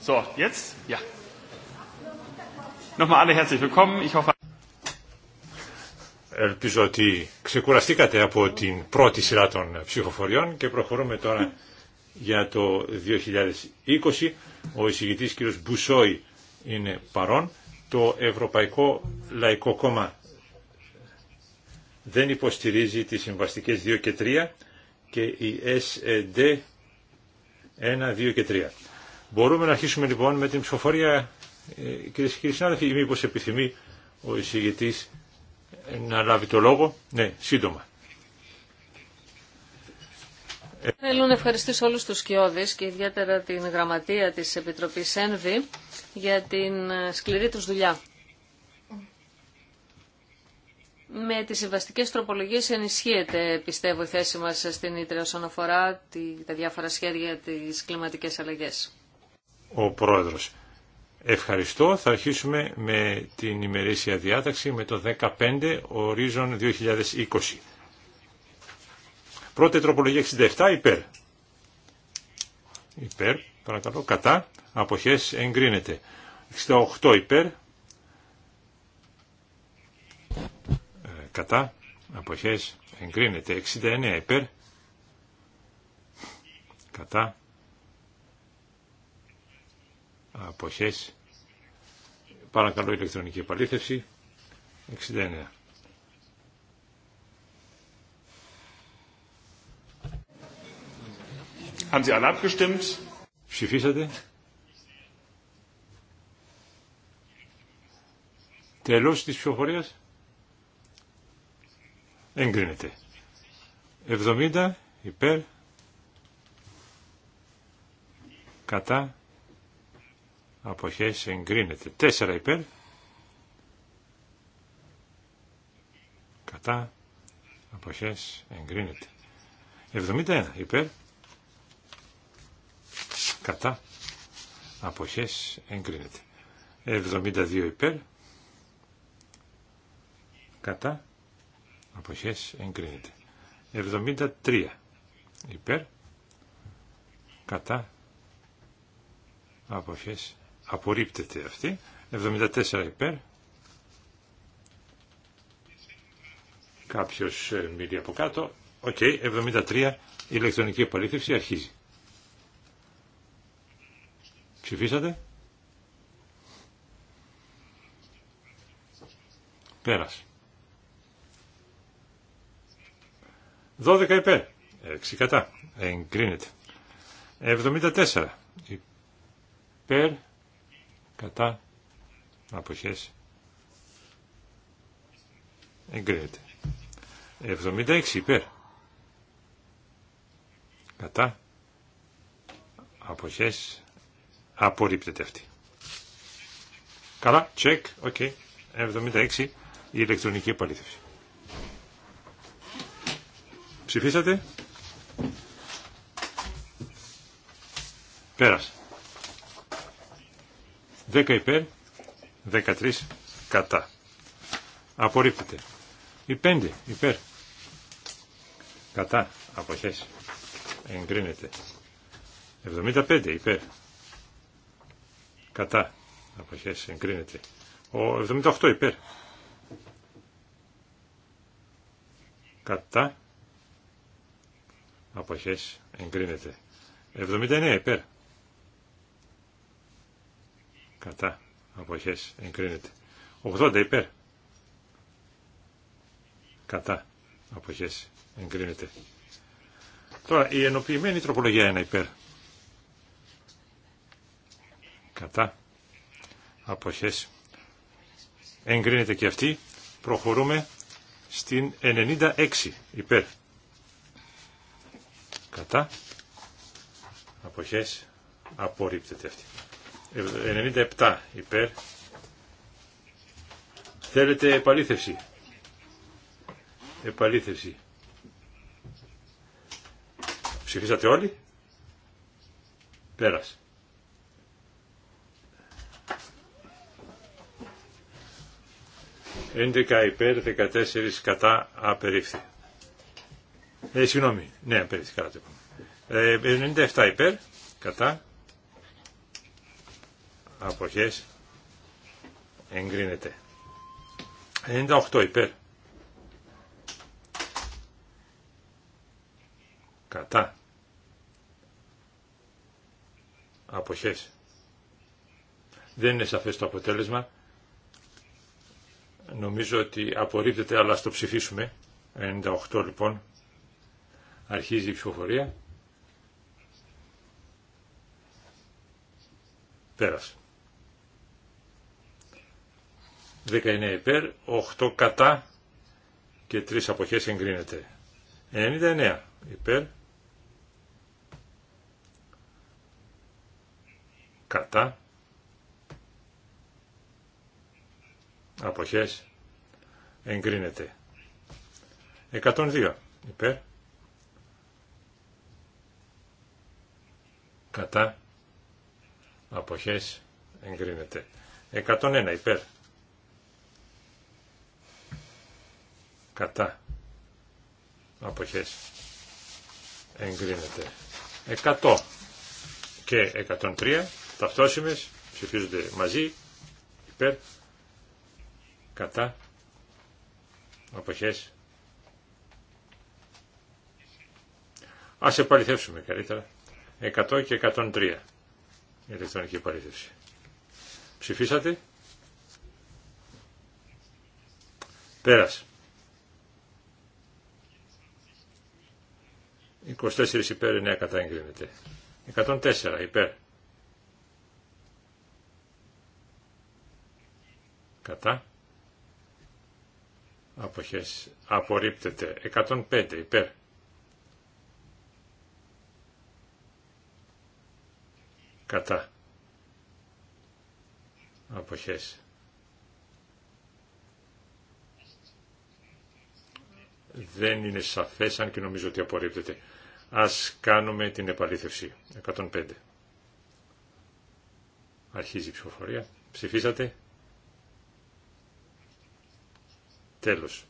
So, jetzt? Ja. Nochmal alle herzlich willkommen. Ich hoffe... Ελπίζω ότι ξεκουραστήκατε από την πρώτη σειρά των ψυχοφοριών και προχωρούμε τώρα για το 2020. Ο εισηγητής κ. Μπουσόη είναι παρόν το Ευρωπαϊκό Λαϊκό Κόμμα δεν υποστηρίζει τις συμβαστικές 2 και 3 και η SD 1, 2 και 3. Μπορούμε να αρχίσουμε λοιπόν με την ψηφοφορία, κύριε και κύριοι συνάδελφοι, ή μήπως επιθυμεί ο εισηγητής να λάβει το λόγο. Ναι, σύντομα. Θέλω να ευχαριστήσω όλους τους σκιώδεις και ιδιαίτερα την γραμματεία της Επιτροπής ΕΝΒΗ για την ε, σκληρή του δουλειά. Με τις συμβαστικές τροπολογίες ενισχύεται, πιστεύω, η θέση μας στην Ήτρε όσον αφορά τα διάφορα σχέδια της κλιματικές αλλαγές. Ο Πρόεδρος. Ευχαριστώ. Θα αρχίσουμε με την ημερήσια διάταξη με το 15 ορίζον 2020. Πρώτη τροπολογία 67 υπέρ. Υπέρ, παρακαλώ, κατά, αποχές εγκρίνεται. 68 υπέρ, ε, κατά, αποχές εγκρίνεται. 69 υπέρ, κατά, αποχές, παρακαλώ ηλεκτρονική επαλήθευση, 69. Haben Sie alle abgestimmt? Ψηφίσατε. Τέλος της ψηφοφορίας. Εγκρίνεται. 70 υπέρ. Κατά. Αποχές εγκρίνεται. 4 υπέρ. Κατά. Αποχές εγκρίνεται. 71 υπέρ κατά αποχές εγκρίνεται 72 υπέρ κατά αποχές εγκρίνεται 73 υπέρ κατά αποχές απορρίπτεται αυτή 74 υπέρ κάποιος ε, μίλει από κάτω οκ okay, 73 ηλεκτρονική επαλήθευση αρχίζει Ψηφίσατε. Πέρασε. 12 υπέρ. 6 κατά. Εγκρίνεται. 74 υπέρ. Κατά. Αποχές. Εγκρίνεται. 76 υπέρ. Κατά. Αποχές. Απορρίπτεται αυτή. Καλά, check, οκ. 76 η ηλεκτρονική επαλήθευση. Ψηφίσατε. Πέρασε. 10 υπέρ, 13 κατά. Απορρίπτεται. Η 5 υπέρ. Κατά. Αποχές. Εγκρίνεται. 75 υπέρ κατά αποχές εγκρίνεται. Ο 78 υπέρ κατά αποχές εγκρίνεται. 79 υπέρ κατά αποχές εγκρίνεται. 80 υπέρ κατά αποχές εγκρίνεται. Τώρα η ενοποιημένη τροπολογία 1 υπέρ κατά αποχές εγκρίνεται και αυτή προχωρούμε στην 96 υπέρ κατά αποχές απορρίπτεται αυτή 97 υπέρ θέλετε επαλήθευση επαλήθευση ψηφίσατε όλοι πέρασε 11 υπέρ, 14 κατά απερίφθη. Ε, συγγνώμη, ναι, απερίφθη, καλά το 97 ε, υπέρ, κατά, αποχές, εγκρίνεται. 98 υπέρ, κατά, αποχές. Δεν είναι σαφές το αποτέλεσμα. Νομίζω ότι απορρίπτεται, αλλά στο ψηφίσουμε. 98 λοιπόν. Αρχίζει η ψηφοφορία. Πέρασε. 19 υπέρ, 8 κατά και 3 αποχές εγκρίνεται. 99 υπέρ, κατά, αποχές εγκρίνεται. 102 υπέρ κατά αποχές εγκρίνεται. 101 υπέρ κατά αποχές εγκρίνεται. 100 και 103 ταυτόσιμες ψηφίζονται μαζί υπέρ κατά αποχές ας επαληθεύσουμε καλύτερα 100 και 103 ηλεκτρονική επαληθεύση ψηφίσατε Πέρασε. 24 υπέρ 9 κατά εγκρίνεται 104 υπέρ κατά αποχές απορρίπτεται 105 υπέρ κατά αποχές δεν είναι σαφές αν και νομίζω ότι απορρίπτεται ας κάνουμε την επαλήθευση 105 αρχίζει η ψηφοφορία ψηφίσατε Τέλος.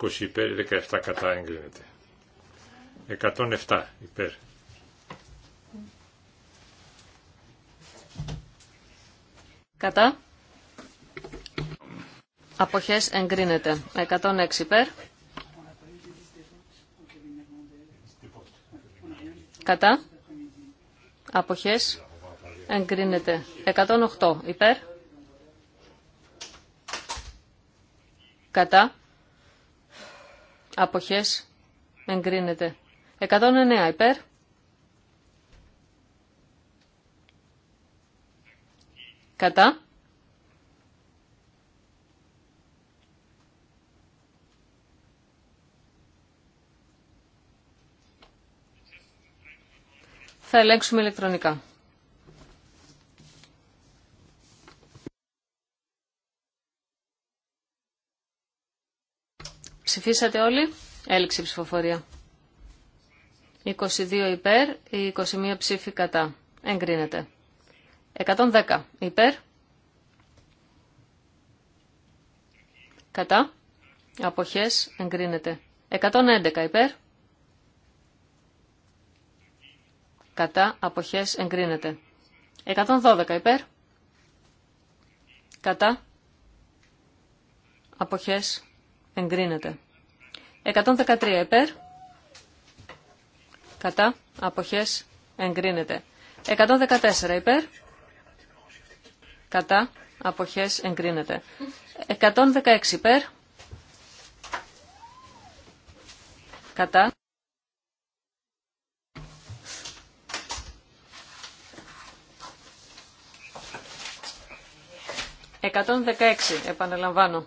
20 υπέρ, 17 κατά εγκρίνεται. 107 υπέρ. Κατά. Αποχές εγκρίνεται. 106 υπέρ. Κατά. Αποχές εγκρίνεται. 108 υπέρ. κατά, αποχές, εγκρίνεται. 109 υπέρ, κατά, θα ελέγξουμε ηλεκτρονικά. Ψηφίσατε όλοι. η ψηφοφορία. 22 υπέρ, 21 ψήφοι κατά. Εγκρίνεται. 110 υπέρ. Κατά. Αποχές εγκρίνεται. 111 υπέρ. Κατά. Αποχές εγκρίνεται. 112 υπέρ. Κατά. Αποχές εγκρίνεται. 113 υπέρ, κατά, αποχές, εγκρίνεται. 114 υπέρ, κατά, αποχές, εγκρίνεται. 116 υπέρ, κατά. 116 δεκαέξι, επαναλαμβάνω.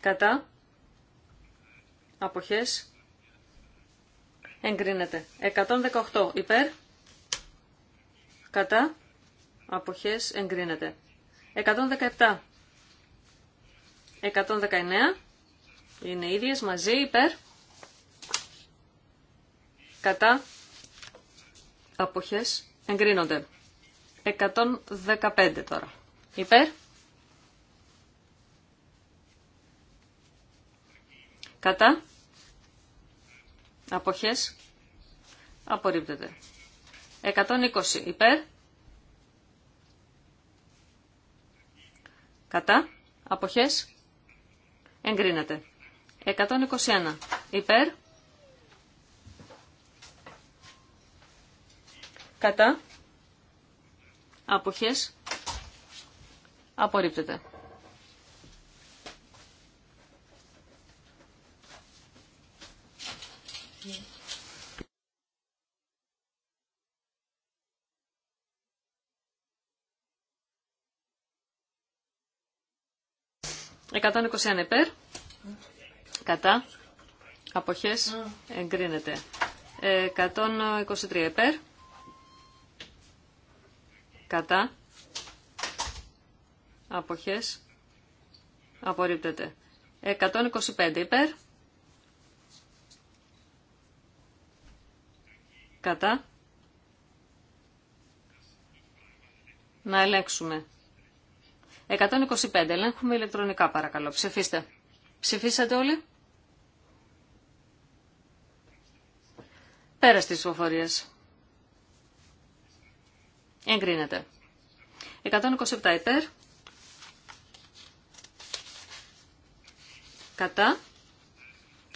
κατά, αποχές, εγκρίνεται. 118 υπέρ, κατά, αποχές, εγκρίνεται. 117, 119, είναι ίδιες μαζί, υπέρ, κατά, αποχές, εγκρίνονται. 115 τώρα. Υπέρ, Κατά. Αποχές. Απορρίπτεται. 120 υπέρ. Κατά. Αποχές. Εγκρίνεται. 121 υπέρ. Κατά. Αποχές. Απορρίπτεται. 121 υπέρ. Κατά. Αποχές. Εγκρίνεται. 123 υπέρ. Κατά. Αποχές. Απορρίπτεται. 125 υπέρ. Κατά. Να ελέγξουμε. 125. Ελέγχουμε ηλεκτρονικά παρακαλώ. Ψηφίστε. Ψηφίσατε όλοι. Πέρα στις ψηφοφορίες. Εγκρίνεται. 127 υπέρ. Κατά.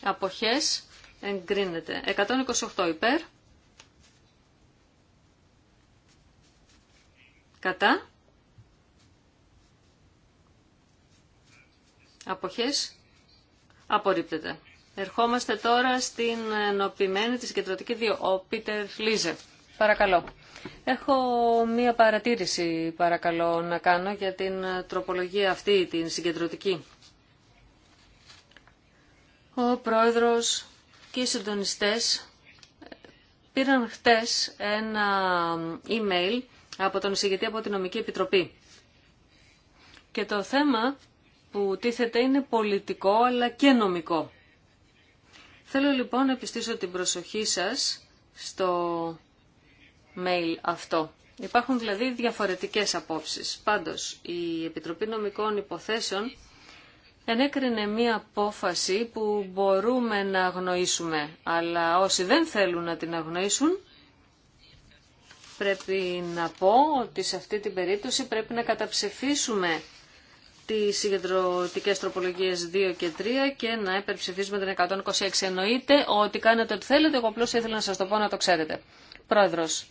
Αποχές. Εγκρίνεται. 128 υπέρ. Κατά. Αποχές. Απορρίπτεται. Ερχόμαστε τώρα στην ενωπημένη της συγκεντρωτική 2. Ο Πίτερ Λίζε. Παρακαλώ. Έχω μία παρατήρηση παρακαλώ να κάνω για την τροπολογία αυτή, την συγκεντρωτική. Ο πρόεδρος και οι συντονιστές πήραν χτες ένα email από τον εισηγητή από την Νομική Επιτροπή. Και το θέμα που τίθεται είναι πολιτικό αλλά και νομικό. Θέλω λοιπόν να επιστήσω την προσοχή σας στο mail αυτό. Υπάρχουν δηλαδή διαφορετικές απόψεις. Πάντως, η Επιτροπή Νομικών Υποθέσεων ενέκρινε μία απόφαση που μπορούμε να αγνοήσουμε, αλλά όσοι δεν θέλουν να την αγνοήσουν, πρέπει να πω ότι σε αυτή την περίπτωση πρέπει να καταψηφίσουμε τι συγκεντρωτικές τροπολογίες 2 και 3 και να υπερψηφίσουμε την 126. Εννοείται ότι κάνετε ό,τι θέλετε, εγώ απλώς ήθελα να σας το πω να το ξέρετε. Πρόεδρος,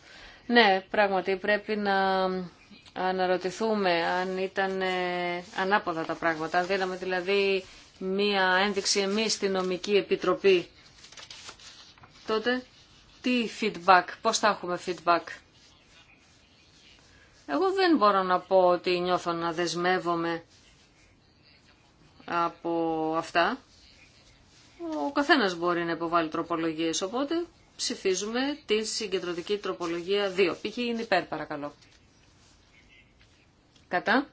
ναι, πράγματι πρέπει να αναρωτηθούμε αν ήταν ε, ανάποδα τα πράγματα, αν δίναμε δηλαδή μία ένδειξη εμείς στη νομική επιτροπή, τότε τι feedback, πώς θα έχουμε feedback. Εγώ δεν μπορώ να πω ότι νιώθω να δεσμεύομαι από αυτά. Ο καθένας μπορεί να υποβάλει τροπολογίες, οπότε ψηφίζουμε τη συγκεντρωτική τροπολογία 2. Ποιοι είναι υπέρ παρακαλώ. Κατά.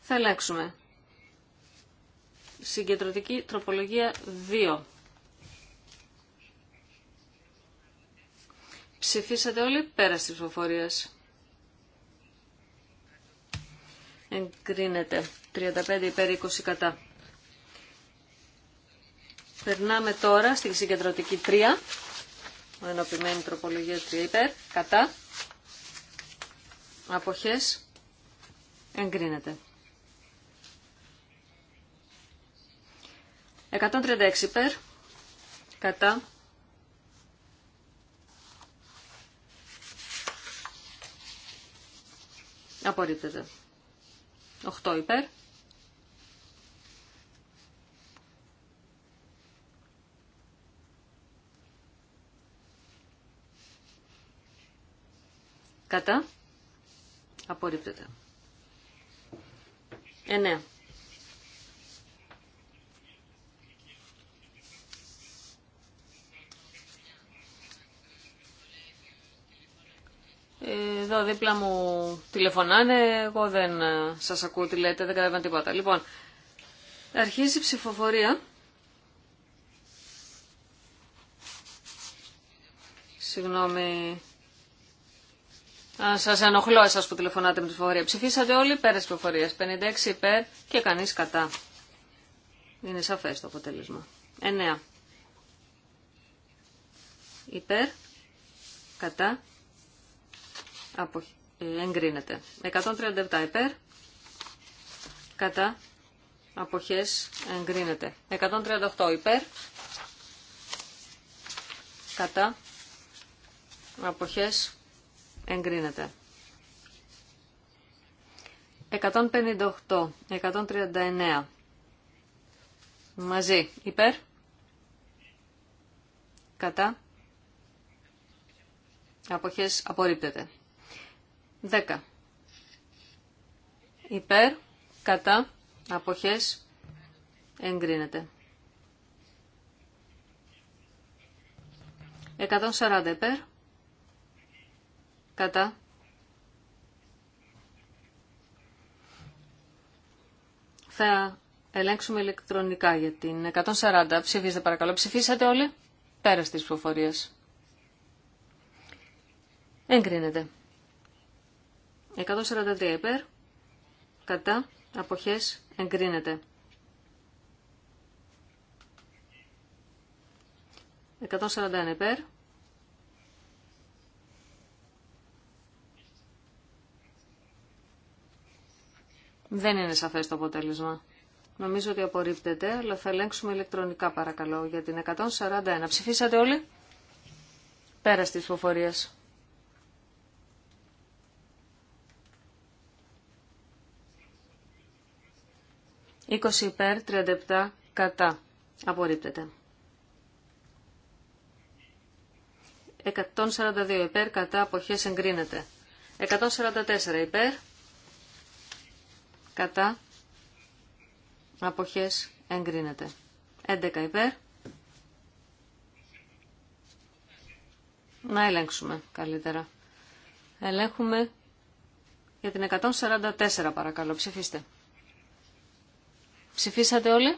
Θα αλλάξουμε. Συγκεντρωτική τροπολογία 2. Ψηφίσατε όλοι πέρα τη ψηφοφορίας. Εγκρίνεται. 35 υπέρ 20 κατά. Περνάμε τώρα στη συγκεντρωτική 3. Ενωπημένη τροπολογία 3 υπέρ. Κατά. Αποχές. Εγκρίνεται. 136 υπέρ. Κατά. Απορρίπτεται. 8 υπέρ. Κατά. Απορρίπτεται. 9. Εδώ δίπλα μου τηλεφωνάνε, εγώ δεν ε, σας ακούω τι λέτε, δεν καταλαβαίνω τίποτα. Λοιπόν, αρχίζει η ψηφοφορία. Συγγνώμη. Α, σας ενοχλώ εσάς που τηλεφωνάτε με ψηφοφορία. Ψηφίσατε όλοι της ψηφοφορίας. 56 υπέρ και κανείς κατά. Είναι σαφές το αποτέλεσμα. 9. Υπέρ. Κατά. Απο... Εγκρίνεται. 137 υπέρ. Κατά. Αποχές. Εγκρίνεται. 138 υπέρ. Κατά. Αποχές. Εγκρίνεται. 158. 139. Μαζί. Υπέρ. Κατά. Αποχές απορρίπτεται. 10. Υπέρ, κατά, αποχές, εγκρίνεται. 140 υπέρ, κατά, θα ελέγξουμε ηλεκτρονικά για την 140. Ψηφίστε παρακαλώ. Ψηφίσατε όλοι. Πέρα της ψηφοφορίας. Εγκρίνεται. 143 υπέρ, κατά, αποχές, εγκρίνεται. 141 υπέρ. Δεν είναι σαφές το αποτέλεσμα. Νομίζω ότι απορρίπτεται, αλλά θα ελέγξουμε ηλεκτρονικά παρακαλώ για την 141. Ψηφίσατε όλοι. Πέρα τη ψηφοφορίας. 20 υπέρ, 37 κατά. Απορρίπτεται. 142 υπέρ, κατά αποχές εγκρίνεται. 144 υπέρ, κατά αποχές εγκρίνεται. 11 υπέρ. Να ελέγξουμε καλύτερα. Ελέγχουμε για την 144 παρακαλώ. Ψηφίστε. Ψηφίσατε όλοι.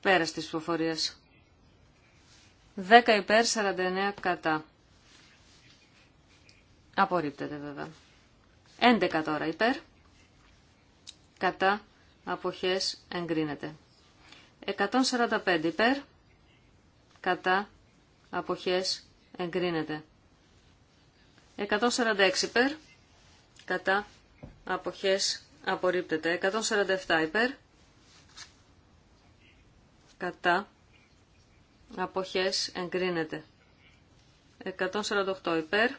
πέρα στις ψηφοφορίας. 10 υπέρ, 49 κατά. Απορρίπτεται βέβαια. 11 τώρα υπέρ. Κατά. Αποχές εγκρίνεται. 145 υπέρ. Κατά. Αποχές εγκρίνεται. 146 υπέρ. Κατά αποχές απορρίπτεται. 147 υπέρ, κατά, αποχές εγκρίνεται. 148 υπέρ,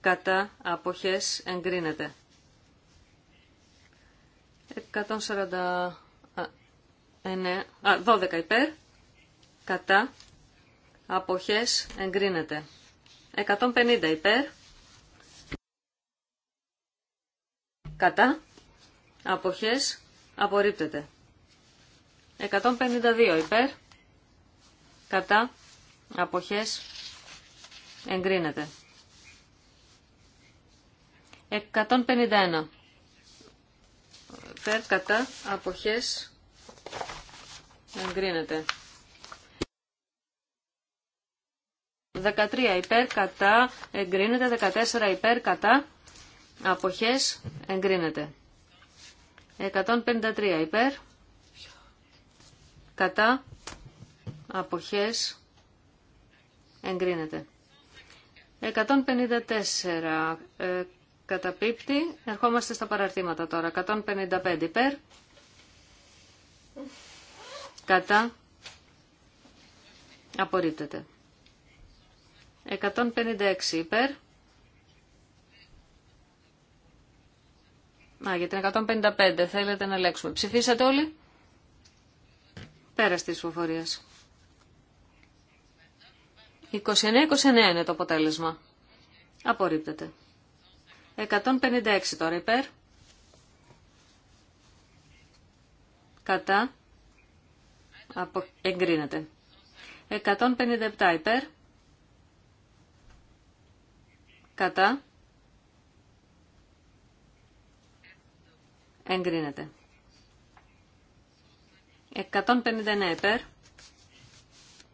κατά, αποχές εγκρίνεται. 149, α, 12 υπέρ, κατά, αποχές εγκρίνεται. 150 υπέρ, Κατά. Αποχές. Απορρίπτεται. 152 υπέρ. Κατά. Αποχές. Εγκρίνεται. 151. Υπέρ. Κατά. Αποχές. Εγκρίνεται. 13 υπέρ. Κατά. Εγκρίνεται. 14 υπέρ. Κατά. Αποχές εγκρίνεται. 153 υπέρ. Κατά. Αποχές εγκρίνεται. 154 ε, Ερχόμαστε στα παραρτήματα τώρα. 155 υπέρ. Κατά. Απορρίπτεται. 156 υπέρ. Α, για την 155 θέλετε να ελέγξουμε. Ψηφίσατε όλοι. Πέρας τη 29 29-29 είναι το αποτέλεσμα. Απορρίπτεται. 156 τώρα υπέρ. Κατά. Απο... Εγκρίνεται. 157 υπέρ. Κατά. Εγκρίνεται. 159 υπέρ.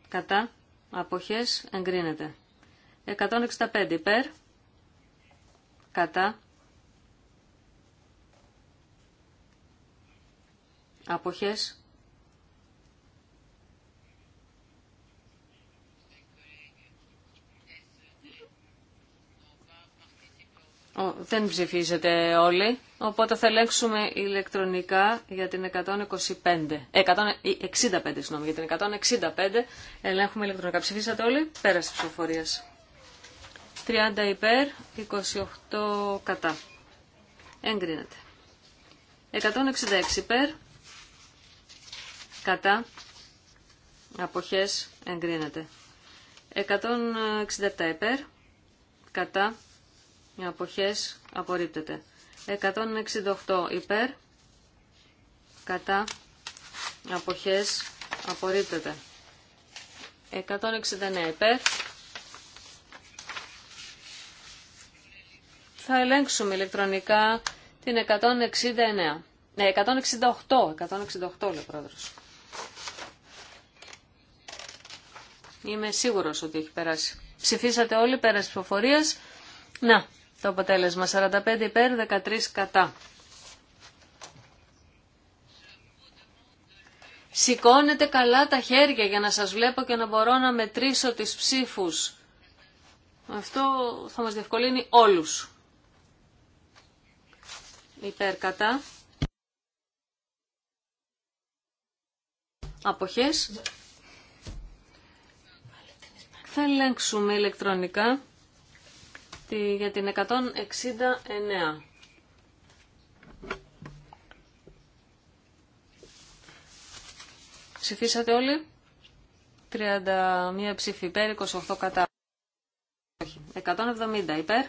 Κατά. Αποχές. Εγκρίνεται. 165 υπέρ. Κατά. Αποχές. Ο, δεν ψηφίζετε όλοι. Οπότε θα ελέγξουμε ηλεκτρονικά για την 125, 165, συγγνώμη, για την 165 ελέγχουμε ηλεκτρονικά. Ψηφίσατε όλοι, πέρα τη ψηφοφορία. 30 υπέρ, 28 κατά. Εγκρίνεται. 166 υπέρ, κατά, αποχές, εγκρίνεται. 167 υπέρ, κατά, αποχές, απορρίπτεται. 168 υπέρ, κατά, αποχές, απορρίπτεται. 169 υπέρ. Θα ελέγξουμε ηλεκτρονικά την 169. Ναι, 168, 168 λέει πρόεδρος. Είμαι σίγουρος ότι έχει περάσει. Ψηφίσατε όλοι πέρας ψηφοφορίας. Να, το αποτέλεσμα 45 υπέρ, 13 κατά. Σηκώνετε καλά τα χέρια για να σας βλέπω και να μπορώ να μετρήσω τις ψήφους. Αυτό θα μας διευκολύνει όλους. Υπέρ κατά. Αποχές. Θα ελέγξουμε ηλεκτρονικά για την 169. Ψηφίσατε όλοι. 31 ψήφοι υπέρ, 28 κατά. Όχι, 170 υπέρ.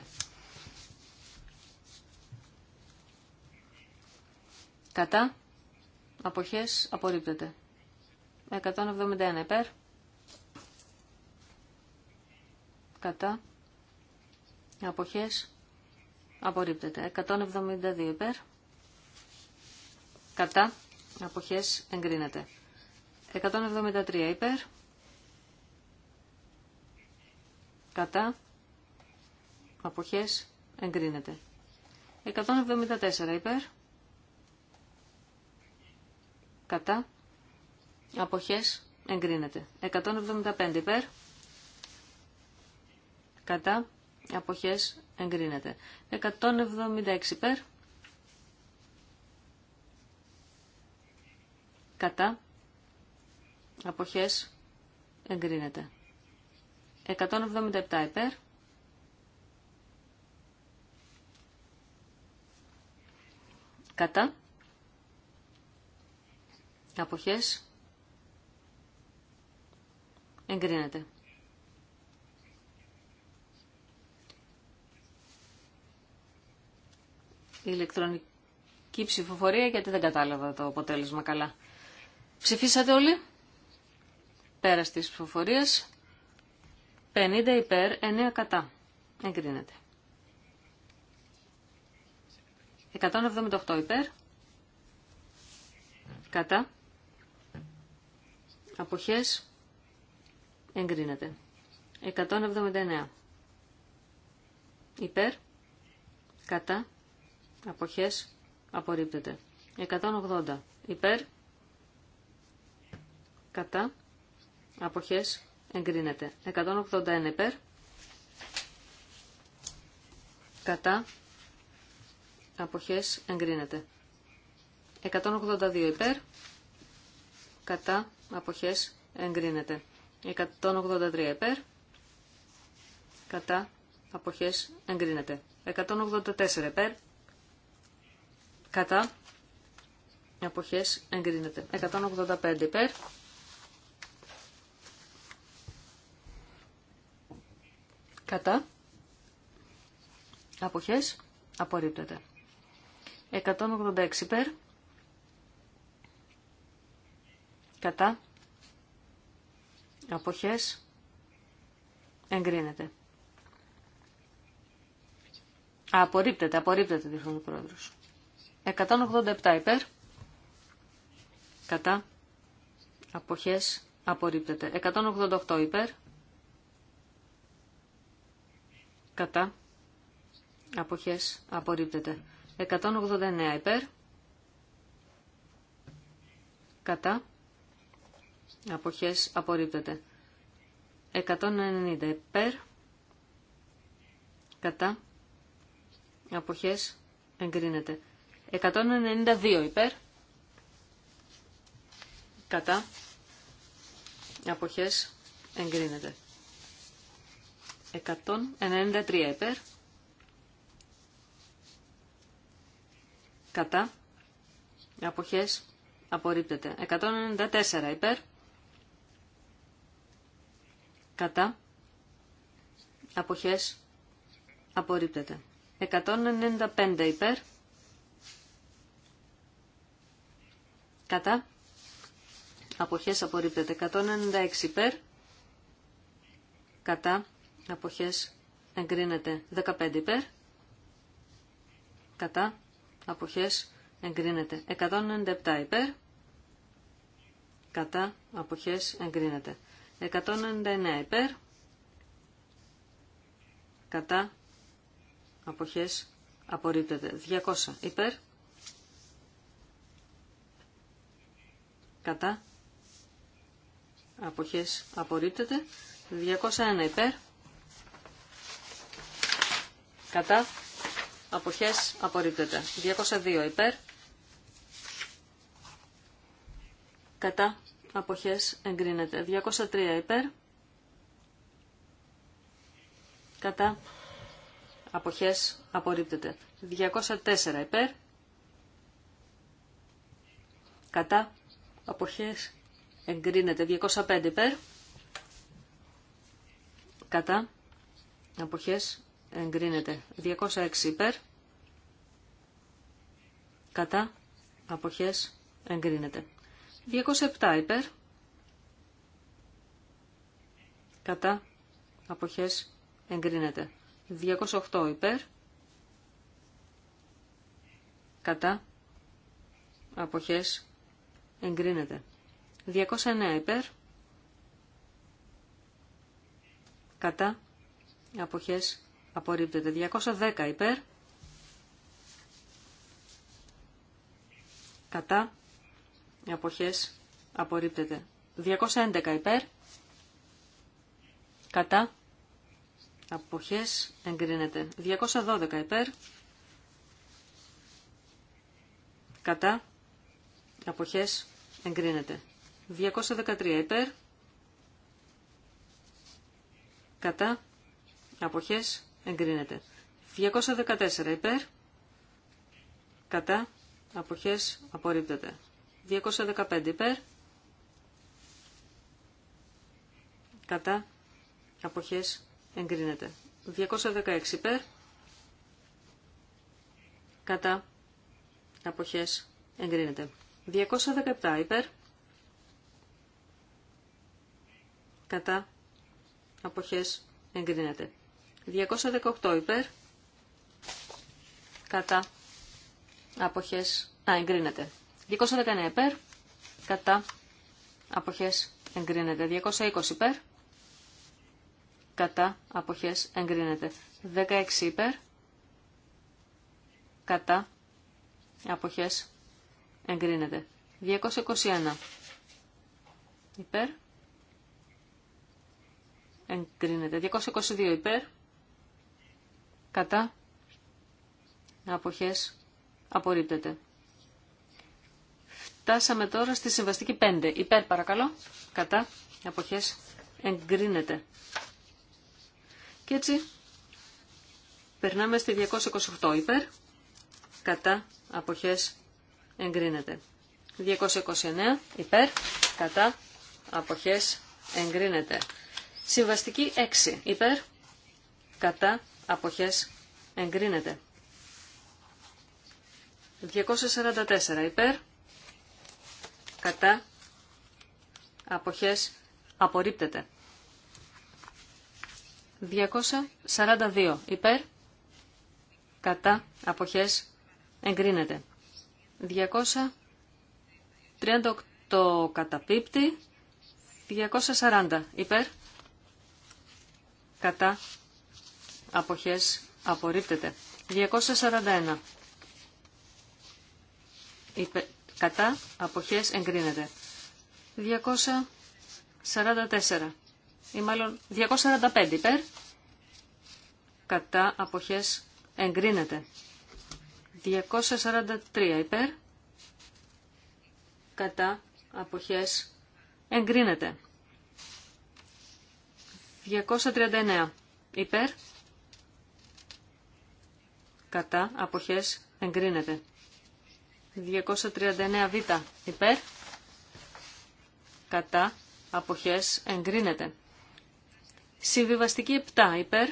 Κατά. Αποχές απορρίπτεται. 171 υπέρ. Κατά αποχές απορρίπτεται. 172 υπέρ, κατά, αποχές εγκρίνεται. 173 υπέρ, κατά, αποχές εγκρίνεται. 174 υπέρ, κατά, αποχές εγκρίνεται. 175 υπέρ, κατά, Αποχές εγκρίνεται. 176 υπέρ. Κατά. Αποχές εγκρίνεται. 177 υπέρ. Κατά. Αποχές εγκρίνεται. η ηλεκτρονική ψηφοφορία γιατί δεν κατάλαβα το αποτέλεσμα καλά. Ψηφίσατε όλοι. Πέρα της ψηφοφορίας. 50 υπέρ, 9 κατά. Εγκρίνεται. 178 υπέρ. Κατά. Αποχές. Εγκρίνεται. 179. Υπέρ. Κατά. Αποχές. Απορρίπτεται. 180. Υπέρ. Κατά. Αποχές. Εγκρίνεται. 181 υπέρ. Κατά. Αποχές. Εγκρίνεται. 182 υπέρ. Κατά. Αποχές. Εγκρίνεται. 183 υπέρ. Κατά. Αποχές. Εγκρίνεται. 184 υπέρ κατά αποχές εγκρίνεται. 185 υπέρ. Κατά αποχές απορρίπτεται. 186 υπέρ. Κατά αποχές εγκρίνεται. απορρίπτεται, απορρίπτεται, δείχνει ο πρόεδρος. 187 υπέρ. Κατά. Αποχές απορρίπτεται. 188 υπέρ. Κατά. Αποχές απορρίπτεται. 189 υπέρ. Κατά. Αποχές απορρίπτεται. 190 υπέρ. Κατά. Αποχές εγκρίνεται. 192 υπέρ. Κατά. Αποχές εγκρίνεται. 193 υπέρ. Κατά. Αποχές απορρίπτεται. 194 υπέρ. Κατά. Αποχές απορρίπτεται. 195 υπέρ. Κατά. Αποχές απορρίπτεται. 196 υπέρ. Κατά. Αποχές εγκρίνεται. 15 υπέρ. Κατά. Αποχές εγκρίνεται. 197 υπέρ. Κατά. Αποχές εγκρίνεται. 199 υπέρ. Κατά. Αποχές απορρίπτεται. 200 υπέρ. κατά αποχές απορρίπτεται 201 υπέρ κατά αποχές απορρίπτεται 202 υπέρ κατά αποχές εγκρίνεται 203 υπέρ κατά αποχές απορρίπτεται 204 υπέρ κατά αποχές εγκρίνεται 205 υπέρ κατά αποχές εγκρίνεται 206 υπέρ κατά αποχές εγκρίνεται 207 υπέρ κατά αποχές εγκρίνεται 208 υπέρ κατά αποχές Εγκρίνεται. 209 υπέρ. Κατά. Αποχές. Απορρίπτεται. 210 υπέρ. Κατά. Αποχές. Απορρίπτεται. 211 υπέρ. Κατά. Αποχές. Εγκρίνεται. 212 υπέρ. Κατά. Αποχές Εγκρίνεται. 213 υπέρ. Κατά. Αποχές. Εγκρίνεται. 214 υπέρ. Κατά. Αποχές. Απορρίπτεται. 215 υπέρ. Κατά. Αποχές. Εγκρίνεται. 216 υπέρ. Κατά. Αποχές. Εγκρίνεται. 217 υπέρ. Κατά. Αποχές εγκρίνεται. 218 υπέρ. Κατά. Αποχές. Α, εγκρίνεται. 219 υπέρ. Κατά. Αποχές εγκρίνεται. 220 υπέρ. Κατά. Αποχές εγκρίνεται. 16 υπέρ. Κατά. Αποχές Εγκρίνεται. 221. Υπέρ. Εγκρίνεται. 222 υπέρ. Κατά. Αποχές. Απορρίπτεται. Φτάσαμε τώρα στη συμβαστική 5. Υπέρ παρακαλώ. Κατά. Αποχές. Εγκρίνεται. Και έτσι περνάμε στη 228 υπέρ. Κατά. Αποχές εγκρίνεται. 229 υπέρ, κατά, αποχές, εγκρίνεται. Συμβαστική 6 υπέρ, κατά, αποχές, εγκρίνεται. 244 υπέρ, κατά, αποχές, απορρίπτεται. 242 υπέρ, κατά, αποχές, εγκρίνεται. 238 καταπίπτει. 240 υπέρ. Κατά. Αποχές απορρίπτεται. 241 Κατά. Αποχές εγκρίνεται. 244 ή μάλλον 245 υπέρ. Κατά. Αποχές εγκρίνεται. 243 υπέρ. Κατά αποχές εγκρίνεται. 239 υπέρ. Κατά αποχές εγκρίνεται. 239 β υπέρ. Κατά αποχές εγκρίνεται. Συμβιβαστική 7 υπέρ.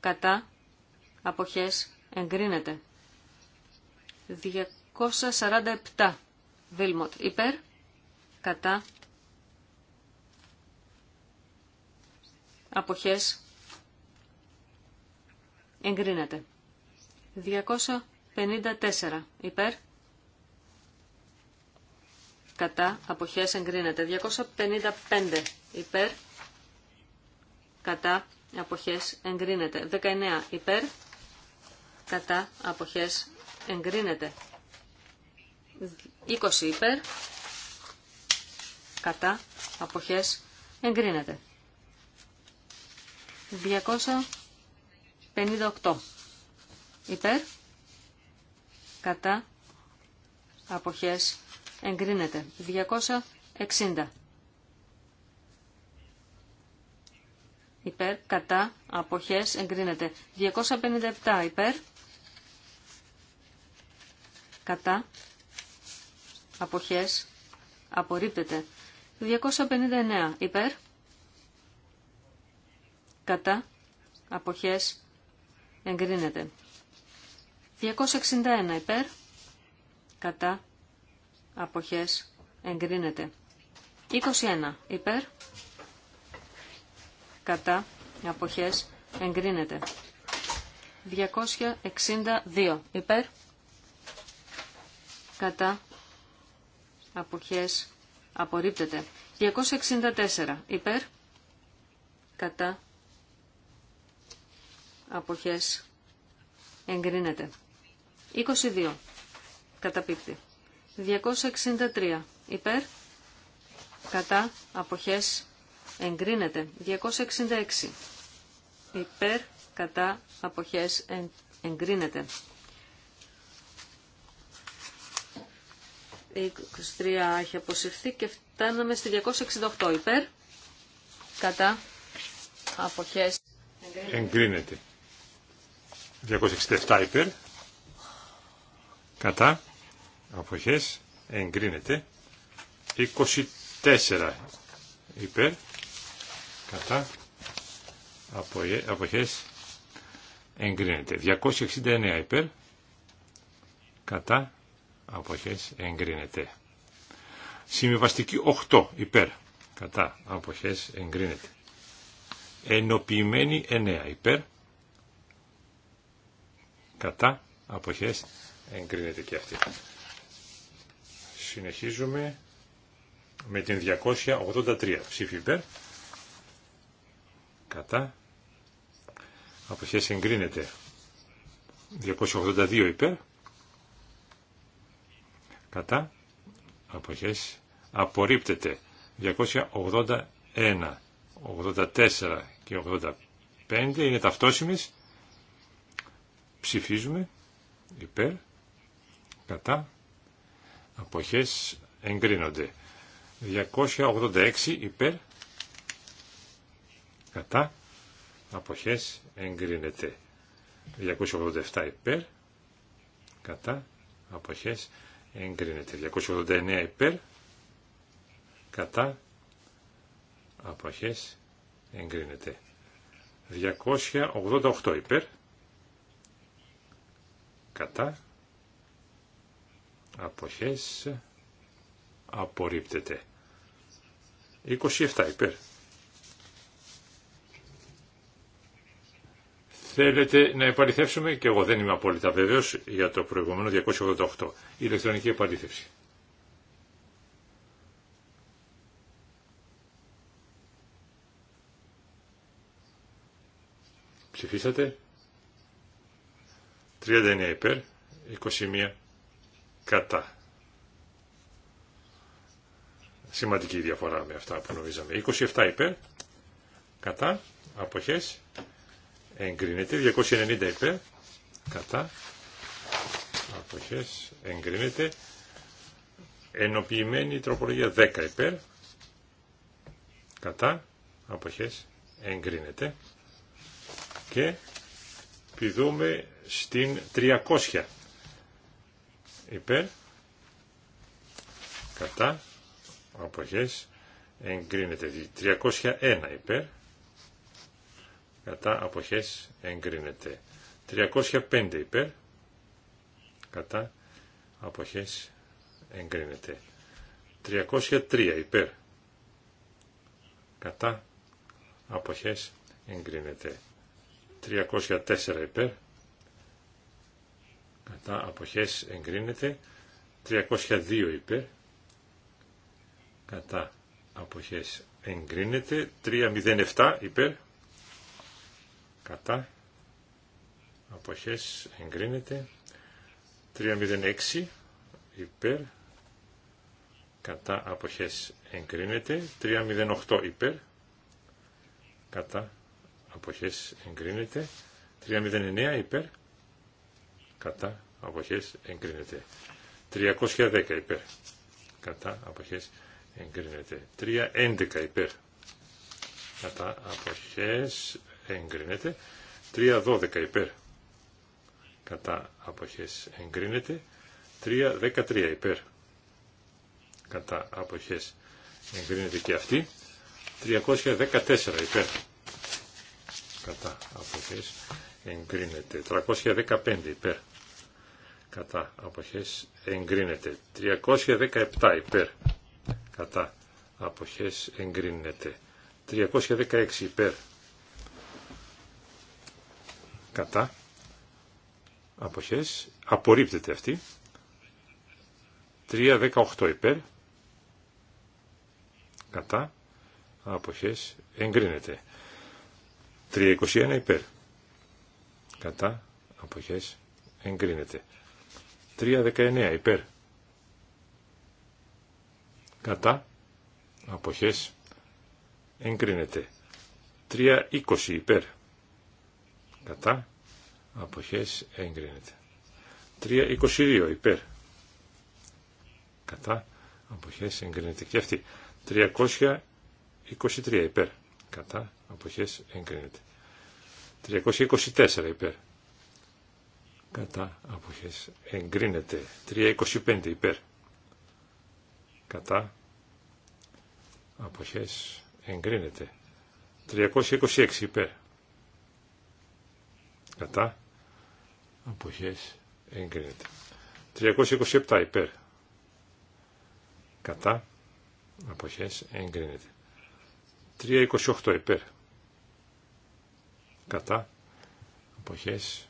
Κατά αποχές Εγκρίνεται. 247. Βίλμοτ. Υπέρ. Κατά. Αποχές. Εγκρίνεται. 254. Υπέρ. Κατά. Αποχές. Εγκρίνεται. 255. Υπέρ. Κατά. Αποχές. Εγκρίνεται. 19. Υπέρ κατά αποχές εγκρίνεται. 20 υπέρ κατά αποχές εγκρίνεται. 258 υπέρ κατά αποχές εγκρίνεται. 260 υπέρ κατά αποχές εγκρίνεται. 257 υπέρ κατά, αποχές, απορρίπτεται. 259 υπέρ, κατά, αποχές, εγκρίνεται. 261 υπέρ, κατά, αποχές, εγκρίνεται. 21 υπέρ, κατά, αποχές, εγκρίνεται. 262 υπέρ, κατά αποχές απορρίπτεται. 264 υπέρ κατά αποχές εγκρίνεται. 22 καταπίπτει. 263 υπέρ κατά αποχές εγκρίνεται. 266 υπέρ κατά αποχές εγκρίνεται. 23 έχει αποσυρθεί και φτάνουμε στη 268 υπέρ. Κατά. Αποχές. Εγκρίνεται. 267 υπέρ. Κατά. Αποχές. Εγκρίνεται. 24 υπέρ. Κατά. Αποχές. Εγκρίνεται. 269 υπέρ. Κατά αποχές εγκρίνεται. Συμβιβαστική 8 υπέρ κατά αποχές εγκρίνεται. Ενοποιημένη 9 υπέρ κατά αποχές εγκρίνεται και αυτή. Συνεχίζουμε με την 283 ψήφι υπέρ κατά αποχές εγκρίνεται. 282 υπέρ κατά αποχές απορρίπτεται 281 84 και 85 είναι ταυτόσιμες ψηφίζουμε υπέρ κατά αποχές εγκρίνονται 286 υπέρ κατά αποχές εγκρίνεται 287 υπέρ κατά αποχές εγκρίνεται. 289 υπέρ, κατά, αποχές, εγκρίνεται. 288 υπέρ, κατά, αποχές, απορρίπτεται. 27 υπέρ, Θέλετε να επαληθεύσουμε, και εγώ δεν είμαι απόλυτα βέβαιος για το προηγούμενο 288, η ηλεκτρονική επαλήθευση. Ψηφίσατε. 39 υπέρ, 21 κατά. Σημαντική διαφορά με αυτά που νομίζαμε. 27 υπέρ, κατά, αποχές, εγκρίνεται. 290 υπέρ, κατά, αποχές, εγκρίνεται. Ενοποιημένη τροπολογία 10 υπέρ, κατά, αποχές, εγκρίνεται. Και πηδούμε στην 300 υπέρ, κατά, αποχές, εγκρίνεται. 301 υπέρ, κατά αποχές εγκρίνεται. 305 υπέρ, κατά αποχές εγκρίνεται. 303 υπέρ, κατά αποχές εγκρίνεται. 304 υπέρ, κατά αποχές εγκρίνεται. 302 υπέρ, κατά αποχές εγκρίνεται. 307 υπέρ, κατά αποχές εγκρίνεται 306 υπέρ κατά αποχές εγκρίνεται 308 υπέρ κατά αποχές εγκρίνεται 309 υπέρ κατά αποχές εγκρίνεται 310 υπέρ κατά αποχές εγκρίνεται 311 υπέρ κατά αποχές εγκρίνεται. 3.12 υπέρ κατά αποχές εγκρίνεται. 3.13 υπέρ κατά αποχές εγκρίνεται και αυτή. 314 υπέρ κατά αποχές εγκρίνεται. 315 υπέρ κατά αποχές εγκρίνεται. 317 υπέρ κατά αποχές εγκρίνεται. 316 υπέρ κατά αποχές απορρίπτεται αυτή 3.18 υπέρ κατά αποχές εγκρίνεται 3.21 υπέρ κατά αποχές εγκρίνεται 3.19 υπέρ κατά αποχές εγκρίνεται 3.20 υπέρ κατά αποχές εγκρίνεται 3.22 υπέρ κατά αποχές εγκρίνεται και αυτή 323 υπέρ κατά αποχές εγκρίνεται 324 υπέρ κατά αποχές εγκρίνεται 325 υπέρ κατά αποχές εγκρίνεται 326 υπέρ κατά αποχές εγκρίνεται 327 υπέρ κατά αποχές εγκρίνεται 328 υπέρ κατά αποχές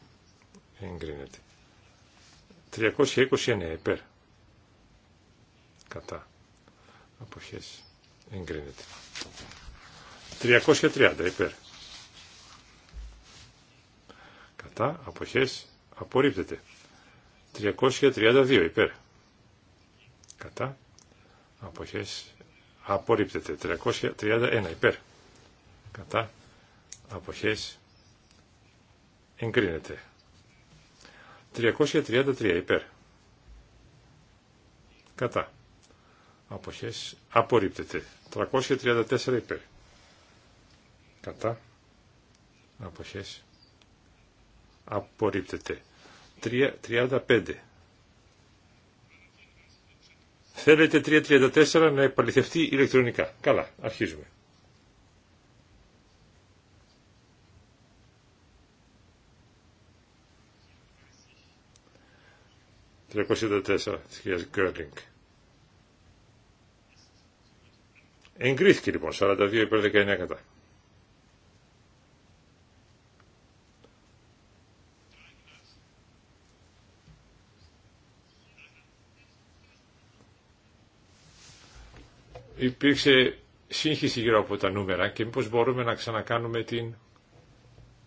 εγκρίνεται 329 υπέρ κατά αποχές εγκρίνεται 330 υπέρ Κατά αποχές απορρίπτεται. 332 υπέρ. Κατά αποχές απορρίπτεται. 331 υπέρ. Κατά αποχές εγκρίνεται. 333 υπέρ. Κατά. Αποχές απορρίπτεται. 334 υπέρ. Κατά. Αποχές απορρίπτεται. 3.35. Θέλετε 3.34 να επαληθευτεί ηλεκτρονικά. Καλά, αρχίζουμε. Γκέρλινγκ. Εγκρίθηκε λοιπόν 42 υπέρ 19 κατά. υπήρξε σύγχυση γύρω από τα νούμερα και μήπως μπορούμε να ξανακάνουμε την,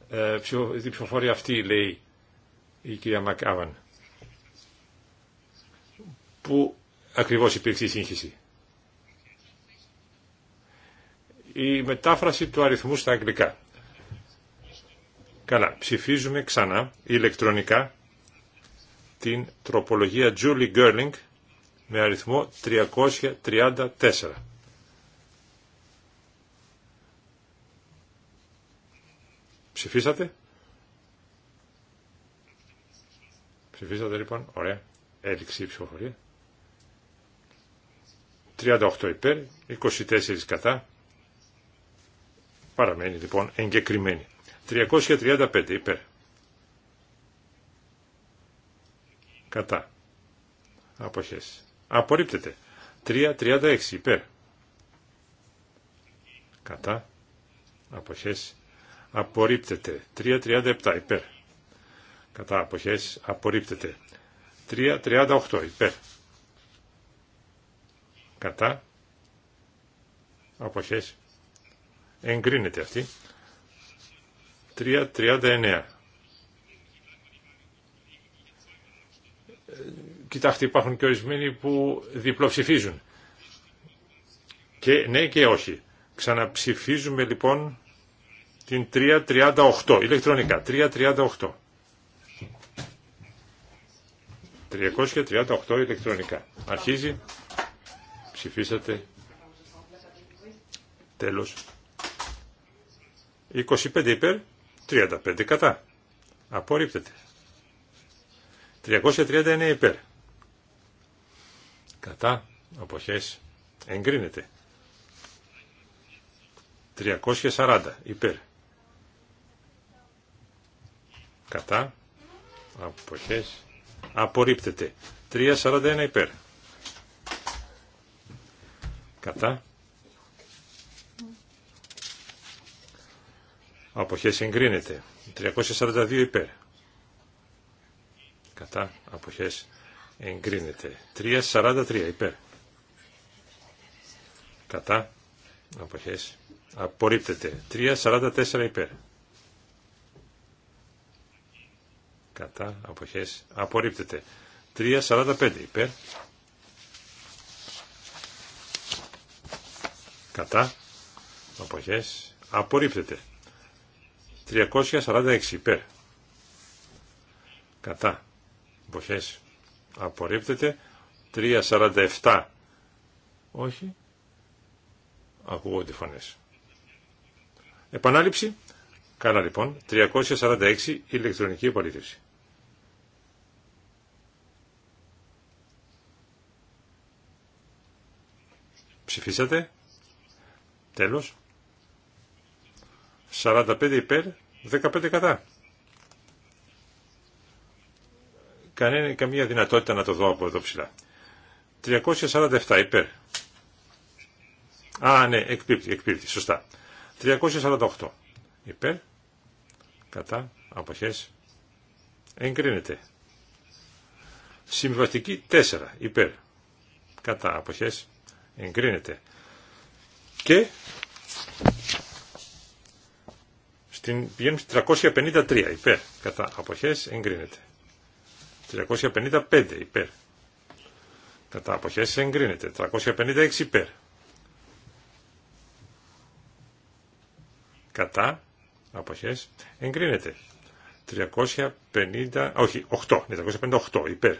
ε, την ψηφοφορία αυτή, λέει η κυρία Μακάβαν. Πού ακριβώς υπήρξε η σύγχυση. Η μετάφραση του αριθμού στα αγγλικά. Καλά, ψηφίζουμε ξανά ηλεκτρονικά την τροπολογία Julie Gerling με αριθμό 334. Ψηφίσατε. Ψηφίσατε λοιπόν. Ωραία. έληξη η ψηφοφορία. 38 υπέρ, 24 κατά. Παραμένει λοιπόν εγκεκριμένη. 335 υπέρ. Κατά. Αποχές. Απορρίπτεται. 336 υπέρ. Κατά. Αποχές απορρίπτεται. 3.37 υπέρ. Κατά αποχές απορρίπτεται. 3.38 υπέρ. Κατά αποχές εγκρίνεται αυτή. 3.39 Κοιτάξτε, υπάρχουν και ορισμένοι που διπλοψηφίζουν. Και ναι και όχι. Ξαναψηφίζουμε λοιπόν την 338, ηλεκτρονικά, 338. 338 ηλεκτρονικά. Αρχίζει. Ψηφίσατε. Τέλος. 25 υπέρ, 35 κατά. Απορρίπτεται. 339 υπέρ. Κατά. Αποχές. Εγκρίνεται. 340 υπέρ κατά αποχές απορρίπτεται 3.41 υπέρ κατά αποχές εγκρίνεται 342 υπέρ κατά αποχές εγκρίνεται 3.43 υπέρ κατά αποχές απορρίπτεται 3.44 υπέρ κατά αποχές απορρίπτεται 3.45 υπέρ κατά αποχές απορρίπτεται 346 υπέρ κατά αποχές απορρίπτεται 347 όχι ακούγονται φωνές επανάληψη Καλά λοιπόν, 346 ηλεκτρονική υπολήθευση. Ψηφίσατε. Τέλος. 45 υπέρ, 15 κατά. Κανένα, καμία δυνατότητα να το δω από εδώ ψηλά. 347 υπέρ. Α, ναι, εκπίπτει, εκπίπτει, σωστά. 348 υπέρ κατά, αποχές, εγκρίνεται. Συμβατική 4, υπέρ, κατά, αποχές, εγκρίνεται. Και στην, πηγαίνουμε 353, υπέρ, κατά, αποχές, εγκρίνεται. 355, υπέρ, κατά, αποχές, εγκρίνεται. 356, υπέρ. Κατά, αποχές εγκρίνεται. 350, όχι, 8, 358 ναι, υπέρ.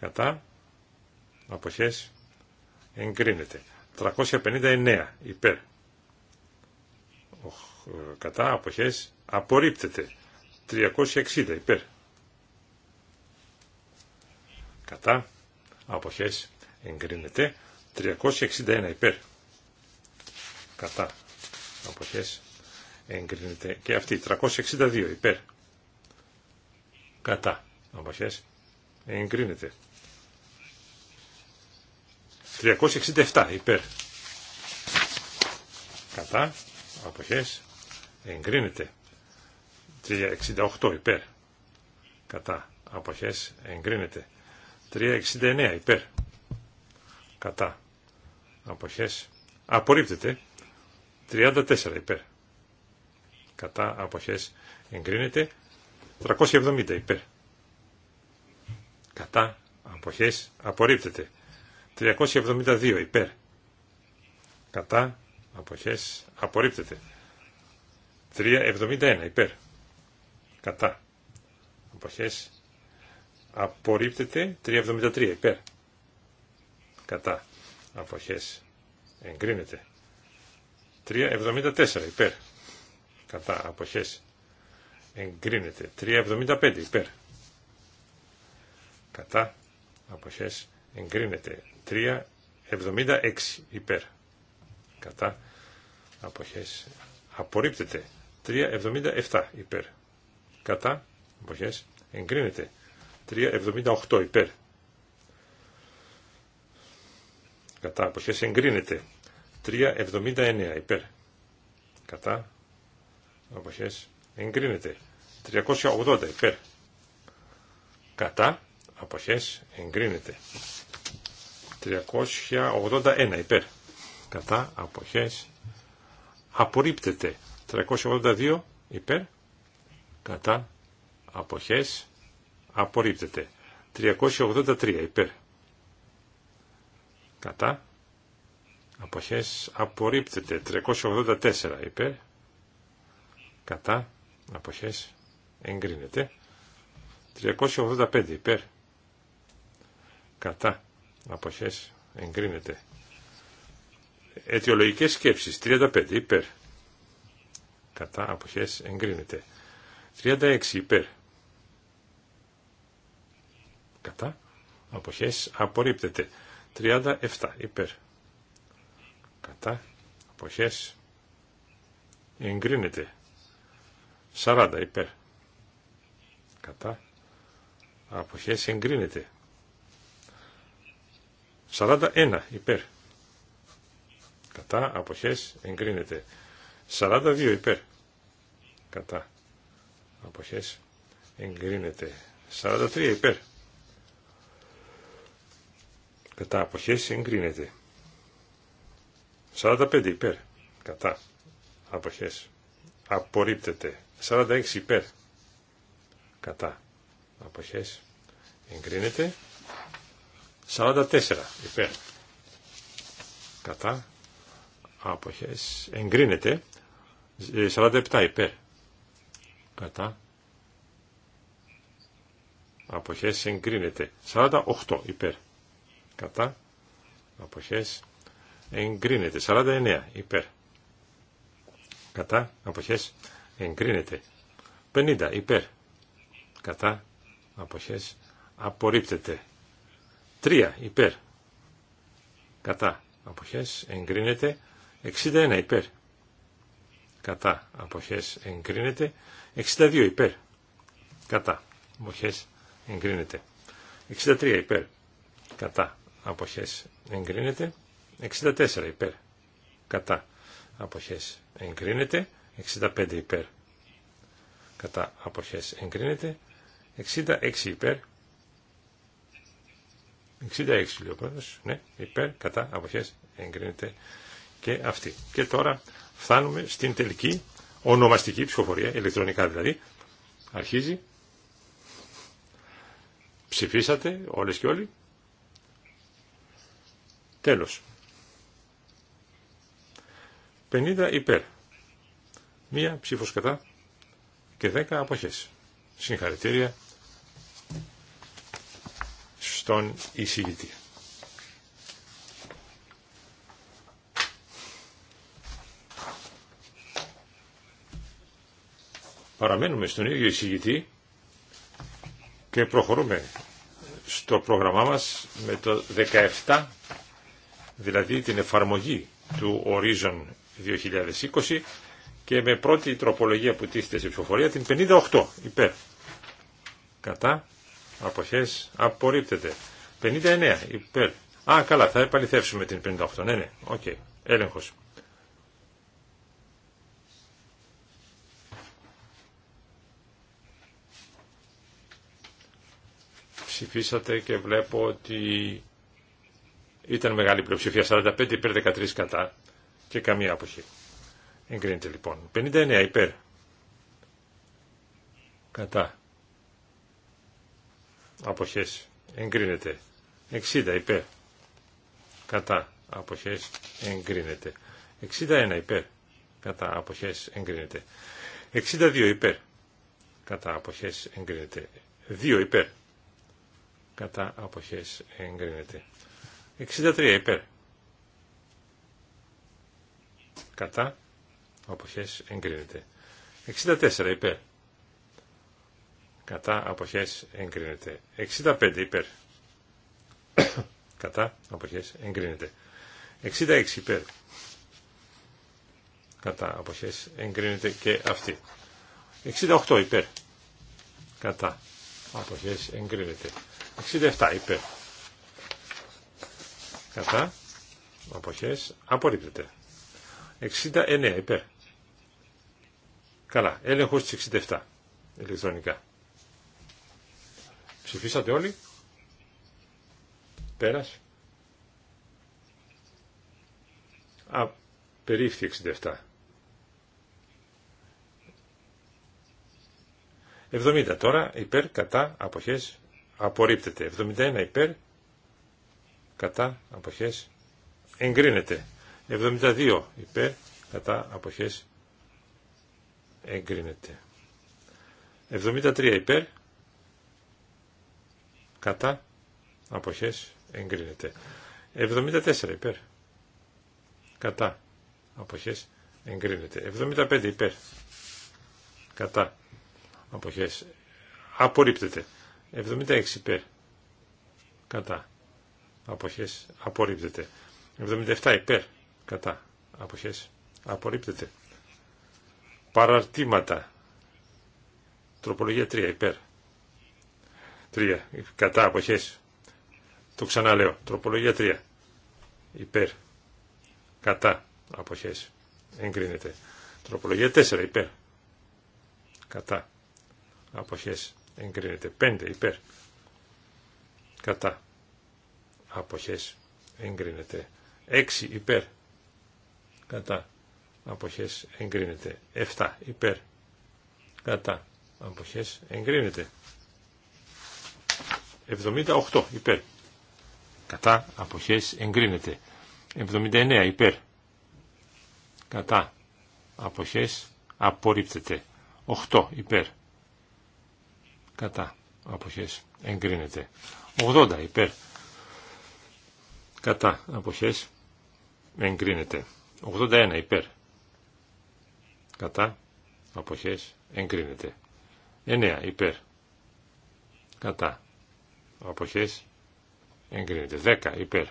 Κατά αποχές εγκρίνεται. 359 υπέρ. Ε, κατά αποχές απορρίπτεται. 360 υπέρ. Κατά αποχές εγκρίνεται. 361 υπέρ. Κατά αποχές εγκρίνεται και αυτή 362 υπέρ κατά αποχές εγκρίνεται 367 υπέρ κατά αποχές εγκρίνεται 368 υπέρ κατά αποχές εγκρίνεται 369 υπέρ κατά αποχές απορρίπτεται 34 υπέρ κατά αποχές εγκρίνεται 370 υπέρ κατά αποχές απορρίπτεται 372 υπέρ κατά αποχές απορρίπτεται 371 υπέρ κατά αποχές απορρίπτεται 373 υπέρ κατά αποχές εγκρίνεται 374 υπέρ κατά αποχές εγκρίνεται 3.75 υπέρ κατά αποχές εγκρίνεται 3.76 υπέρ κατά αποχές απορρίπτεται 3.77 υπέρ κατά αποχές εγκρίνεται 3.78 υπέρ κατά αποχές εγκρίνεται 3.79 υπέρ κατά αποχές εγκρίνεται. 380 υπέρ. Κατά αποχές εγκρίνεται. 381 υπέρ. Κατά αποχές απορρίπτεται. 382 υπέρ. Κατά αποχές απορρίπτεται. 383 υπέρ. Κατά αποχές απορρίπτεται. 384 υπέρ κατά αποχές εγκρίνεται 385 υπέρ κατά αποχές εγκρίνεται αιτιολογικές σκέψεις 35 υπέρ κατά αποχές εγκρίνεται 36 υπέρ κατά αποχές απορρίπτεται 37 υπέρ κατά αποχές εγκρίνεται 40 υπέρ. Κατά. Αποχές εγκρίνεται. 41 υπέρ. Κατά. Αποχές εγκρίνεται. 42 υπέρ. Κατά. Αποχές εγκρίνεται. 43 υπέρ. Κατά. Αποχές εγκρίνεται. 45 υπέρ. Κατά. Αποχές. Απορρίπτεται. 46 υπέρ. Κατά. Αποχές. Εγκρίνεται. 44 υπέρ. Κατά. Αποχές. Εγκρίνεται. 47 ε, υπέρ. Κατά. Αποχές εγκρίνεται. 48 υπέρ. Κατά. Αποχές εγκρίνεται. 49 υπέρ. Κατά. Αποχές εγκρίνεται. 50 υπέρ κατά αποχές απορρίπτεται. 3 υπέρ κατά αποχές εγκρίνεται. 61 υπέρ κατά αποχές εγκρίνεται. 62 υπέρ κατά αποχές εγκρίνεται. 63 υπέρ κατά αποχές εγκρίνεται. 64 υπέρ κατά αποχές εγκρίνεται. 65 υπέρ κατά αποχές εγκρίνεται 66 υπέρ 66 πρώτος, ναι, υπέρ, κατά, αποχές, εγκρίνεται και αυτή. Και τώρα φτάνουμε στην τελική ονομαστική ψηφοφορία, ηλεκτρονικά δηλαδή. Αρχίζει. Ψηφίσατε όλες και όλοι. Τέλος. 50 υπέρ μία ψήφος κατά και δέκα αποχές. Συγχαρητήρια στον εισηγητή. Παραμένουμε στον ίδιο εισηγητή και προχωρούμε στο πρόγραμμά μας με το 17, δηλαδή την εφαρμογή του Horizon 2020 και με πρώτη τροπολογία που τίθεται σε ψηφοφορία την 58 υπέρ. Κατά αποχές απορρίπτεται. 59 υπέρ. Α, καλά, θα επαληθεύσουμε την 58. Ναι, ναι, οκ. Okay. Έλεγχος. Ψηφίσατε και βλέπω ότι ήταν μεγάλη πλειοψηφία, 45 υπέρ 13 κατά και καμία αποχή. Εγκρίνεται λοιπόν. 59 υπέρ. Κατά. Αποχές. Εγκρίνεται. 60 υπέρ. Κατά. Αποχές. Εγκρίνεται. 61 υπέρ. Κατά. Αποχές. Εγκρίνεται. 62 υπέρ. Κατά. Αποχές. Εγκρίνεται. 2 υπέρ. Κατά. Αποχές. Εγκρίνεται. 63 υπέρ. Κατά αποχές εγκρίνεται. 64 υπέρ. Κατά αποχές εγκρίνεται. 65 υπέρ. Κατά αποχές εγκρίνεται. 66 υπέρ. Κατά αποχές εγκρίνεται και αυτή. 68 υπέρ. Κατά αποχές εγκρίνεται. 67 υπέρ. Κατά αποχές απορρίπτεται. 69 υπέρ. Καλά, έλεγχο στι 67 ηλεκτρονικά. Ψηφίσατε όλοι. Πέρας. Α, περίφθη 67. 70 τώρα, υπέρ, κατά, αποχές, απορρίπτεται. 71 υπέρ, κατά, αποχές, εγκρίνεται. 72 υπέρ, κατά, αποχές, εγκρίνεται. 73 υπέρ, κατά, αποχές, εγκρίνεται. 74 υπέρ, κατά, αποχές, εγκρίνεται. 75 υπέρ, κατά, αποχές, απορρίπτεται. 76 υπέρ, κατά, αποχές, απορρίπτεται. 77 υπέρ, κατά, αποχές, απορρίπτεται. Παραρτήματα. Τροπολογία 3 υπέρ. 3 κατά αποχές. Το ξαναλέω. Τροπολογία 3 υπέρ. Κατά αποχές. Εγκρίνεται. Τροπολογία 4 υπέρ. Κατά αποχές. Εγκρίνεται. 5 υπέρ. Κατά αποχές. Εγκρίνεται. 6 υπέρ. Κατά αποχές εγκρίνεται. 7 υπέρ κατά αποχές εγκρίνεται. 78 υπέρ κατά αποχές εγκρίνεται. 79 υπέρ κατά αποχές απορρίπτεται. 8 υπέρ κατά αποχές εγκρίνεται. 80 υπέρ κατά αποχές εγκρίνεται. 81 υπέρ κατά αποχές εγκρίνεται 9 υπέρ κατά αποχές εγκρίνεται 10 υπέρ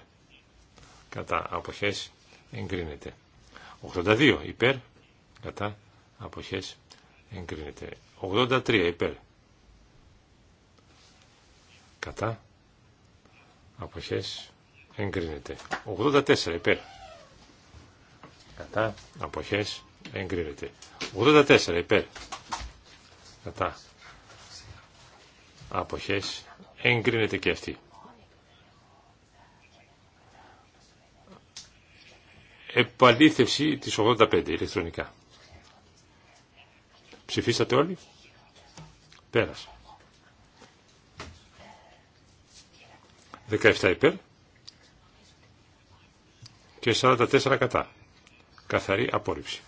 κατά αποχές εγκρίνεται 82 υπέρ κατά αποχές εγκρίνεται 83 υπέρ κατά αποχές εγκρίνεται 84 υπέρ κατά αποχές εγκρίνεται. 84 υπέρ. Κατά. Αποχές. Εγκρίνεται και αυτή. Επαλήθευση της 85 ηλεκτρονικά. Ψηφίσατε όλοι. Πέρασε. 17 υπέρ και 44 κατά. Καθαρή απόρριψη.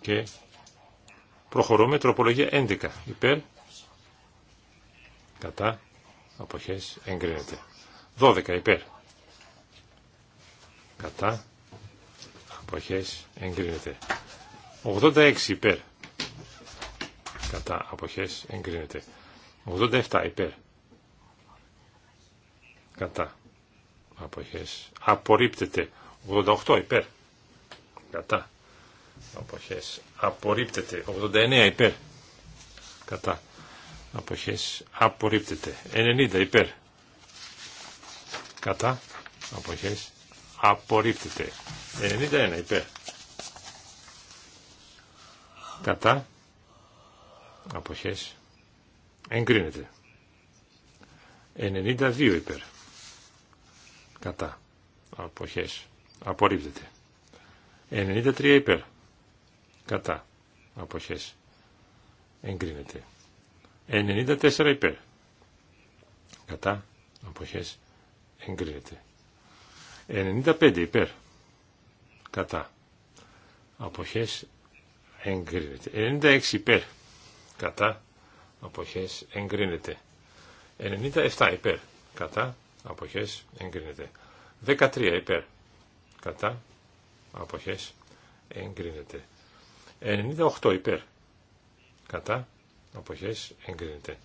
Και προχωρούμε τροπολογία 11 υπέρ κατά αποχές εγκρίνεται. 12 υπέρ κατά αποχές εγκρίνεται. 86 υπέρ κατά αποχές εγκρίνεται. 87 υπέρ κατά αποχές απορρίπτεται. 88 υπέρ κατά αποχές απορρίπτεται 89 υπέρ κατά αποχές απορρίπτεται 90 υπέρ κατά αποχές απορρίπτεται 91 υπέρ κατά αποχές εγκρίνεται 92 υπέρ κατά αποχές απορρίπτεται 93 υπέρ κατά αποχές εγκρίνεται 94 υπέρ κατά αποχές εγκρίνεται 95 υπέρ κατά αποχές εγκρίνεται 96 υπέρ κατά αποχές εγκρίνεται 97 υπέρ κατά αποχές εγκρίνεται 13 υπέρ κατά αποχές εγκρίνεται 98 υπέρ. Κατά. Αποχές εγκρίνεται.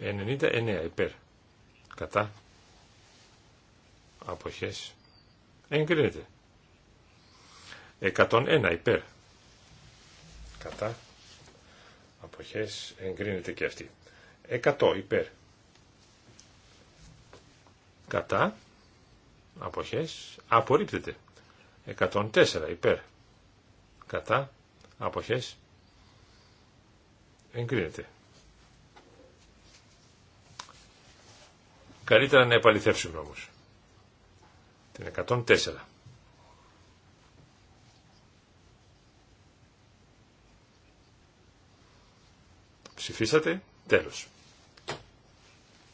99 υπέρ. Κατά. Αποχές εγκρίνεται. 101 υπέρ. Κατά. Αποχές εγκρίνεται και αυτή. 100 υπέρ. Κατά. Αποχές απορρίπτεται. 104 υπέρ. Κατά. Αποχές. Εγκρίνεται. Καλύτερα να επαληθεύσουμε όμως. Την 104. Ψηφίσατε. Τέλος.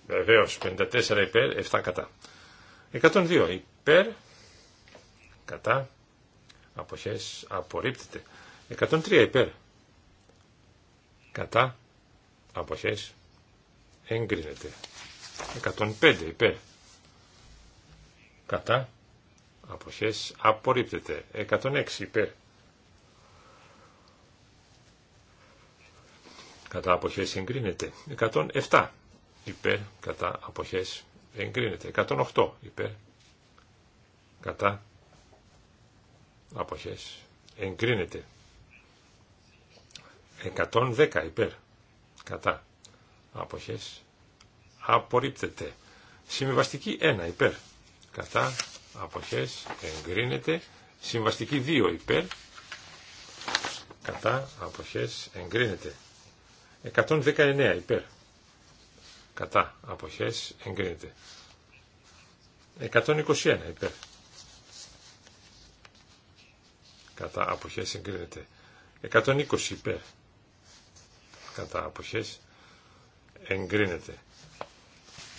Βεβαίως. 54 υπέρ, 7 κατά. 102 υπέρ, κατά. Αποχές απορρίπτεται. 103 υπέρ. Κατά. Αποχές. Εγκρίνεται. 105 υπέρ. Κατά. Αποχές. Απορρίπτεται. 106 υπέρ. Κατά αποχές εγκρίνεται. 107 υπέρ. Κατά αποχές εγκρίνεται. 108 υπέρ. Κατά αποχές εγκρίνεται. 110 υπέρ. Κατά. Αποχές. Απορρίπτεται. Συμβαστική 1 υπέρ. Κατά. Αποχές. Εγκρίνεται. Συμβαστική 2 υπέρ. Κατά. Αποχές. Εγκρίνεται. 119 υπέρ. Κατά. Αποχές. Εγκρίνεται. 121 υπέρ. Κατά. Αποχές. Εγκρίνεται. 120 υπέρ κατά αποχές εγκρίνεται.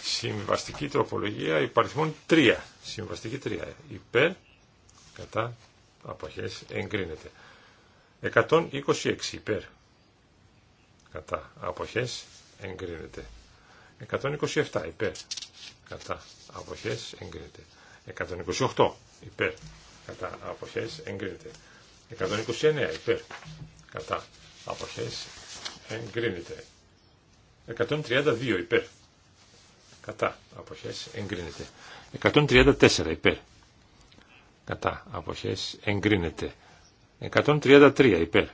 Συμβαστική τροπολογία υπαριθμών 3. Συμβαστική 3. Υπέρ κατά αποχές εγκρίνεται. 126 υπέρ κατά αποχές εγκρίνεται. 127 υπέρ κατά αποχές εγκρίνεται. 128 υπέρ κατά αποχές εγκρίνεται. 129 υπέρ κατά αποχές εγκρίνεται. 132 υπέρ. Κατά αποχές εγκρίνεται. 134 υπέρ. Κατά αποχές εγκρίνεται. 133 υπέρ.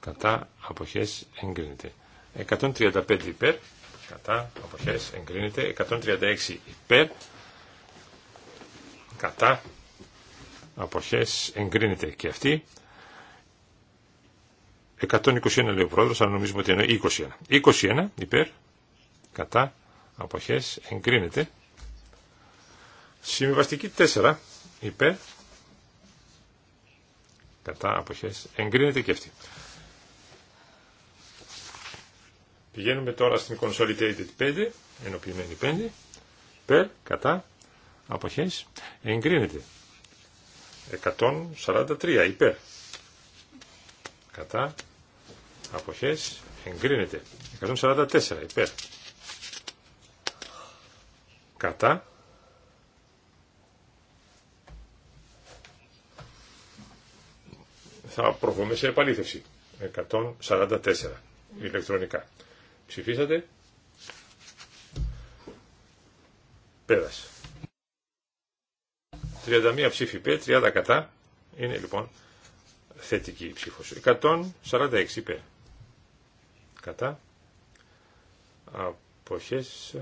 Κατά αποχές εγκρίνεται. 135 υπέρ. Κατά αποχές εγκρίνεται. 136 υπέρ. Κατά αποχές εγκρίνεται και αυτή. 121 λέει ο πρόεδρο, αλλά νομίζουμε ότι εννοεί 21. 21 υπέρ, κατά, αποχέ, εγκρίνεται. Συμβιβαστική 4 υπέρ, κατά, απόχέ, εγκρίνεται και αυτή. Πηγαίνουμε τώρα στην Consolidated 5, ενωπημένη 5, υπέρ, κατά, απόχέ. εγκρίνεται. 143 υπέρ, κατά, αποχές εγκρίνεται 144 υπέρ κατά θα προβούμε σε επαλήθευση 144 ηλεκτρονικά ψηφίσατε πέρασε 31 ψήφι υπέρ 30 κατά είναι λοιπόν θετική η ψήφος 146 υπέρ κατά αποχές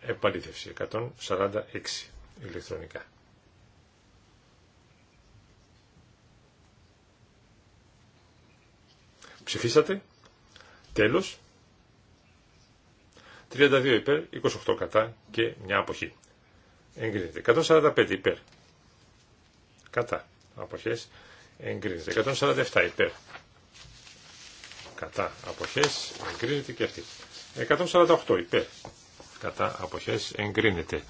επαλήθευση 146 ηλεκτρονικά. Ψηφίσατε. Τέλος. 32 υπέρ, 28 κατά και μια αποχή. Εγκρίνεται. 145 υπέρ. Κατά. Αποχές εγκρίνεται. 147 υπέρ. Κατά αποχές εγκρίνεται και αυτή. 148 υπέρ. Κατά αποχές εγκρίνεται.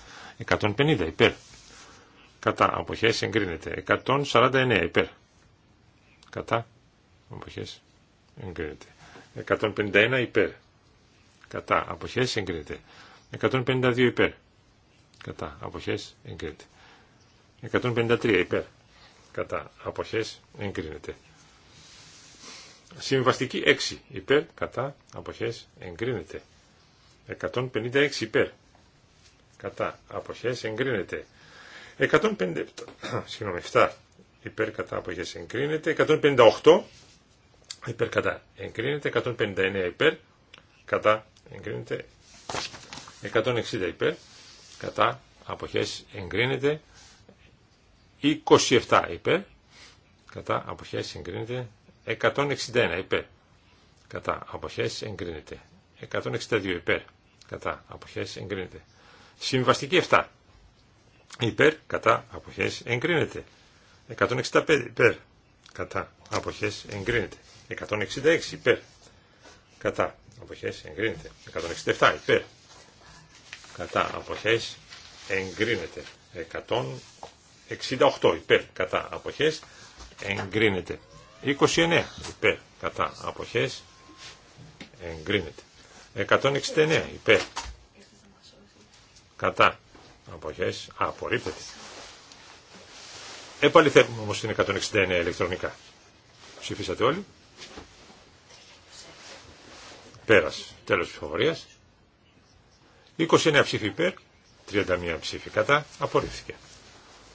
150 υπέρ. Κατά αποχές εγκρίνεται. 149 υπέρ. Κατά αποχές εγκρίνεται. 151 υπέρ. Κατά αποχές εγκρίνεται. 152 υπέρ. Κατά αποχές εγκρίνεται. 153 υπέρ κατά αποχές εγκρίνεται. Συμβαστική 6 υπέρ κατά αποχές εγκρίνεται. 156 υπέρ κατά αποχές εγκρίνεται. 157 συγγνώμη 7 υπέρ κατά αποχές εγκρίνεται. 158 υπέρ κατά εγκρίνεται. 159 υπέρ κατά εγκρίνεται. 160 υπέρ κατά αποχές εγκρίνεται. 27 υπέρ, κατά αποχές εγκρίνεται 161 υπέρ, κατά αποχές εγκρίνεται 162 υπέρ, κατά αποχές εγκρίνεται. Συμβαστική 7 υπέρ, κατά αποχές εγκρίνεται. 165 υπέρ, κατά αποχές εγκρίνεται. 166 υπέρ, κατά αποχές εγκρίνεται. 167 υπέρ, κατά αποχές εγκρίνεται. 68 υπέρ κατά αποχές εγκρίνεται. 29 υπέρ κατά αποχές εγκρίνεται. 169 υπέρ κατά αποχές απορρίπτεται. Επαληθεύουμε όμως την 169 ηλεκτρονικά. Ψηφίσατε όλοι. Πέρας. Τέλος ψηφοφορίας. 29 ψήφι υπέρ, 31 ψήφι κατά. Απορρίφθηκε.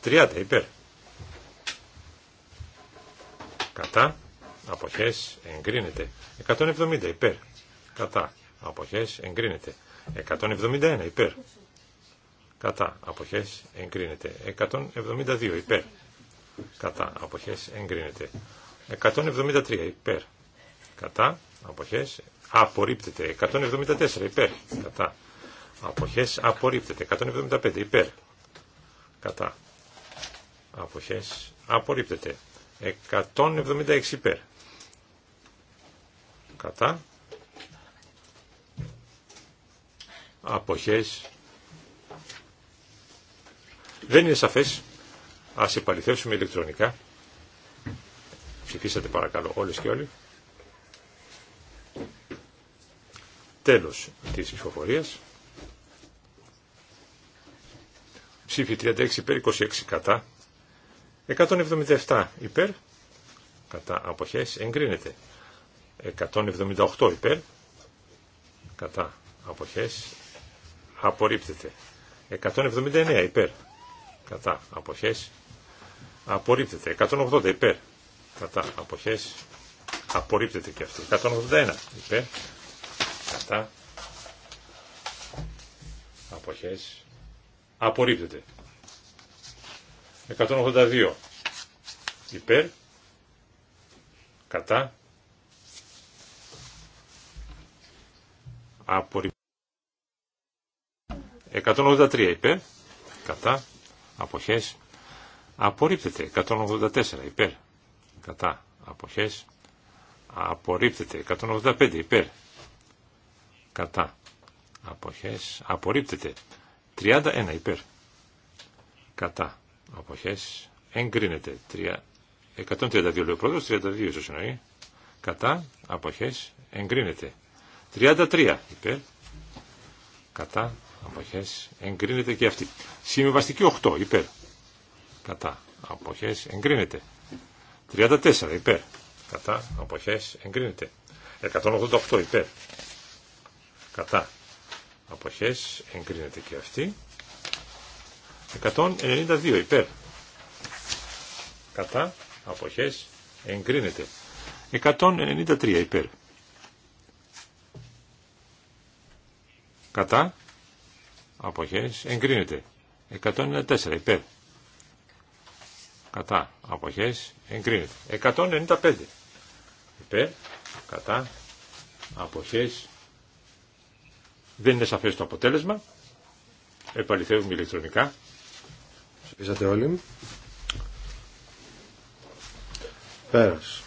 30 υπέρ. Κατά. Αποχές εγκρίνεται. 170 υπέρ. Κατά. Αποχές εγκρίνεται. 171 υπέρ. Κατά. Αποχές εγκρίνεται. 172 υπέρ. Κατά. Αποχές εγκρίνεται. 173 υπέρ. Κατά. Αποχές απορρίπτεται. 174 υπέρ. Κατά. Αποχές απορρίπτεται. 175 υπέρ. Κατά αποχές απορρίπτεται 176 υπέρ κατά αποχές δεν είναι σαφές ας επαληθεύσουμε ηλεκτρονικά ψηφίσατε παρακαλώ όλες και όλοι τέλος της ψηφοφορίας ψήφι 36 υπέρ 26 κατά 177 υπέρ, κατά αποχές εγκρίνεται. 178 υπέρ, κατά αποχές απορρίπτεται. 179 υπέρ, κατά αποχές απορρίπτεται. 180 υπέρ, κατά αποχές απορρίπτεται και αυτό. 181 υπέρ, κατά αποχές απορρίπτεται. 182 υπέρ, κατά, απορρίπτεται 183 υπέρ, κατά, αποχές, απορρίπτεται. 184 υπέρ, κατά, αποχές, απορρίπτεται. 185 υπέρ, κατά, αποχές, απορρίπτεται. 31 υπέρ, κατά, Αποχές. Εγκρίνεται. 3... 132 λέει ο πρόεδρος, 32 ίσως εννοεί. Κατά. Αποχές. Εγκρίνεται. 33 υπέρ. Κατά. Αποχές. Εγκρίνεται και αυτή. Συμβιβαστική 8 υπέρ. Κατά. Αποχές. Εγκρίνεται. 34 υπέρ. Κατά. Αποχές. Εγκρίνεται. 188 υπέρ. Κατά. Αποχές. Εγκρίνεται και αυτή. 192 υπέρ. Κατά αποχές εγκρίνεται. 193 υπέρ. Κατά αποχές εγκρίνεται. 194 υπέρ. Κατά αποχές εγκρίνεται. 195 υπέρ. Κατά αποχές δεν είναι σαφές το αποτέλεσμα. Επαληθεύουμε ηλεκτρονικά. Ψηφίσατε όλοι. Πέρας.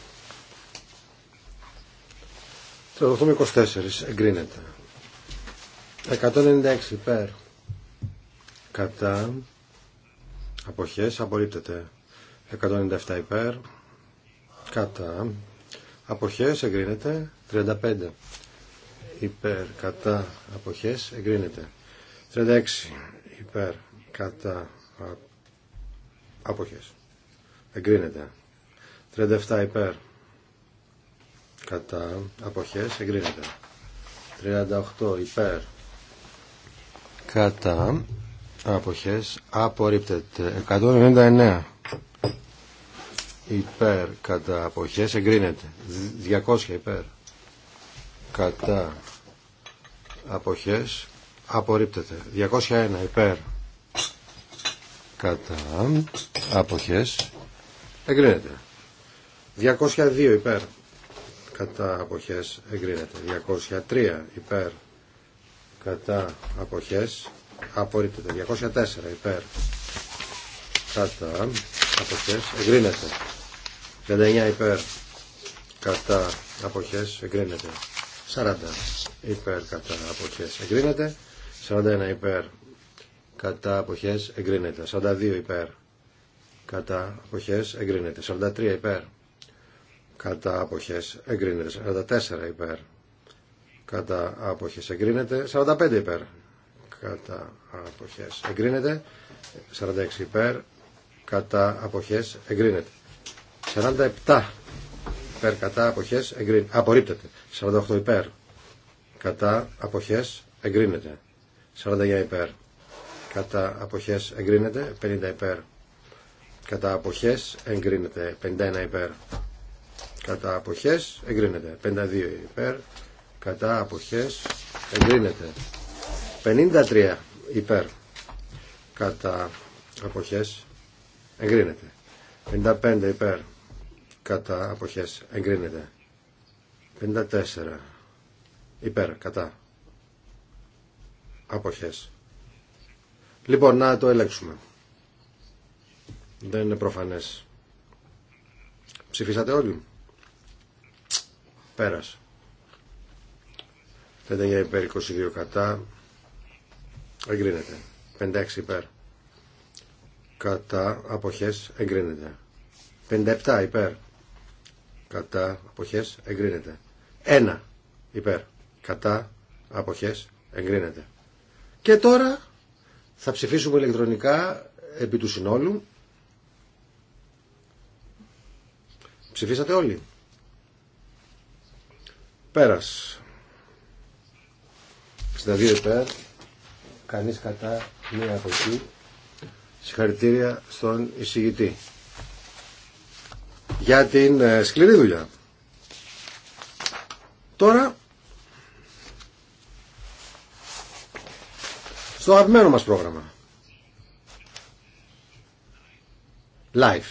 38 24 εγκρίνεται. 196 υπέρ. Κατά. Αποχές απορρίπτεται. 197 υπέρ. Κατά. Αποχές εγκρίνεται. 35 υπέρ. Κατά. Αποχές εγκρίνεται. 36 υπέρ. Κατά. Αποχές. Εγκρίνεται. 37 υπέρ. Κατά. Αποχές. Εγκρίνεται. 38 υπέρ. Κατά. Αποχές. Απορρίπτεται. 199 υπέρ. Κατά. Αποχές. Εγκρίνεται. 200 υπέρ. Κατά. Αποχές. Απορρίπτεται. 201 υπέρ κατά αποχές εγκρίνεται 202 υπέρ κατά αποχές εγκρίνεται 203 υπέρ κατά αποχές απορρίπτεται 204 υπέρ κατά αποχές εγκρίνεται 39 υπέρ κατά αποχές εγκρίνεται 40 υπέρ κατά αποχές εγκρίνεται 41 υπέρ κατά αποχές εγκρίνεται. 42 υπέρ κατά αποχές εγκρίνεται. 43 υπέρ κατά αποχές εγκρίνεται. 44 υπέρ κατά αποχές εγκρίνεται. 45 υπέρ κατά αποχές εγκρίνεται. 46 υπέρ κατά αποχές εγκρίνεται. 47 υπέρ κατά αποχές εγκρίνεται. Απορρίπτεται. 48 υπέρ κατά αποχές εγκρίνεται. 49 υπέρ κατά αποχές εγκρίνεται 50 υπέρ κατά αποχές εγκρίνεται 51 υπέρ κατά αποχές εγκρίνεται 52 υπέρ κατά αποχές εγκρίνεται 53 υπέρ κατά αποχές εγκρίνεται 55 υπέρ κατά αποχές εγκρίνεται 54 υπέρ κατά αποχές Λοιπόν, να το ελέγξουμε. Δεν είναι προφανές. Ψηφίσατε όλοι. Πέρασε. 59 υπέρ, 22 κατά. Εγκρίνεται. 56 υπέρ. Κατά αποχές εγκρίνεται. 57 υπέρ. Κατά αποχές εγκρίνεται. 1 υπέρ. Κατά αποχές εγκρίνεται. Και τώρα θα ψηφίσουμε ηλεκτρονικά επί του συνόλου. Ψηφίσατε όλοι. Πέρας. 62 υπέρ. Κανείς κατά μία αποχή. Συγχαρητήρια στον εισηγητή. Για την ε, σκληρή δουλειά. Τώρα στο αγαπημένο μας πρόγραμμα. Life.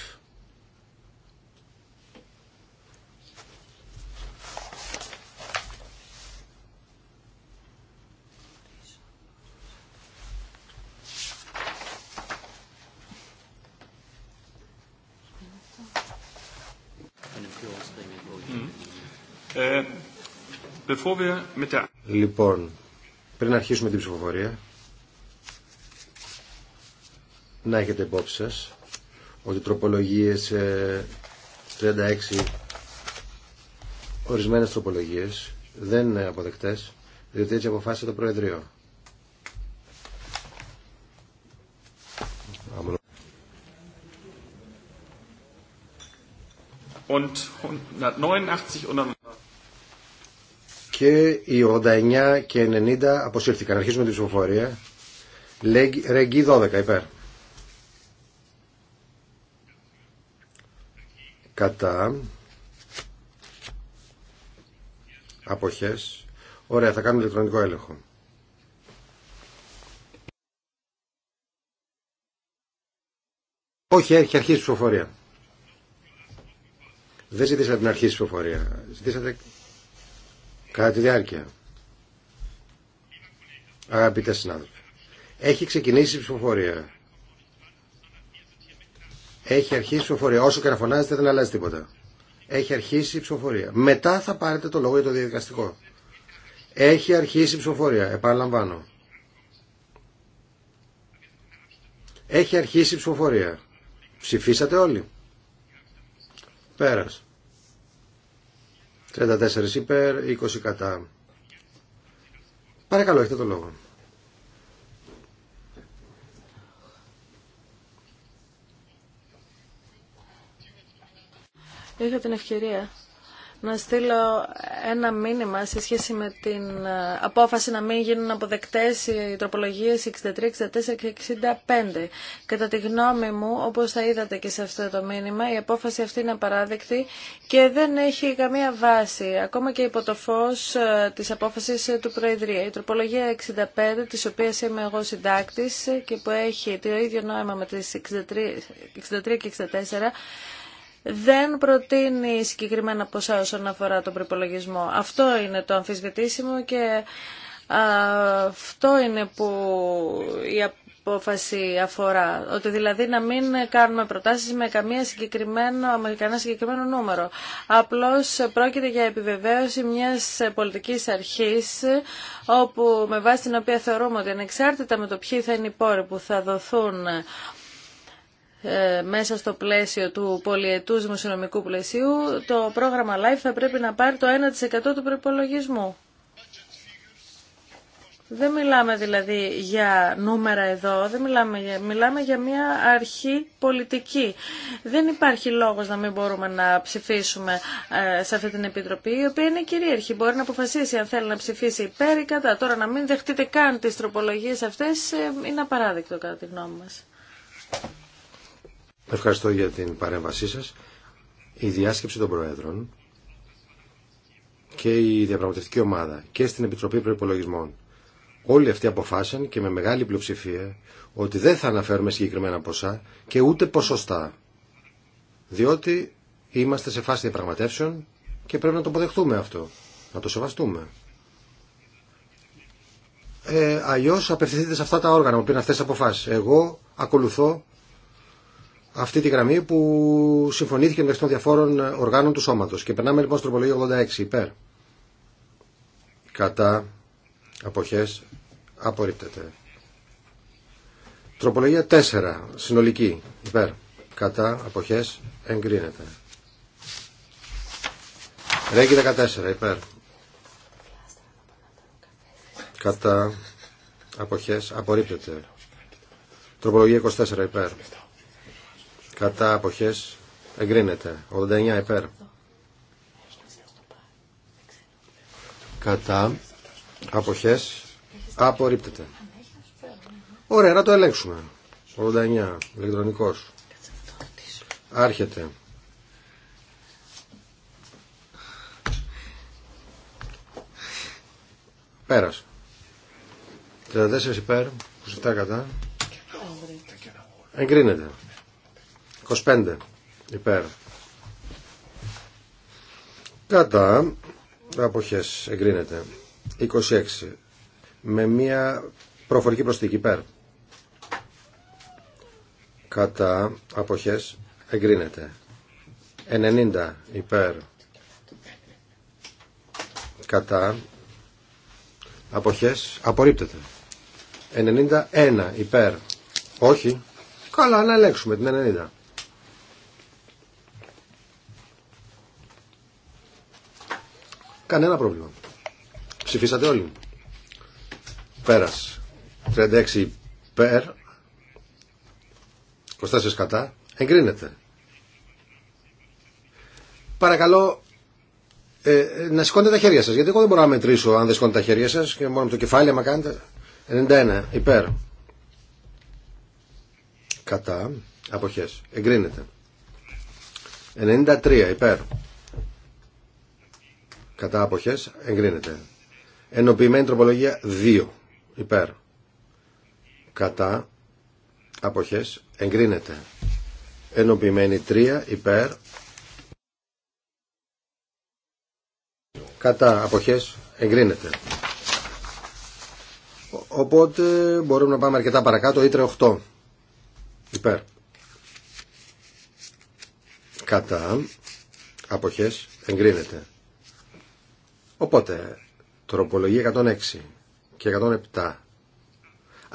Ε, λοιπόν, πριν αρχίσουμε την ψηφοφορία, να έχετε υπόψη σας ότι τροπολογίες 36 ε, ορισμένες τροπολογίες δεν είναι αποδεκτές διότι έτσι αποφάσισε το Προεδρείο. Και οι 89 και 90 αποσύρθηκαν. Αρχίζουμε την ψηφοφορία. Ρεγγί 12 υπέρ. κατά αποχές ωραία θα κάνουμε ηλεκτρονικό έλεγχο όχι έχει αρχίσει η ψηφοφορία δεν ζητήσατε την αρχή ψηφοφορία ζητήσατε κατά τη διάρκεια αγαπητέ συνάδελφοι έχει ξεκινήσει η ψηφοφορία έχει αρχίσει η ψηφοφορία. Όσο και να φωνάζετε δεν αλλάζει τίποτα. Έχει αρχίσει η ψηφοφορία. Μετά θα πάρετε το λόγο για το διαδικαστικό. Έχει αρχίσει η ψηφοφορία. Επαναλαμβάνω. Έχει αρχίσει η ψηφοφορία. Ψηφίσατε όλοι. Πέρας. 34 υπέρ, 20 κατά. Παρακαλώ, έχετε το λόγο. είχα την ευκαιρία να στείλω ένα μήνυμα σε σχέση με την ε, απόφαση να μην γίνουν αποδεκτές οι τροπολογίες 63, 64 και 65. Κατά τη γνώμη μου, όπως θα είδατε και σε αυτό το μήνυμα, η απόφαση αυτή είναι απαράδεκτη και δεν έχει καμία βάση, ακόμα και υπό το φως ε, της απόφασης ε, του Προεδρία. Η τροπολογία 65, της οποίας είμαι εγώ συντάκτης και που έχει το ίδιο νόημα με τις 63 και 64, δεν προτείνει συγκεκριμένα ποσά όσον αφορά τον προπολογισμό. Αυτό είναι το αμφισβητήσιμο και αυτό είναι που η απόφαση αφορά. Ότι δηλαδή να μην κάνουμε προτάσεις με, καμία συγκεκριμένο, με κανένα συγκεκριμένο νούμερο. Απλώς πρόκειται για επιβεβαίωση μιας πολιτικής αρχής όπου με βάση την οποία θεωρούμε ότι ανεξάρτητα με το ποιοι θα είναι οι πόροι που θα δοθούν ε, μέσα στο πλαίσιο του πολιετού δημοσιονομικού πλαισίου το πρόγραμμα LIFE θα πρέπει να πάρει το 1% του προπολογισμού. Δεν μιλάμε δηλαδή για νούμερα εδώ, δεν μιλάμε για, μιλάμε για μια αρχή πολιτική. Δεν υπάρχει λόγος να μην μπορούμε να ψηφίσουμε ε, σε αυτή την Επιτροπή, η οποία είναι κυρίαρχη. Μπορεί να αποφασίσει αν θέλει να ψηφίσει υπέρ ή κατά. Τώρα να μην δεχτείτε καν τις τροπολογίες αυτές ε, είναι απαράδεκτο κατά τη γνώμη μας. Ευχαριστώ για την παρέμβασή σας. Η διάσκεψη των Προέδρων και η διαπραγματευτική ομάδα και στην Επιτροπή Προπολογισμών. Όλοι αυτοί αποφάσισαν και με μεγάλη πλειοψηφία ότι δεν θα αναφέρουμε συγκεκριμένα ποσά και ούτε ποσοστά. Διότι είμαστε σε φάση διαπραγματεύσεων και πρέπει να το αποδεχτούμε αυτό. Να το σεβαστούμε. Ε, Αλλιώ απευθυνθείτε σε αυτά τα όργανα που πήραν αυτέ τι αποφάσει. Εγώ ακολουθώ αυτή τη γραμμή που συμφωνήθηκε μεταξύ των διαφόρων οργάνων του σώματος. Και περνάμε λοιπόν στο τροπολογία 86 υπέρ. Κατά αποχές απορρίπτεται. Τροπολογία 4 συνολική υπέρ. Κατά αποχές εγκρίνεται. Ρέγγι 14 υπέρ. Κατά αποχές απορρίπτεται. Τροπολογία 24 υπέρ Κατά αποχές εγκρίνεται. 89 υπέρ. Κατά αποχές απορρίπτεται. Ωραία, να το ελέγξουμε. 89, ηλεκτρονικός. Άρχεται. Πέρασε. 34 υπέρ, 27 κατά. Εγκρίνεται. 25 υπέρ κατά αποχές εγκρίνεται 26 με μια προφορική προσθήκη υπέρ κατά αποχές εγκρίνεται 90 υπέρ κατά αποχές απορρίπτεται 91 υπέρ όχι καλά να ελέγξουμε την 90 Κανένα πρόβλημα. Ψηφίσατε όλοι. Πέρας. 36 υπέρ. 24 κατά. Εγκρίνεται. Παρακαλώ ε, ε, να σηκώνετε τα χέρια σας. Γιατί εγώ δεν μπορώ να μετρήσω αν δεν σηκώνετε τα χέρια σας και μόνο με το κεφάλι άμα κάνετε. 91 υπέρ. Κατά. Αποχές. Εγκρίνεται. 93 υπέρ κατά αποχές εγκρίνεται. Ενοποιημένη τροπολογία 2 υπέρ κατά αποχές εγκρίνεται. Ενοποιημένη 3 υπέρ κατά αποχές εγκρίνεται. Οπότε μπορούμε να πάμε αρκετά παρακάτω. Ήτρε 8 υπέρ κατά αποχές εγκρίνεται. Οπότε, τροπολογία 106 και 107.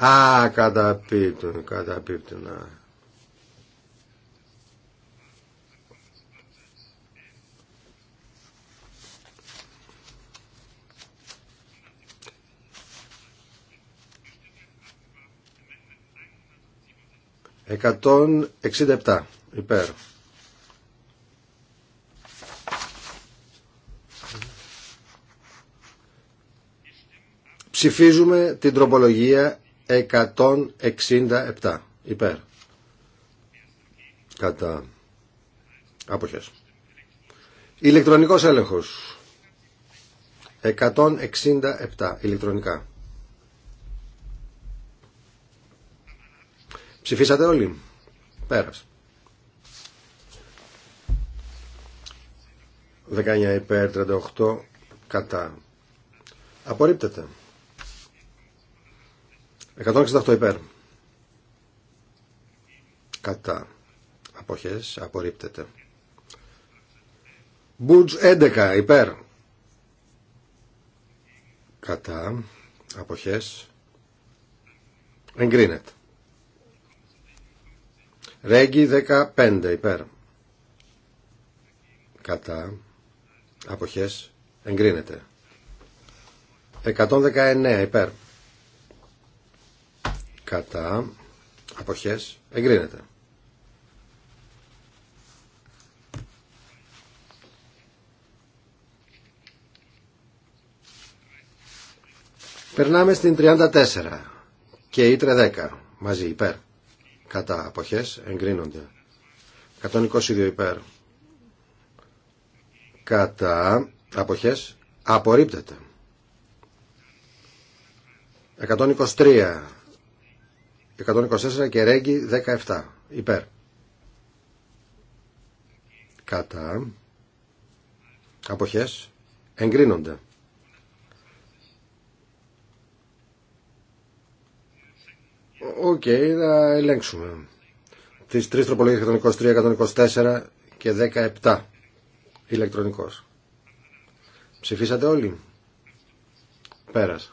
Α, καταπίπτουν, καταπίπτουν. Α. Εκατόν εξήντα υπέρ. Ψηφίζουμε την τροπολογία 167 υπέρ. Κατά αποχές. Ηλεκτρονικός έλεγχος. 167 ηλεκτρονικά. Ψηφίσατε όλοι. Πέρασε. 19 υπέρ, 38 κατά. Απορρίπτεται. 168 υπέρ. Κατά. Αποχές. Απορρίπτεται. Μπουτζ 11 υπέρ. Κατά. Αποχές. Εγκρίνεται. Ρέγγι 15 υπέρ. Κατά. Αποχές. Εγκρίνεται. 119 υπέρ κατά αποχές εγκρίνεται. Περνάμε στην 34 και ίτρε 10 μαζί υπέρ. Κατά αποχές εγκρίνονται. 122 υπέρ. Κατά αποχές απορρίπτεται. 123 124 και Ρέγγι 17 υπέρ κατά αποχές εγκρίνονται. Οκ, okay, να ελέγξουμε. Τις τρεις τροπολογίες 123, 124 και 17 ηλεκτρονικός. Ψηφίσατε όλοι. Πέρασε.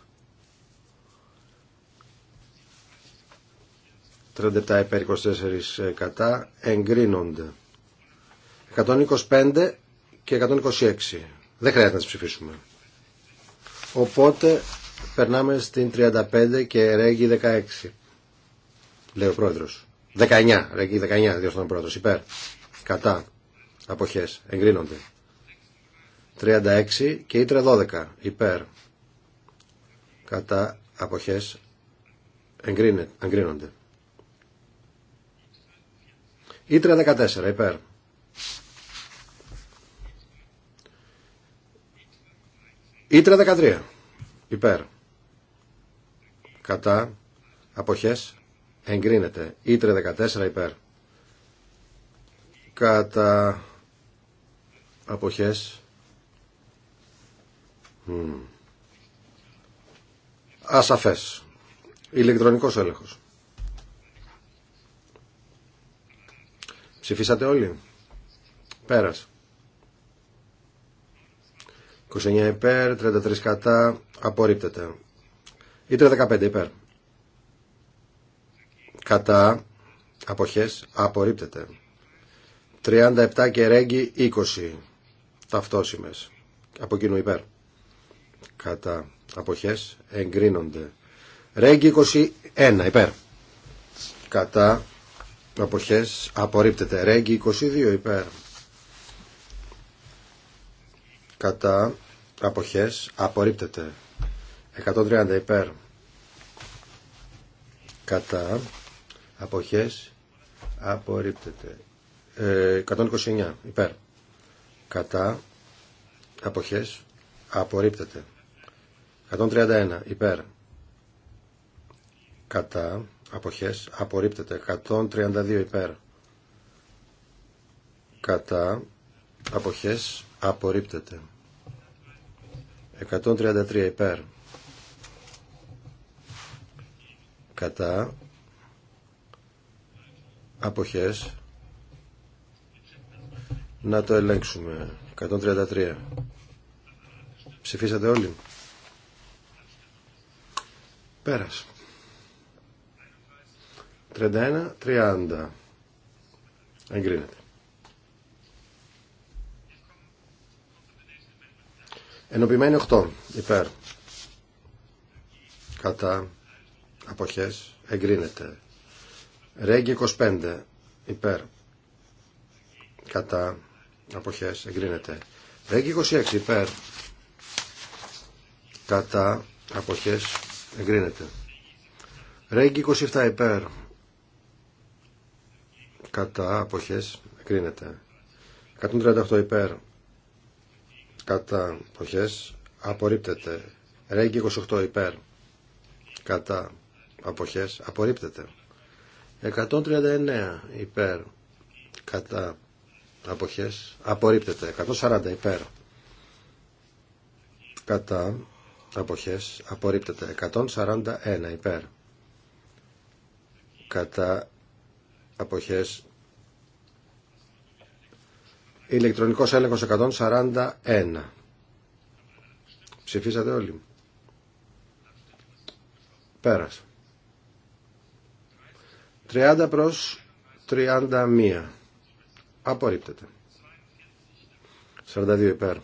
37 υπέρ 24 ε, κατά εγκρίνονται. 125 και 126. Δεν χρειάζεται να τις ψηφίσουμε. Οπότε περνάμε στην 35 και ρέγγι 16. Λέει ο πρόεδρος. 19. Ρέγγι 19 Διόρθωνα ο πρόεδρος. Υπέρ. Κατά. Αποχές. Εγκρίνονται. 36 και ήτρε 12. Υπέρ. Κατά. Αποχές. Εγκρίνονται. Ήτρε 14 υπέρ. Ήτρε 13 υπέρ. Κατά αποχές εγκρίνεται. Ήτρε 14 υπέρ. Κατά αποχές ασαφές. Ηλεκτρονικός έλεγχος. Ψηφίσατε όλοι. Πέρας. 29 υπέρ, 33 κατά, απορρίπτεται. Ήτρε 15 υπέρ. Κατά, αποχές, απορρίπτεται. 37 και ρέγγι 20 ταυτόσιμες. Από κοινού υπέρ. Κατά, αποχές, εγκρίνονται. Ρέγγι 21 υπέρ. Κατά, αποχές απορρίπτεται. Ρέγγι 22 υπέρ. Κατά αποχές απορρίπτεται. 130 υπέρ. Κατά αποχές απορρίπτεται. 129 ε, υπέρ. Κατά αποχές απορρίπτεται. 131 υπέρ. Κατά αποχές απορρίπτεται 132 υπέρ κατά αποχές απορρίπτεται 133 υπέρ κατά αποχές να το ελέγξουμε 133 ψηφίσατε όλοι πέρασε 31-30. Εγκρίνεται. Ενωπημένη 8. Υπέρ. Κατά. Αποχές. Εγκρίνεται. Ρέγγι 25. Υπέρ. Κατά. Αποχές. Εγκρίνεται. Ρέγγι 26. Υπέρ. Κατά. Αποχές. Εγκρίνεται. Ρέγγι 27. Υπέρ κατά αποχές κρίνεται 138 υπέρ κατά αποχές απορρίπτεται Ρέγγι 28 υπέρ κατά αποχές απορρίπτεται 139 υπέρ κατά αποχές απορρίπτεται 140 υπέρ κατά αποχές απορρίπτεται 141 υπέρ κατά αποχές ηλεκτρονικός έλεγχος 141 ψηφίσατε όλοι πέρασε 30 προς 31 απορρίπτεται 42 υπέρ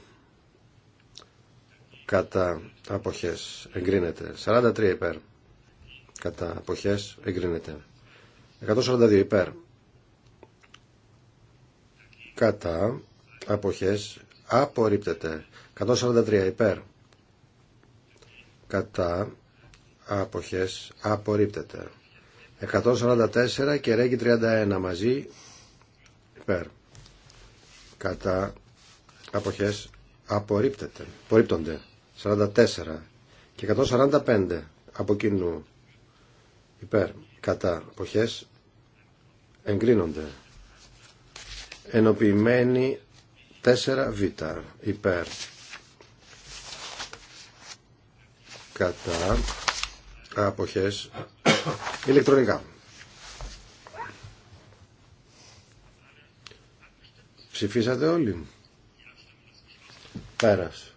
κατά αποχές εγκρίνεται 43 υπέρ κατά αποχές εγκρίνεται 142 υπέρ. Κατά αποχές απορρίπτεται. 143 υπέρ. Κατά αποχές απορρίπτεται. 144 και ρέγγι 31 μαζί υπέρ. Κατά αποχές απορρίπτεται. Απορρίπτονται. 44 και 145 από κοινού υπέρ κατά αποχές εγκρίνονται. Ενοποιημένη 4β υπέρ κατά αποχές ηλεκτρονικά. Ψηφίσατε όλοι. Πέρασε.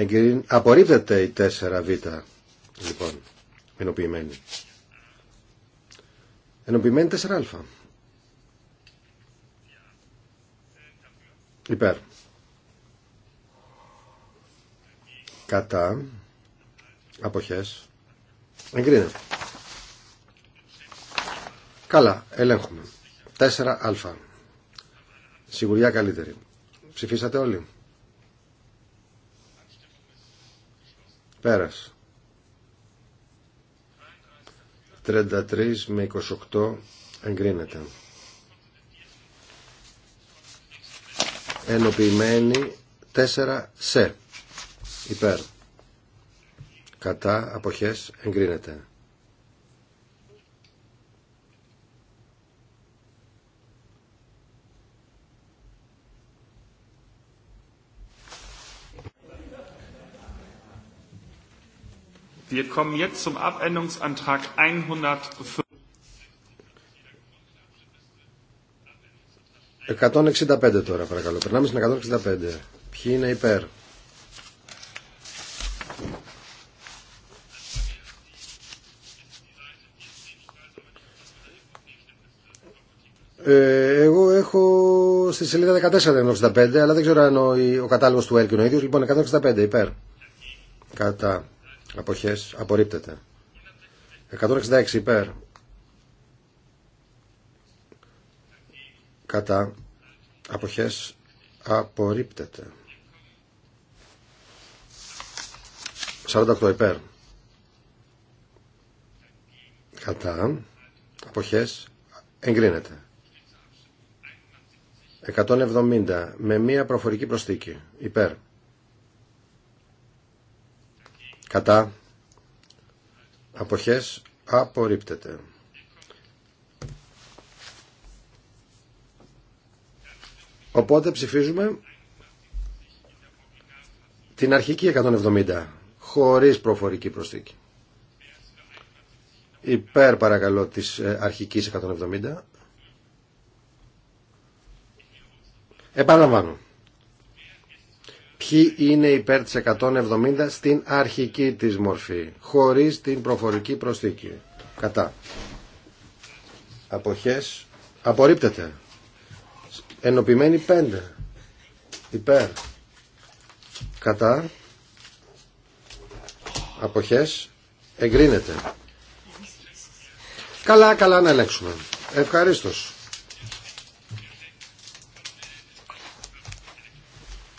Εγκριν... Απορρίπτεται η 4β, λοιπόν, ενοποιημένη. Ενοποιημένη 4α. Υπέρ. Κατά. Αποχές. Εγκρίνεται. Καλά, ελέγχουμε. 4α. Σιγουριά καλύτερη. Ψηφίσατε όλοι. Πέρας. 33 με 28 εγκρίνεται. Ενοποιημένη 4 σε. Υπέρ. Κατά αποχές εγκρίνεται. Wir kommen jetzt zum Abänderungsantrag 165 τώρα παρακαλώ. Περνάμε στην 165. Ποιοι είναι υπέρ. Ε, εγώ έχω στη σελίδα 14 165, αλλά δεν ξέρω αν ο, ο κατάλογος του Έλκη είναι ο ίδιος. Λοιπόν, 165 υπέρ. Κατά. Αποχές. Απορρίπτεται. 166 υπέρ. Κατά. Αποχές. Απορρίπτεται. 48 υπέρ. Κατά. Αποχές. Εγκρίνεται. 170 με μία προφορική προσθήκη. Υπέρ κατά αποχές απορρίπτεται. Οπότε ψηφίζουμε την αρχική 170 χωρίς προφορική προσθήκη. Υπέρ παρακαλώ της ε, αρχικής 170. Επαναλαμβάνω ποιοι είναι υπέρ της 170 στην αρχική της μορφή, χωρίς την προφορική προσθήκη. Κατά. Αποχές. Απορρίπτεται. Ενοποιημένοι 5. Υπέρ. Κατά. Αποχές. Εγκρίνεται. Καλά, καλά να ελέγξουμε. Ευχαρίστως.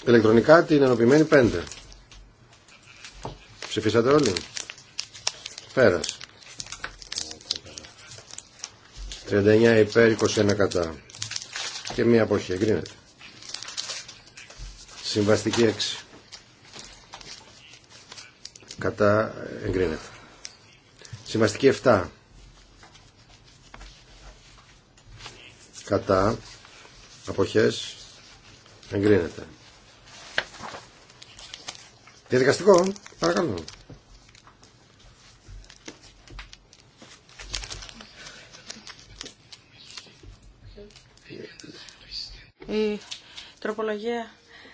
ηλεκτρονικά την ενοποιημένη 5. Ψηφίσατε όλοι. Πέρασε. 39 υπέρ, 21 κατά. Και μία αποχή. Εγκρίνεται. Συμβαστική 6. Κατά εγκρίνεται. Συμβαστική 7. Κατά αποχές εγκρίνεται. Διαδικαστικό, παρακαλώ. Η τροπολογία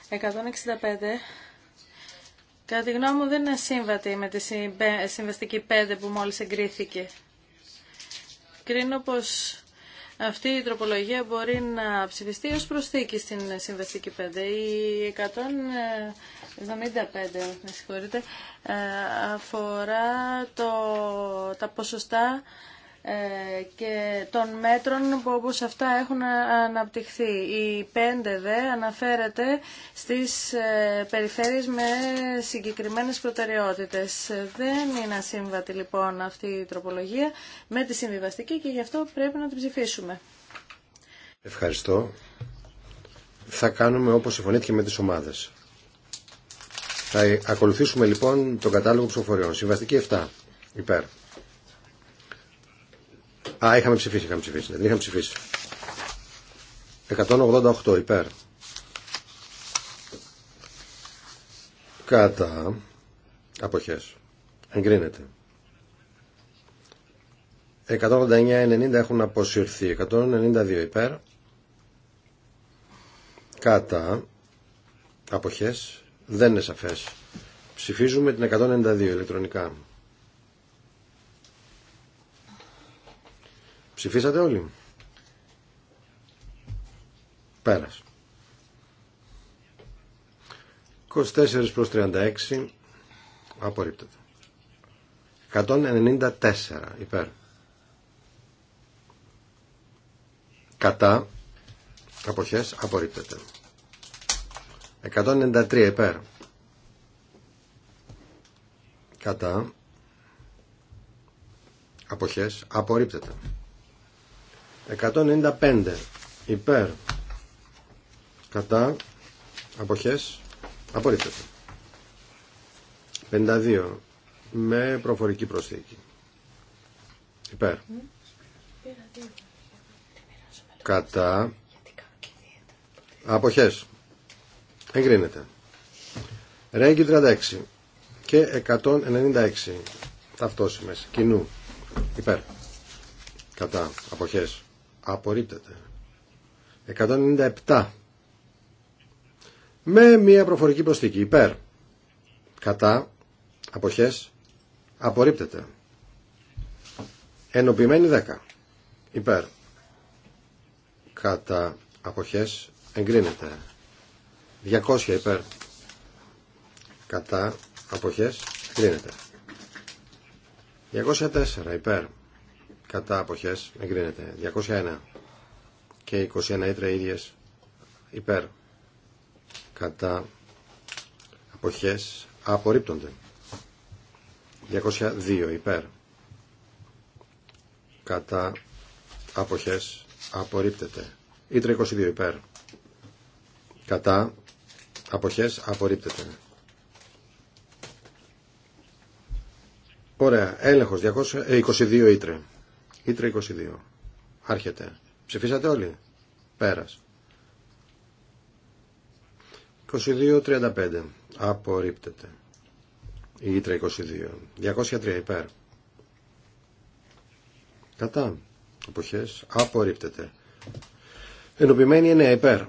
165 κατά τη γνώμη μου δεν είναι σύμβατη με τη συμβαστική 5 που μόλις εγκρίθηκε. Κρίνω πως αυτή η τροπολογία μπορεί να ψηφιστεί ως προσθήκη στην συμβαστική 5. Η 100 75, με συγχωρείτε, ε, αφορά το, τα ποσοστά ε, και των μέτρων που όπως αυτά έχουν αναπτυχθεί. Η 5 δε αναφέρεται στις ε, περιφέρειες με συγκεκριμένες προτεραιότητες. Δεν είναι ασύμβατη λοιπόν αυτή η τροπολογία με τη συμβιβαστική και γι' αυτό πρέπει να την ψηφίσουμε. Ευχαριστώ. Θα κάνουμε όπως συμφωνήθηκε με τις ομάδες. Θα ακολουθήσουμε λοιπόν τον κατάλογο ψηφοφοριών. Συμβαστική 7. Υπέρ. Α, είχαμε ψηφίσει, είχαμε ψηφίσει. Δεν είχαμε ψηφίσει. 188 υπέρ. Κατά. Αποχές. Εγκρίνεται. 189-90 έχουν αποσυρθεί. 192 υπέρ. Κατά. Αποχές. Δεν είναι σαφές. Ψηφίζουμε την 192 ηλεκτρονικά. Ψηφίσατε όλοι. Πέρας. 24 προς 36 απορρίπτεται. 194 υπέρ. Κατά αποχές απορρίπτεται. 193 υπέρ. Κατά. Αποχές. Απορρίπτεται. 195 υπέρ. Κατά. Αποχές. Απορρίπτεται. 52 με προφορική προσθήκη. Υπέρ. Κατά. Αποχές. Εγκρίνεται. Ρέγγι 36 και 196 ταυτόσημες κοινού υπέρ κατά αποχές απορρίπτεται 197 με μια προφορική προσθήκη υπέρ κατά αποχές απορρίπτεται ενοποιημένη 10 υπέρ κατά αποχές εγκρίνεται 200 υπέρ κατά αποχές εγκρίνεται 204 υπέρ κατά αποχές εγκρίνεται 201 και 21 ήτρα ίδιες υπέρ κατά αποχές απορρίπτονται 202 υπέρ κατά αποχές απορρίπτεται ήτρα 22 υπέρ κατά Αποχές απορρίπτεται. Ωραία. Έλεγχος 200, 22 ε, Ήτρε. Ήτρε 22. Άρχεται. Ψηφίσατε όλοι. Πέρας. 22-35. Απορρίπτεται. Ήτρε 22. 203 υπέρ. Κατά. Αποχές. Απορρίπτεται. Ενωπημένη είναι υπέρ.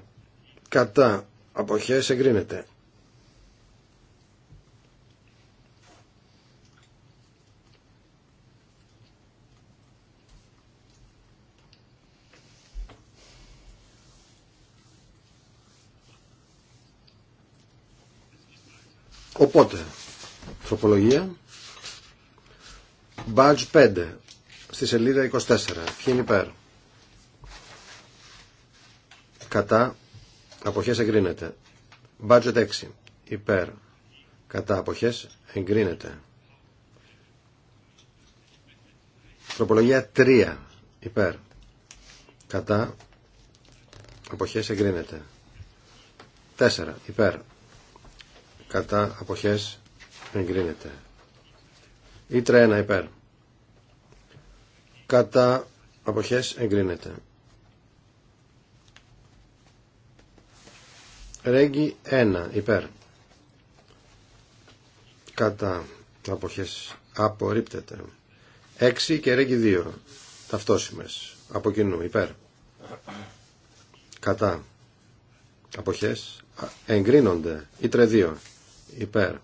Κατά. Αποχές εγκρίνεται. Οπότε, τροπολογία, badge 5, στη σελίδα 24, ποιοι είναι υπέρ, κατά, αποχές εγκρίνεται. Budget 6 υπέρ κατά αποχές εγκρίνεται. Τροπολογία 3 υπέρ κατά αποχές εγκρίνεται. 4 υπέρ κατά αποχές εγκρίνεται. Ήτρα 1 υπέρ κατά αποχές εγκρίνεται. Ρέγγι 1 υπέρ. Κατά αποχές απορρίπτεται. 6 και Ρέγγι 2 ταυτόσιμες από κοινού υπέρ. Κατά αποχές εγκρίνονται. Ήτρε 2 υπέρ.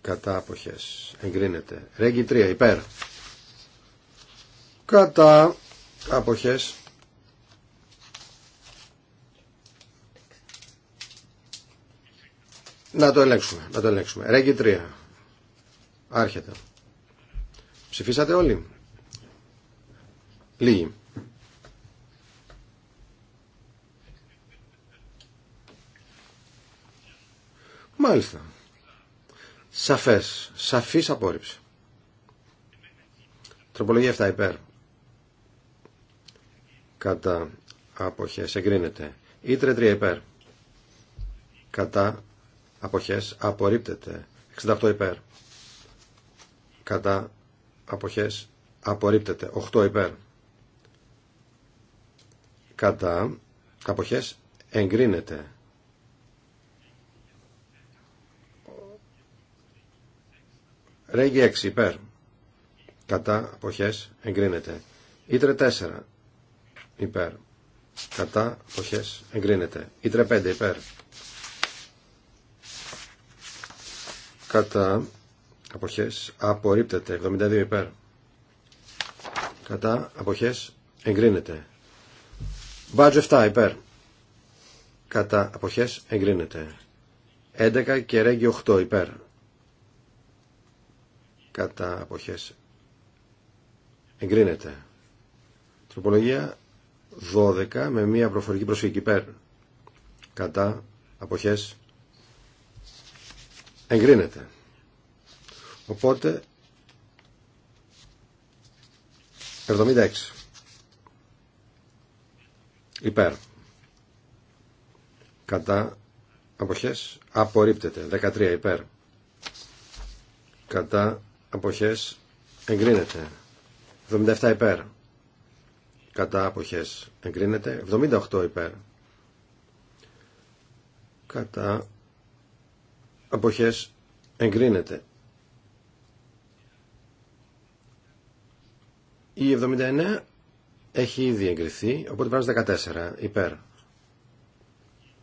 Κατά αποχές εγκρίνεται. Ρέγγι 3 υπέρ. Κατά αποχές Να το ελέγξουμε, να το ελέγξουμε. Ρέγγι 3. Άρχεται. Ψηφίσατε όλοι. Λίγοι. Μάλιστα. Σαφές. Σαφής απόρριψη. Τροπολογία 7 υπέρ. Κατά αποχές εγκρίνεται. Ήτρε 3 υπέρ. Κατά αποχές απορρίπτεται 68 υπέρ κατά αποχές απορρίπτεται 8 υπέρ κατά αποχές εγκρίνεται Ρέγγι 6 υπέρ κατά αποχές εγκρίνεται Ήτρε 4 υπέρ κατά αποχές εγκρίνεται Ήτρε 5 υπέρ κατά αποχές απορρίπτεται 72 υπέρ κατά αποχές εγκρίνεται μπάτζο 7 υπέρ κατά αποχές εγκρίνεται 11 και ρέγγι 8 υπέρ κατά αποχές εγκρίνεται τροπολογία 12 με μια προφορική προσφυγική υπέρ κατά αποχές εγκρίνεται. Οπότε 76 υπέρ κατά αποχές απορρίπτεται 13 υπέρ κατά αποχές εγκρίνεται 77 υπέρ κατά αποχές εγκρίνεται 78 υπέρ κατά αποχές εγκρίνεται. Η 79 έχει ήδη εγκριθεί, οπότε πάμε 14, υπέρ.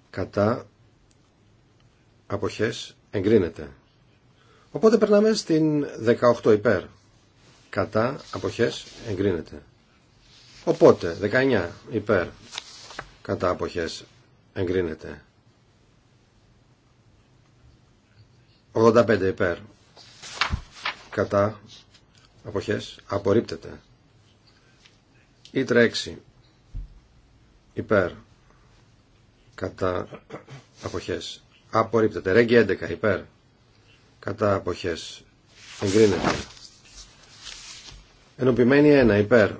Κατά αποχές εγκρίνεται. Οπότε περνάμε στην 18 υπέρ. Κατά αποχές εγκρίνεται. Οπότε 19 υπέρ. Κατά αποχές εγκρίνεται. 85 υπέρ. Κατά. Αποχές. Απορρίπτεται. ή 6. Υπέρ. Κατά. Αποχές. Απορρίπτεται. Ρέγγι 11. Υπέρ. Κατά. Αποχές. Εγκρίνεται. Ενωπημένη 1. Υπέρ.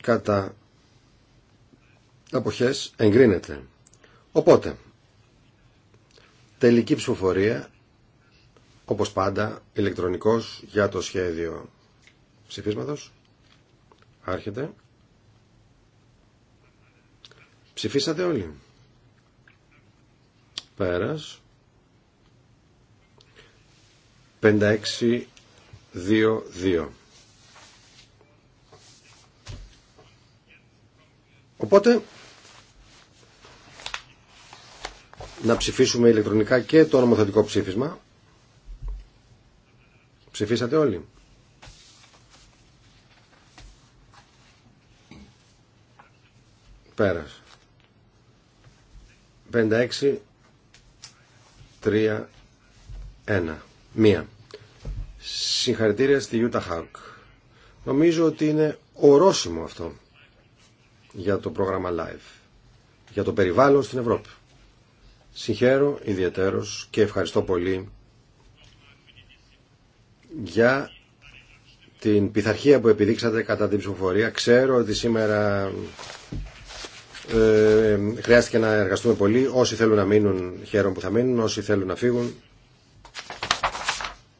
Κατά. Αποχές. Εγκρίνεται. Οπότε. Τελική ψηφοφορία όπως πάντα, ηλεκτρονικός για το σχέδιο ψηφίσματος. Άρχεται. Ψηφίσατε όλοι. Πέρας. 56-2-2. Οπότε, να ψηφίσουμε ηλεκτρονικά και το νομοθετικό ψήφισμα. Ψηφίσατε όλοι. Πέρας. 56, 3, 1. Μία. Συγχαρητήρια στη Utah Hawk. Νομίζω ότι είναι ορόσημο αυτό για το πρόγραμμα Live, για το περιβάλλον στην Ευρώπη. Συγχαίρω ιδιαίτερος και ευχαριστώ πολύ για την πειθαρχία που επιδείξατε κατά την ψηφοφορία. Ξέρω ότι σήμερα ε, χρειάστηκε να εργαστούμε πολύ. Όσοι θέλουν να μείνουν, χαίρομαι που θα μείνουν. Όσοι θέλουν να φύγουν,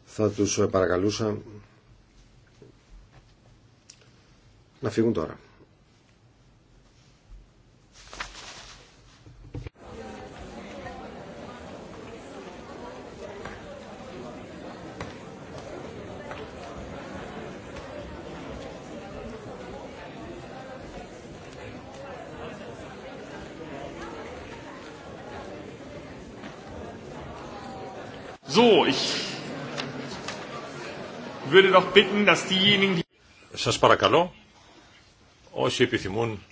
θα τους παρακαλούσα να φύγουν τώρα. Σας παρακαλώ, όσοι επιθυμούν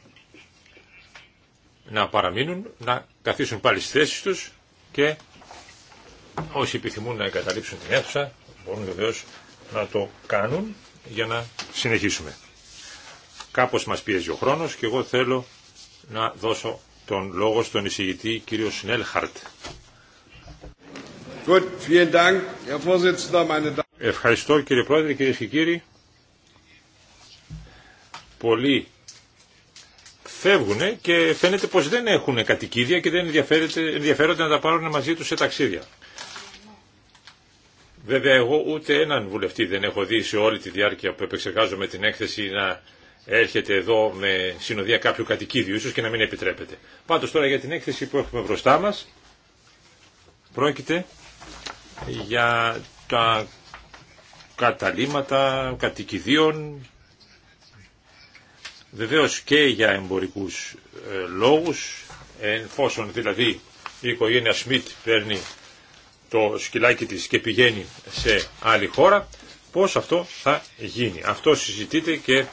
να παραμείνουν, να καθίσουν πάλι στις θέσεις τους και όσοι επιθυμούν να εγκαταλείψουν την αίθουσα μπορούν βεβαίω να το κάνουν για να συνεχίσουμε. Κάπως μας πιέζει ο χρόνος και εγώ θέλω να δώσω τον λόγο στον εισηγητή κύριο Σνέλχαρτ. Gut, vielen Dank, Herr Vorsitzender, meine Ευχαριστώ κύριε Πρόεδρε, κυρίε και κύριοι. Πολλοί φεύγουν και φαίνεται πως δεν έχουν κατοικίδια και δεν ενδιαφέρονται να τα πάρουν μαζί τους σε ταξίδια. Βέβαια εγώ ούτε έναν βουλευτή δεν έχω δει σε όλη τη διάρκεια που επεξεργάζομαι την έκθεση να έρχεται εδώ με συνοδεία κάποιου κατοικίδιου, ίσως και να μην επιτρέπεται. Πάντως τώρα για την έκθεση που έχουμε μπροστά μας, πρόκειται για τα καταλήματα, κατοικιδίων, βεβαίως και για εμπορικούς ε, λόγους, εφόσον δηλαδή η οικογένεια Σμιτ παίρνει το σκυλάκι της και πηγαίνει σε άλλη χώρα, πώς αυτό θα γίνει. Αυτό συζητείται και ε,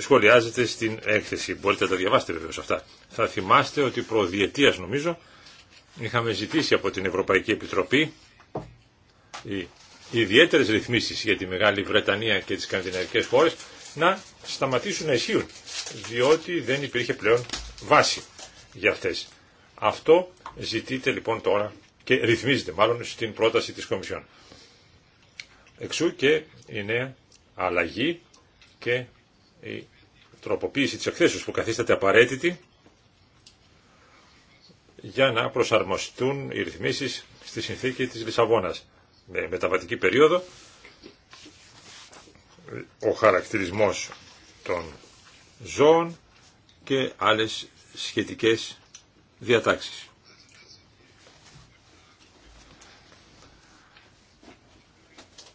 σχολιάζεται στην έκθεση. Μπορείτε να τα διαβάσετε βεβαίω αυτά. Θα θυμάστε ότι προδιετίας νομίζω είχαμε ζητήσει από την Ευρωπαϊκή Επιτροπή η ιδιαίτερε ρυθμίσει για τη Μεγάλη Βρετανία και τις σκανδιναβικέ χώρες να σταματήσουν να ισχύουν, διότι δεν υπήρχε πλέον βάση για αυτές. Αυτό ζητείται λοιπόν τώρα και ρυθμίζεται μάλλον στην πρόταση της Κομισιόν. Εξού και η νέα αλλαγή και η τροποποίηση της εκθέσεως που καθίσταται απαραίτητη για να προσαρμοστούν οι ρυθμίσεις στη συνθήκη της Λισαβόνας. Με μεταβατική περίοδο ο χαρακτηρισμός των ζώων και άλλες σχετικές διατάξεις.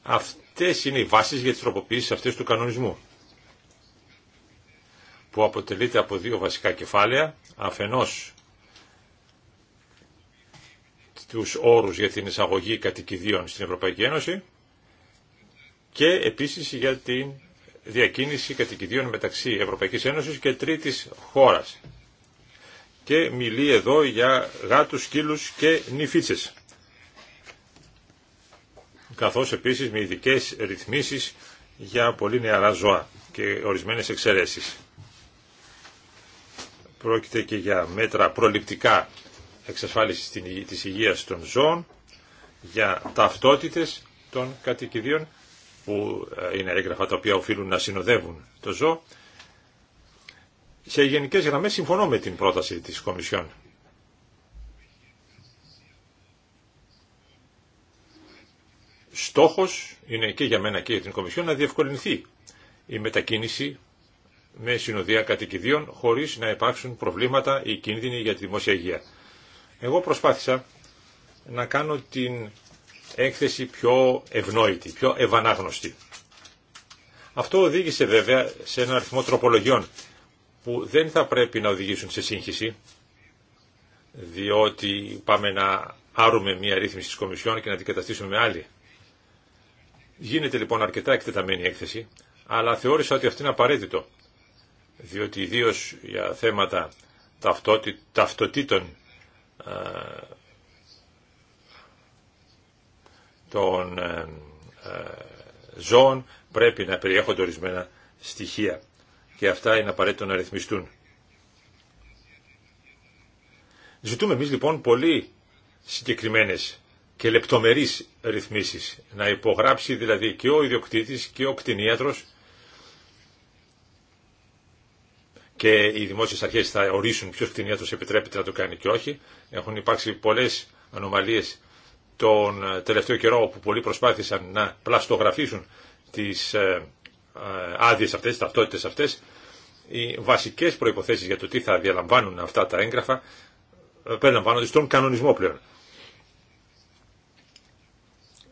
Αυτές είναι οι βάσεις για τις τροποποιήσεις αυτές του κανονισμού που αποτελείται από δύο βασικά κεφάλαια αφενός τους όρους για την εισαγωγή κατοικιδίων στην Ευρωπαϊκή Ένωση και επίσης για την διακίνηση κατοικιδίων μεταξύ Ευρωπαϊκής Ένωσης και τρίτης χώρας. Και μιλεί εδώ για γάτους, σκύλους και νηφίτσες. Καθώς επίσης με ειδικέ ρυθμίσεις για πολύ νεαρά ζώα και ορισμένες εξαιρέσεις. Πρόκειται και για μέτρα προληπτικά εξασφάλιση της υγείας των ζώων, για ταυτότητες των κατοικιδίων, που ε, είναι έγγραφα τα οποία οφείλουν να συνοδεύουν το ζώο. Σε γενικές γραμμές συμφωνώ με την πρόταση της Κομισιόν. στόχος είναι και για μένα και για την Κομισιόν να διευκολυνθεί η μετακίνηση με συνοδεία κατοικιδίων χωρίς να υπάρξουν προβλήματα ή κίνδυνοι για τη δημόσια υγεία. Εγώ προσπάθησα να κάνω την έκθεση πιο ευνόητη, πιο ευανάγνωστη. Αυτό οδήγησε βέβαια σε ένα αριθμό τροπολογιών που δεν θα πρέπει να οδηγήσουν σε σύγχυση, διότι πάμε να άρουμε μία ρύθμιση της Κομισιόν και να την καταστήσουμε με άλλη. Γίνεται λοιπόν αρκετά εκτεταμένη έκθεση, αλλά θεώρησα ότι αυτό είναι απαραίτητο, διότι ιδίω για θέματα ταυτότητων ε, των ε, ε, ζώων πρέπει να περιέχονται ορισμένα στοιχεία και αυτά είναι απαραίτητο να ρυθμιστούν. Ζητούμε εμείς λοιπόν πολύ συγκεκριμένες και λεπτομερείς ρυθμίσεις, να υπογράψει δηλαδή και ο ιδιοκτήτης και ο κτηνίατρος και οι δημόσιες αρχές θα ορίσουν ποιος κτηνίατρος επιτρέπεται να το κάνει και όχι. Έχουν υπάρξει πολλές ανομαλίε τον ε, τελευταίο καιρό όπου πολλοί προσπάθησαν να πλαστογραφήσουν τις ε, ε, άδειε αυτές, τι ταυτότητε αυτές. Οι βασικές προϋποθέσεις για το τι θα διαλαμβάνουν αυτά τα έγγραφα περιλαμβάνονται στον κανονισμό πλέον.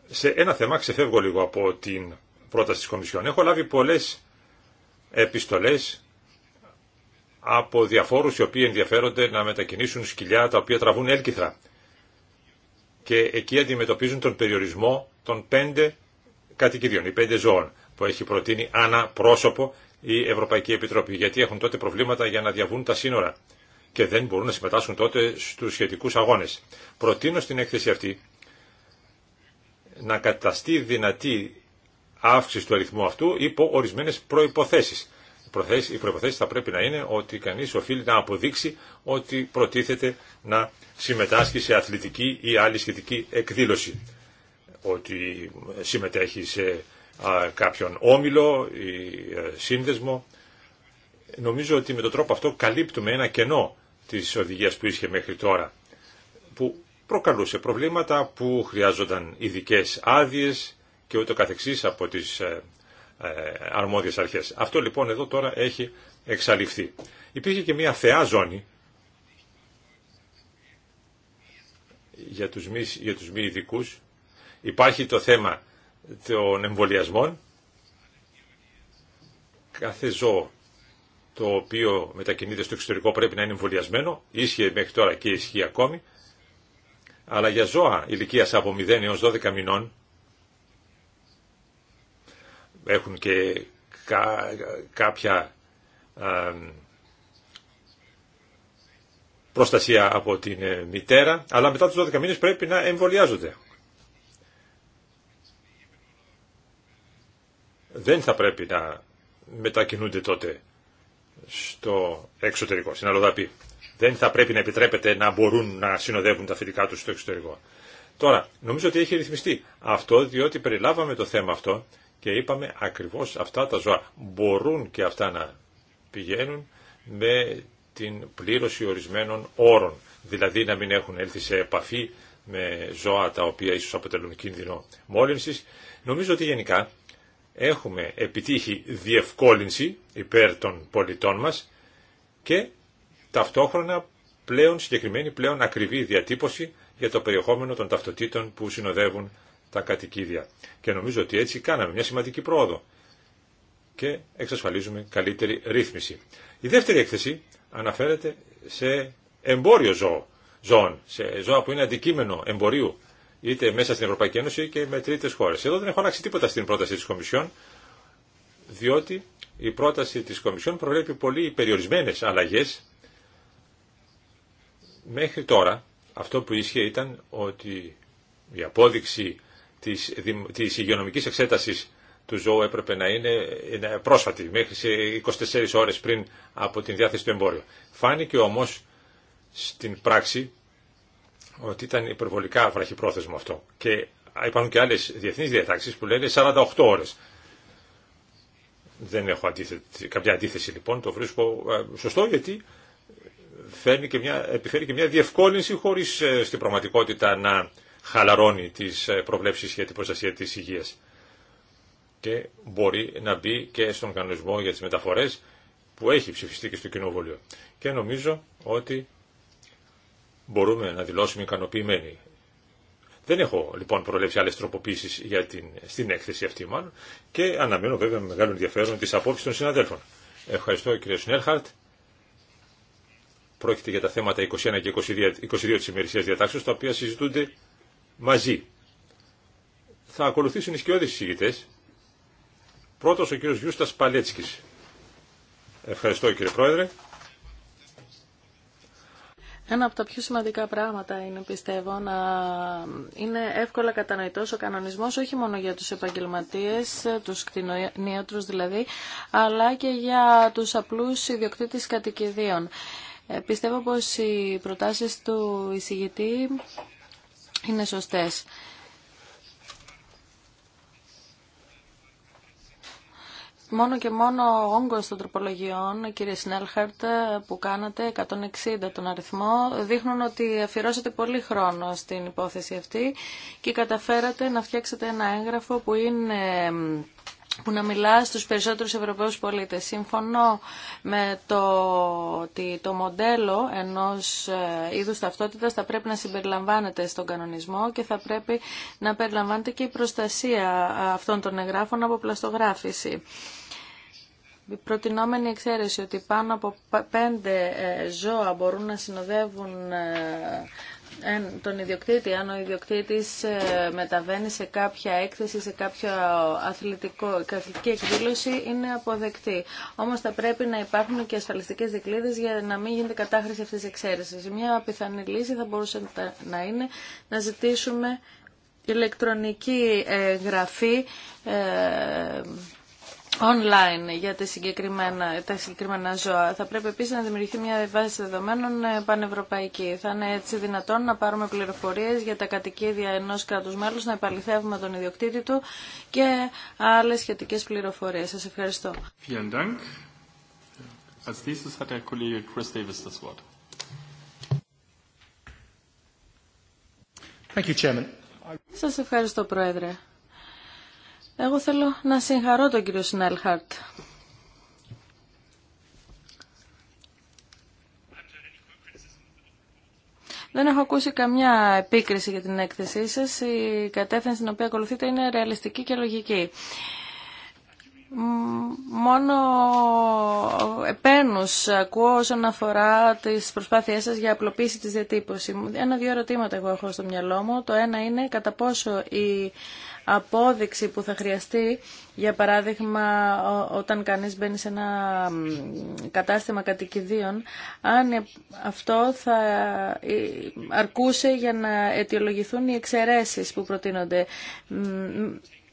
Σε ένα θέμα ξεφεύγω λίγο από την πρόταση της Κομισιόν. Έχω λάβει πολλές επιστολές από διαφόρους οι οποίοι ενδιαφέρονται να μετακινήσουν σκυλιά τα οποία τραβούν έλκυθρα. Και εκεί αντιμετωπίζουν τον περιορισμό των πέντε κατοικιδίων, οι πέντε ζώων που έχει προτείνει ανά πρόσωπο η Ευρωπαϊκή Επιτροπή, γιατί έχουν τότε προβλήματα για να διαβούν τα σύνορα και δεν μπορούν να συμμετάσχουν τότε στους σχετικούς αγώνες. Προτείνω στην έκθεση αυτή να καταστεί δυνατή αύξηση του αριθμού αυτού υπό ορισμένες προϋποθέσεις οι προποθέσει θα πρέπει να είναι ότι κανείς οφείλει να αποδείξει ότι προτίθεται να συμμετάσχει σε αθλητική ή άλλη σχετική εκδήλωση. Ότι συμμετέχει σε κάποιον όμιλο ή ε, σύνδεσμο. Νομίζω ότι με τον τρόπο αυτό καλύπτουμε ένα κενό της οδηγίας που είχε μέχρι τώρα που προκαλούσε προβλήματα που χρειάζονταν ειδικέ άδειε και ούτω καθεξής από τις ε, ε, αρμόδιες αρχές. Αυτό λοιπόν εδώ τώρα έχει εξαλειφθεί. Υπήρχε και μια θεά ζώνη για τους μη, για τους μη ειδικούς. Υπάρχει το θέμα των εμβολιασμών. Κάθε ζώο το οποίο μετακινείται στο εξωτερικό πρέπει να είναι εμβολιασμένο, ίσχυε μέχρι τώρα και ισχύει ακόμη, αλλά για ζώα ηλικίας από 0 έως 12 μηνών έχουν και κάποια προστασία από την ε, μητέρα, αλλά μετά τους 12 μήνες πρέπει να εμβολιάζονται. Δεν θα πρέπει να μετακινούνται τότε στο εξωτερικό, στην Αλοδαπή. Δεν θα πρέπει να επιτρέπεται να μπορούν να συνοδεύουν τα φοιτικά τους στο εξωτερικό. Τώρα, νομίζω ότι έχει ρυθμιστεί αυτό, διότι περιλάβαμε το θέμα αυτό και είπαμε ακριβώς αυτά τα ζώα μπορούν και αυτά να πηγαίνουν με την πλήρωση ορισμένων όρων, δηλαδή να μην έχουν έλθει σε επαφή με ζώα τα οποία ίσως αποτελούν κίνδυνο μόλυνσης. Νομίζω ότι γενικά έχουμε επιτύχει διευκόλυνση υπέρ των πολιτών μας και ταυτόχρονα πλέον συγκεκριμένη, πλέον ακριβή διατύπωση για το περιεχόμενο των ταυτοτήτων που συνοδεύουν τα κατοικίδια. Και νομίζω ότι έτσι κάναμε μια σημαντική πρόοδο και εξασφαλίζουμε καλύτερη ρύθμιση. Η δεύτερη έκθεση αναφέρεται σε εμπόριο ζώο, ζώων, σε ζώα που είναι αντικείμενο εμπορίου, είτε μέσα στην Ευρωπαϊκή Ένωση και με τρίτε χώρε. Εδώ δεν έχω αλλάξει τίποτα στην πρόταση τη Κομισιόν, διότι η πρόταση τη Κομισιόν προβλέπει πολύ περιορισμένε αλλαγέ. Μέχρι τώρα αυτό που ίσχυε ήταν ότι η απόδειξη της, της υγειονομικής εξέτασης του ζώου έπρεπε να είναι πρόσφατη, μέχρι σε 24 ώρες πριν από την διάθεση του εμπόριου. Φάνηκε όμως στην πράξη ότι ήταν υπερβολικά βραχυπρόθεσμο αυτό. Και υπάρχουν και άλλες διεθνείς διατάξεις που λένε 48 ώρες. Δεν έχω κάποια αντίθεση λοιπόν, το βρίσκω ε, σωστό γιατί επιφέρει και μια διευκόλυνση χωρίς ε, στην πραγματικότητα να χαλαρώνει τις ε, προβλέψεις για την προστασία της υγείας. Και μπορεί να μπει και στον κανονισμό για τις μεταφορές που έχει ψηφιστεί και στο Κοινοβούλιο. Και νομίζω ότι μπορούμε να δηλώσουμε ικανοποιημένοι. Δεν έχω λοιπόν προβλέψει άλλες τροποποίησεις για την, στην έκθεση αυτή μάλλον και αναμένω βέβαια με μεγάλο ενδιαφέρον τις απόψεις των συναδέλφων. Ευχαριστώ κύριε Σνέρχαρτ. Πρόκειται για τα θέματα 21 και 22, 22 της ημερησίας τα οποία συζητούνται μαζί. Θα ακολουθήσουν οι σκιώδεις συζητητές. Πρώτος ο κύριος Γιούστας Παλέτσκης. Ευχαριστώ κύριε Πρόεδρε. Ένα από τα πιο σημαντικά πράγματα είναι, πιστεύω, να είναι εύκολα κατανοητός ο κανονισμός όχι μόνο για τους επαγγελματίες, τους κτηνίατρους δηλαδή, αλλά και για τους απλούς ιδιοκτήτες κατοικιδίων. Ε, πιστεύω πως οι προτάσεις του εισηγητή είναι σωστές. Μόνο και μόνο ο όγκος των τροπολογιών, κύριε Σνέλχαρτ, που κάνατε, 160 τον αριθμό, δείχνουν ότι αφιερώσατε πολύ χρόνο στην υπόθεση αυτή και καταφέρατε να φτιάξετε ένα έγγραφο που είναι που να μιλά στους περισσότερους Ευρωπαίους πολίτες. Σύμφωνο με το ότι το μοντέλο ενός ε, είδους ταυτότητας θα πρέπει να συμπεριλαμβάνεται στον κανονισμό και θα πρέπει να περιλαμβάνεται και η προστασία αυτών των εγγράφων από πλαστογράφηση. Η προτινόμενη εξαίρεση ότι πάνω από πέντε ε, ζώα μπορούν να συνοδεύουν ε, τον ιδιοκτήτη, αν ο ιδιοκτήτης ε, μεταβαίνει σε κάποια έκθεση, σε κάποια αθλητικό, αθλητική εκδήλωση, είναι αποδεκτή. Όμως θα πρέπει να υπάρχουν και ασφαλιστικές δικλείδες για να μην γίνεται κατάχρηση αυτής της εξαίρεσης. Μια πιθανή λύση θα μπορούσε να είναι να ζητήσουμε ηλεκτρονική ε, γραφή ε, online για τα συγκεκριμένα, ζώα. Θα πρέπει επίσης να δημιουργηθεί μια βάση δεδομένων ε, πανευρωπαϊκή. Θα είναι έτσι δυνατόν να πάρουμε πληροφορίες για τα κατοικίδια ενός κράτους μέλους, να επαληθεύουμε τον ιδιοκτήτη του και άλλες σχετικές πληροφορίες. Σας ευχαριστώ. Σας ευχαριστώ, Πρόεδρε. Εγώ θέλω να συγχαρώ τον κύριο Σνέλχαρτ. Δεν έχω ακούσει καμιά επίκριση για την έκθεσή σας. Η κατεύθυνση την οποία ακολουθείτε είναι ρεαλιστική και λογική. Μόνο επένους ακούω όσον αφορά τις προσπάθειές σας για απλοποίηση της διατύπωσης. Ένα-δύο ερωτήματα εγώ έχω στο μυαλό μου. Το ένα είναι κατά πόσο η απόδειξη που θα χρειαστεί, για παράδειγμα όταν κανείς μπαίνει σε ένα κατάστημα κατοικιδίων, αν ε, αυτό θα ε, αρκούσε για να αιτιολογηθούν οι εξαιρέσεις που προτείνονται.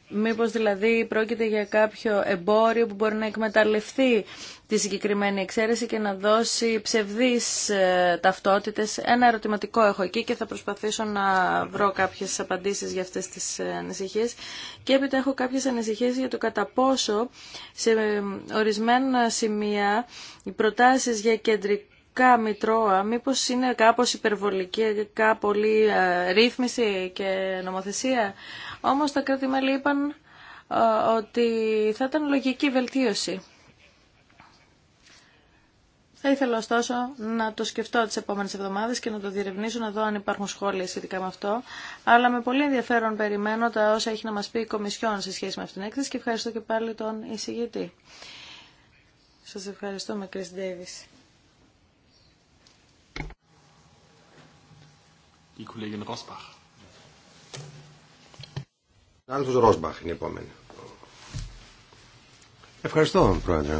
Μήπως δηλαδή πρόκειται για κάποιο εμπόριο που μπορεί να εκμεταλλευτεί τη συγκεκριμένη εξαίρεση και να δώσει ψευδείς ε, ταυτότητες. Ένα ερωτηματικό έχω εκεί και θα προσπαθήσω να βρω κάποιες απαντήσεις για αυτές τις ε, ανησυχίες. Και έπειτα έχω κάποιες ανησυχίες για το κατά πόσο σε ε, ορισμένα σημεία οι προτάσεις για κεντρικά Μητρώα, μήπως είναι κάπως υπερβολική, πολύ ρύθμιση και νομοθεσία. Όμως τα κράτη-μέλη είπαν ότι θα ήταν λογική βελτίωση. Θα ήθελα ωστόσο να το σκεφτώ τις επόμενες εβδομάδες και να το διερευνήσω να δω αν υπάρχουν σχόλια σχετικά με αυτό. Αλλά με πολύ ενδιαφέρον περιμένω τα όσα έχει να μας πει η Κομισιόν σε σχέση με αυτήν την έκθεση και ευχαριστώ και πάλι τον εισηγητή. Σας ευχαριστούμε, Κρίς Davis. Η είναι Ευχαριστώ, Πρόεδρε.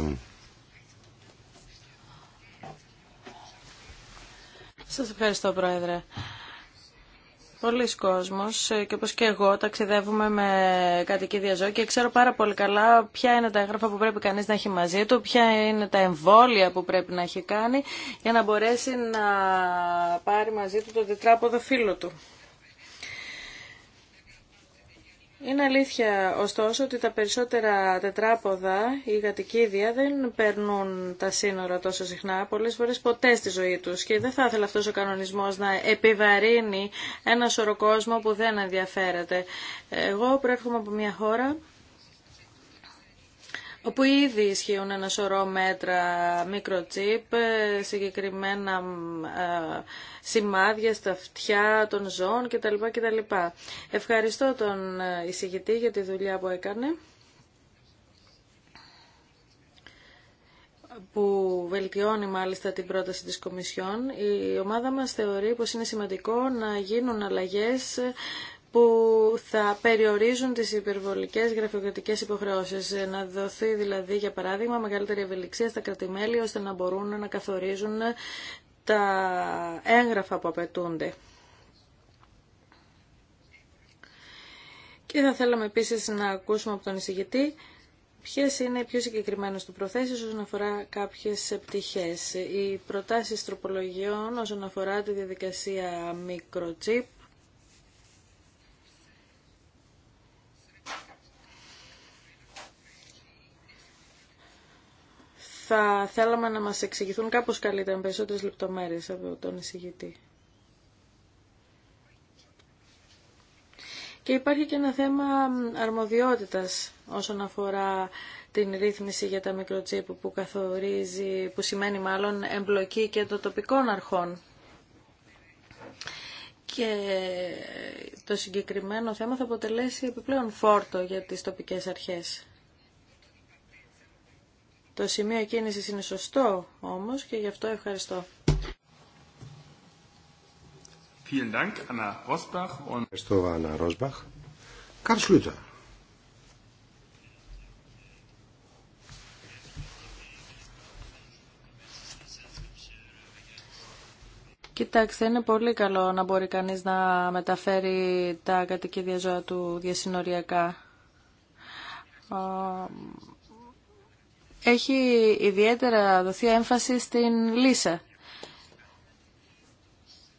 Σας ευχαριστώ, Πρόεδρε. Πολλοί κόσμος ε, και όπως και εγώ ταξιδεύουμε με κατοικίδια ζώα και ξέρω πάρα πολύ καλά ποια είναι τα έγγραφα που πρέπει κανείς να έχει μαζί του, ποια είναι τα εμβόλια που πρέπει να έχει κάνει για να μπορέσει να πάρει μαζί του το τετράποδο φίλο του. Είναι αλήθεια ωστόσο ότι τα περισσότερα τετράποδα ή κατοικίδια δεν περνούν τα σύνορα τόσο συχνά, πολλές φορές ποτέ στη ζωή τους και δεν θα ήθελα αυτός ο κανονισμός να επιβαρύνει ένα σωρό κόσμο που δεν ενδιαφέρεται. Εγώ προέρχομαι από μια χώρα όπου ήδη ισχύουν ένα σωρό μέτρα μικροτσίπ, συγκεκριμένα ε, σημάδια στα αυτιά των ζώων κτλ. κτλ. Ευχαριστώ τον ε, εισηγητή για τη δουλειά που έκανε. που βελτιώνει μάλιστα την πρόταση της Κομισιόν. Η ομάδα μας θεωρεί πως είναι σημαντικό να γίνουν αλλαγές που θα περιορίζουν τις υπερβολικές γραφειοκρατικές υποχρεώσεις. Ε, να δοθεί δηλαδή για παράδειγμα μεγαλύτερη ευελιξία στα κρατημέλη ώστε να μπορούν να καθορίζουν τα έγγραφα που απαιτούνται. Και θα θέλαμε επίσης να ακούσουμε από τον εισηγητή Ποιε είναι οι πιο συγκεκριμένε του προθέσει όσον αφορά κάποιε πτυχέ. Οι προτάσει τροπολογιών όσον αφορά τη διαδικασία microchip θα θέλαμε να μας εξηγηθούν κάπως καλύτερα με περισσότερες λεπτομέρειες από τον εισηγητή. Και υπάρχει και ένα θέμα αρμοδιότητας όσον αφορά την ρύθμιση για τα μικροτσίπ που καθορίζει, που σημαίνει μάλλον εμπλοκή και των τοπικών αρχών. Και το συγκεκριμένο θέμα θα αποτελέσει επιπλέον φόρτο για τις τοπικές αρχές. Το σημείο κίνησης είναι σωστό όμως και γι' αυτό ευχαριστώ. Ευχαριστώ, Κοιτάξτε, είναι πολύ καλό να μπορεί κανείς να μεταφέρει τα κατοικίδια ζώα του διασυνοριακά έχει ιδιαίτερα δοθεί έμφαση στην λύσα,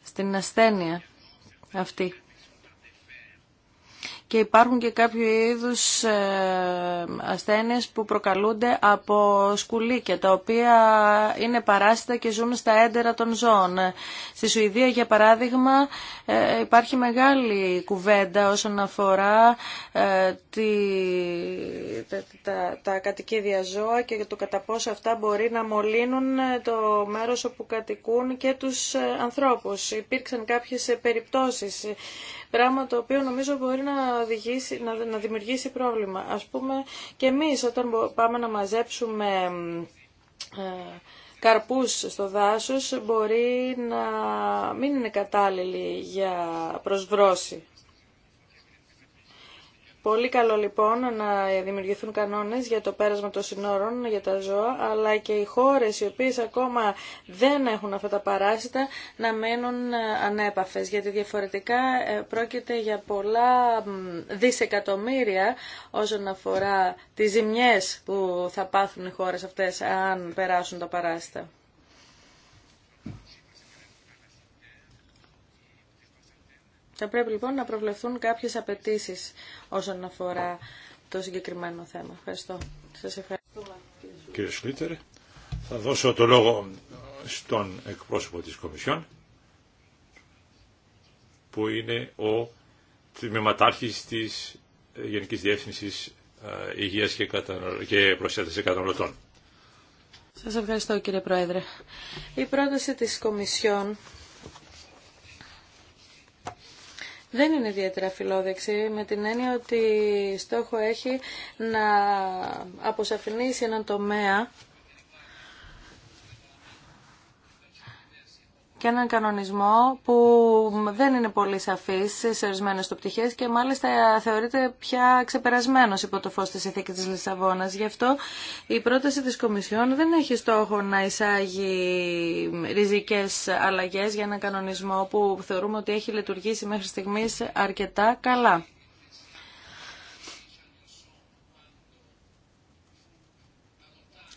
στην ασθένεια αυτή και υπάρχουν και κάποιο είδους ε, ασθένειες που προκαλούνται από σκουλίκια, τα οποία είναι παράσιτα και ζουν στα έντερα των ζώων. Στη Σουηδία, για παράδειγμα, ε, υπάρχει μεγάλη κουβέντα όσον αφορά ε, τη, τα, τα, τα κατοικίδια ζώα και το κατά πόσο αυτά μπορεί να μολύνουν το μέρος όπου κατοικούν και τους ανθρώπους. Υπήρξαν κάποιες περιπτώσεις Πράγμα το οποίο νομίζω μπορεί να, να, να δημιουργήσει πρόβλημα. Ας πούμε και εμείς όταν πάμε να μαζέψουμε ε, καρπούς στο δάσος μπορεί να μην είναι κατάλληλοι για προσβρώση Πολύ καλό λοιπόν να δημιουργηθούν κανόνες για το πέρασμα των συνόρων για τα ζώα, αλλά και οι χώρες οι οποίες ακόμα δεν έχουν αυτά τα παράσιτα να μένουν ανέπαφες, γιατί διαφορετικά ε, πρόκειται για πολλά δισεκατομμύρια όσον αφορά τις ζημιές που θα πάθουν οι χώρες αυτές αν περάσουν τα παράσιτα. Θα πρέπει λοιπόν να προβλεφθούν κάποιες απαιτήσει όσον αφορά το συγκεκριμένο θέμα. Ευχαριστώ. Σας ευχαριστώ. Κύριε Σλίτερ, θα δώσω το λόγο στον εκπρόσωπο της Κομισιόν, που είναι ο τμήματάρχη της Γενικής Διεύθυνσης ε, Υγείας και, κατανο... και Σα Σας ευχαριστώ κύριε Πρόεδρε. Η πρόταση της Κομισιόν δεν είναι ιδιαίτερα φιλόδεξη με την έννοια ότι στόχο έχει να αποσαφηνίσει έναν τομέα και έναν κανονισμό που δεν είναι πολύ σαφής σε ορισμένες του και μάλιστα θεωρείται πια ξεπερασμένος υπό το φως της ηθίκης της Λισαβόνας. Γι' αυτό η πρόταση της Κομισιόν δεν έχει στόχο να εισάγει ριζικές αλλαγές για έναν κανονισμό που θεωρούμε ότι έχει λειτουργήσει μέχρι στιγμής αρκετά καλά.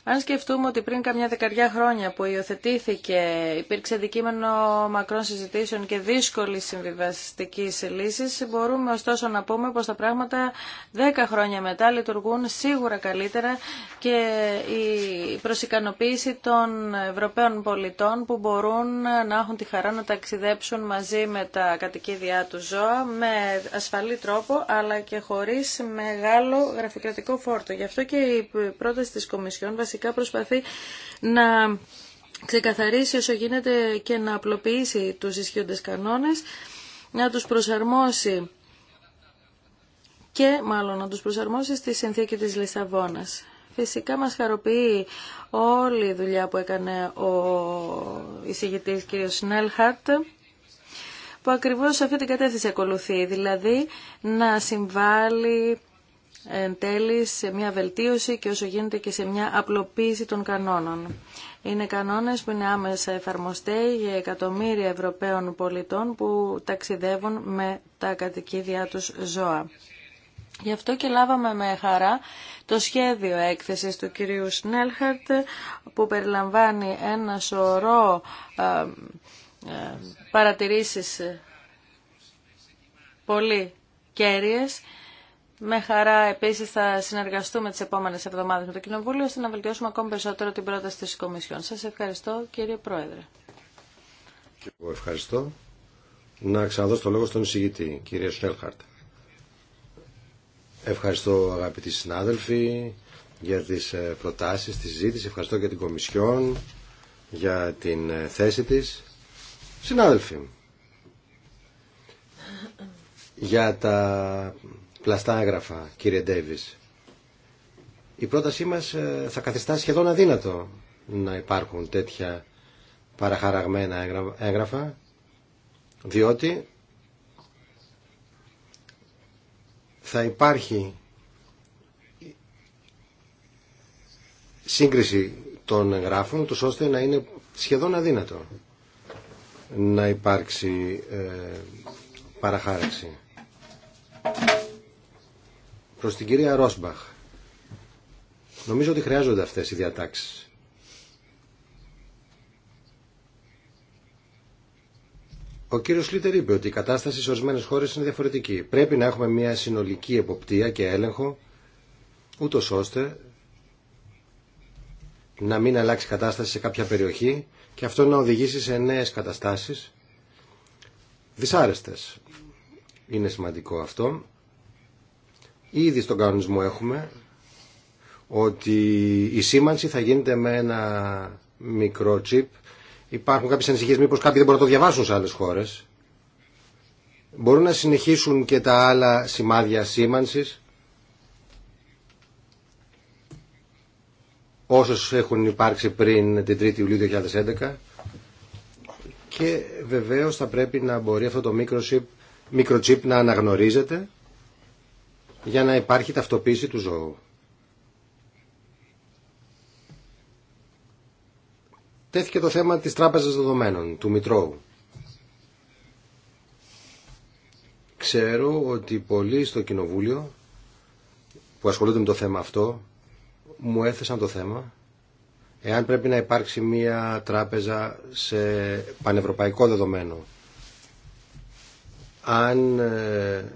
Αν σκεφτούμε ότι πριν καμιά δεκαριά χρόνια που υιοθετήθηκε, υπήρξε αντικείμενο μακρών συζητήσεων και δύσκολη συμβιβαστική λύση, μπορούμε ωστόσο να πούμε πω τα πράγματα δέκα χρόνια μετά λειτουργούν σίγουρα καλύτερα και η προσυκανοποίηση των Ευρωπαίων πολιτών που μπορούν να έχουν τη χαρά να ταξιδέψουν μαζί με τα κατοικίδια του ζώα με ασφαλή τρόπο αλλά και χωρί μεγάλο γραφειοκρατικό φόρτο. Γι' αυτό και η πρόταση τη Κομισιόν Φυσικά προσπαθεί να ξεκαθαρίσει όσο γίνεται και να απλοποιήσει τους ισχύοντες κανόνες, να τους προσαρμόσει και μάλλον να τους προσαρμόσει στη συνθήκη της Λισαβόνας. Φυσικά μας χαροποιεί όλη η δουλειά που έκανε ο εισηγητής κ. Σνέλχαρτ που ακριβώς αυτή την κατεύθυνση ακολουθεί, δηλαδή να συμβάλλει εν τέλει σε μια βελτίωση και όσο γίνεται και σε μια απλοποίηση των κανόνων. Είναι κανόνες που είναι άμεσα εφαρμοστέοι για εκατομμύρια Ευρωπαίων πολιτών που ταξιδεύουν με τα κατοικίδια τους ζώα. Γι' αυτό και λάβαμε με χαρά το σχέδιο έκθεσης του κυρίου Σνέλχαρτ που περιλαμβάνει ένα σωρό ε, ε, παρατηρήσεις πολύ κέρυες με χαρά επίση θα συνεργαστούμε τις επόμενες εβδομάδες με το Κοινοβούλιο ώστε να βελτιώσουμε ακόμη περισσότερο την πρόταση της Κομισιόν. σα. ευχαριστώ κύριε Πρόεδρε. Και εγώ ευχαριστώ. Να ξαναδώ το λόγο στον εισηγητή, κύριε Σνέλχαρτ. Ευχαριστώ αγαπητοί συνάδελφοι για τις ε, προτάσεις, τη συζήτηση. Ευχαριστώ και την Κομισιόν για την ε, θέση της. Συνάδελφοι, για τα πλαστά έγγραφα, κύριε Ντέβις. Η πρότασή μα ε, θα καθιστά σχεδόν αδύνατο να υπάρχουν τέτοια παραχαραγμένα έγγραφα, διότι θα υπάρχει σύγκριση των εγγράφων τους ώστε να είναι σχεδόν αδύνατο να υπάρξει ε, παραχάραξη προς την κυρία Ρόσμπαχ. Νομίζω ότι χρειάζονται αυτές οι διατάξει. Ο κύριο Λίτερ είπε ότι η κατάσταση σε ορισμένε χώρες είναι διαφορετική. Πρέπει να έχουμε μια συνολική εποπτεία και έλεγχο, ούτω ώστε να μην αλλάξει κατάσταση σε κάποια περιοχή και αυτό να οδηγήσει σε νέες καταστάσεις δυσάρεστες. Είναι σημαντικό αυτό. Ήδη στον κανονισμό έχουμε ότι η σήμανση θα γίνεται με ένα μικρό τσίπ. Υπάρχουν κάποιες ανησυχίες μήπως κάποιοι δεν μπορούν να το διαβάσουν σε άλλες χώρες. Μπορούν να συνεχίσουν και τα άλλα σημάδια σήμανσης. όσες έχουν υπάρξει πριν την 3η Ιουλίου 2011 και βεβαίως θα πρέπει να μπορεί αυτό το microchip, microchip να αναγνωρίζεται για να υπάρχει ταυτοποίηση του ζώου. Τέθηκε το θέμα της τράπεζας δεδομένων, του Μητρώου. Ξέρω ότι πολλοί στο Κοινοβούλιο που ασχολούνται με το θέμα αυτό μου έθεσαν το θέμα εάν πρέπει να υπάρξει μία τράπεζα σε πανευρωπαϊκό δεδομένο. Αν ε,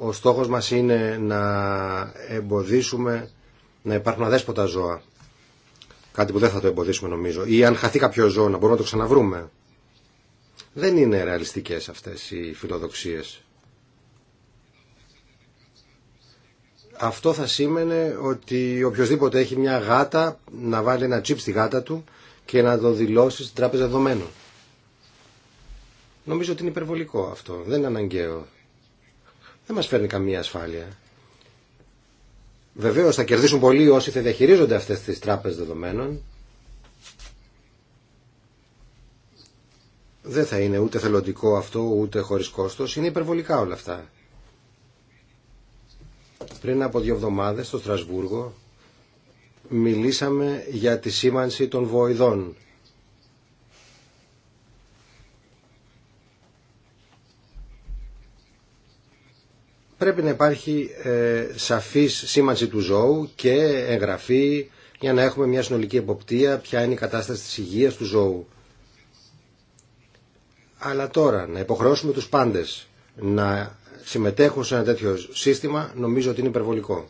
ο στόχος μας είναι να εμποδίσουμε να υπάρχουν αδέσποτα ζώα. Κάτι που δεν θα το εμποδίσουμε νομίζω. Ή αν χαθεί κάποιο ζώο να μπορούμε να το ξαναβρούμε. Δεν είναι ρεαλιστικές αυτές οι φιλοδοξίες. Αυτό θα σήμαινε ότι οποιοδήποτε έχει μια γάτα να βάλει ένα τσίπ στη γάτα του και να το δηλώσει στην τράπεζα δεδομένων. Νομίζω ότι είναι υπερβολικό αυτό. Δεν είναι αναγκαίο δεν μας φέρνει καμία ασφάλεια. Βεβαίως θα κερδίσουν πολλοί όσοι θα διαχειρίζονται αυτές τις τράπεζες δεδομένων. Δεν θα είναι ούτε θελοντικό αυτό, ούτε χωρίς κόστος. Είναι υπερβολικά όλα αυτά. Πριν από δύο εβδομάδες στο Στρασβούργο μιλήσαμε για τη σήμανση των βοηδών πρέπει να υπάρχει ε, σαφής σήμανση του ζώου και εγγραφή για να έχουμε μια συνολική εποπτεία ποια είναι η κατάσταση της υγείας του ζώου. Αλλά τώρα να υποχρεώσουμε τους πάντες να συμμετέχουν σε ένα τέτοιο σύστημα νομίζω ότι είναι υπερβολικό.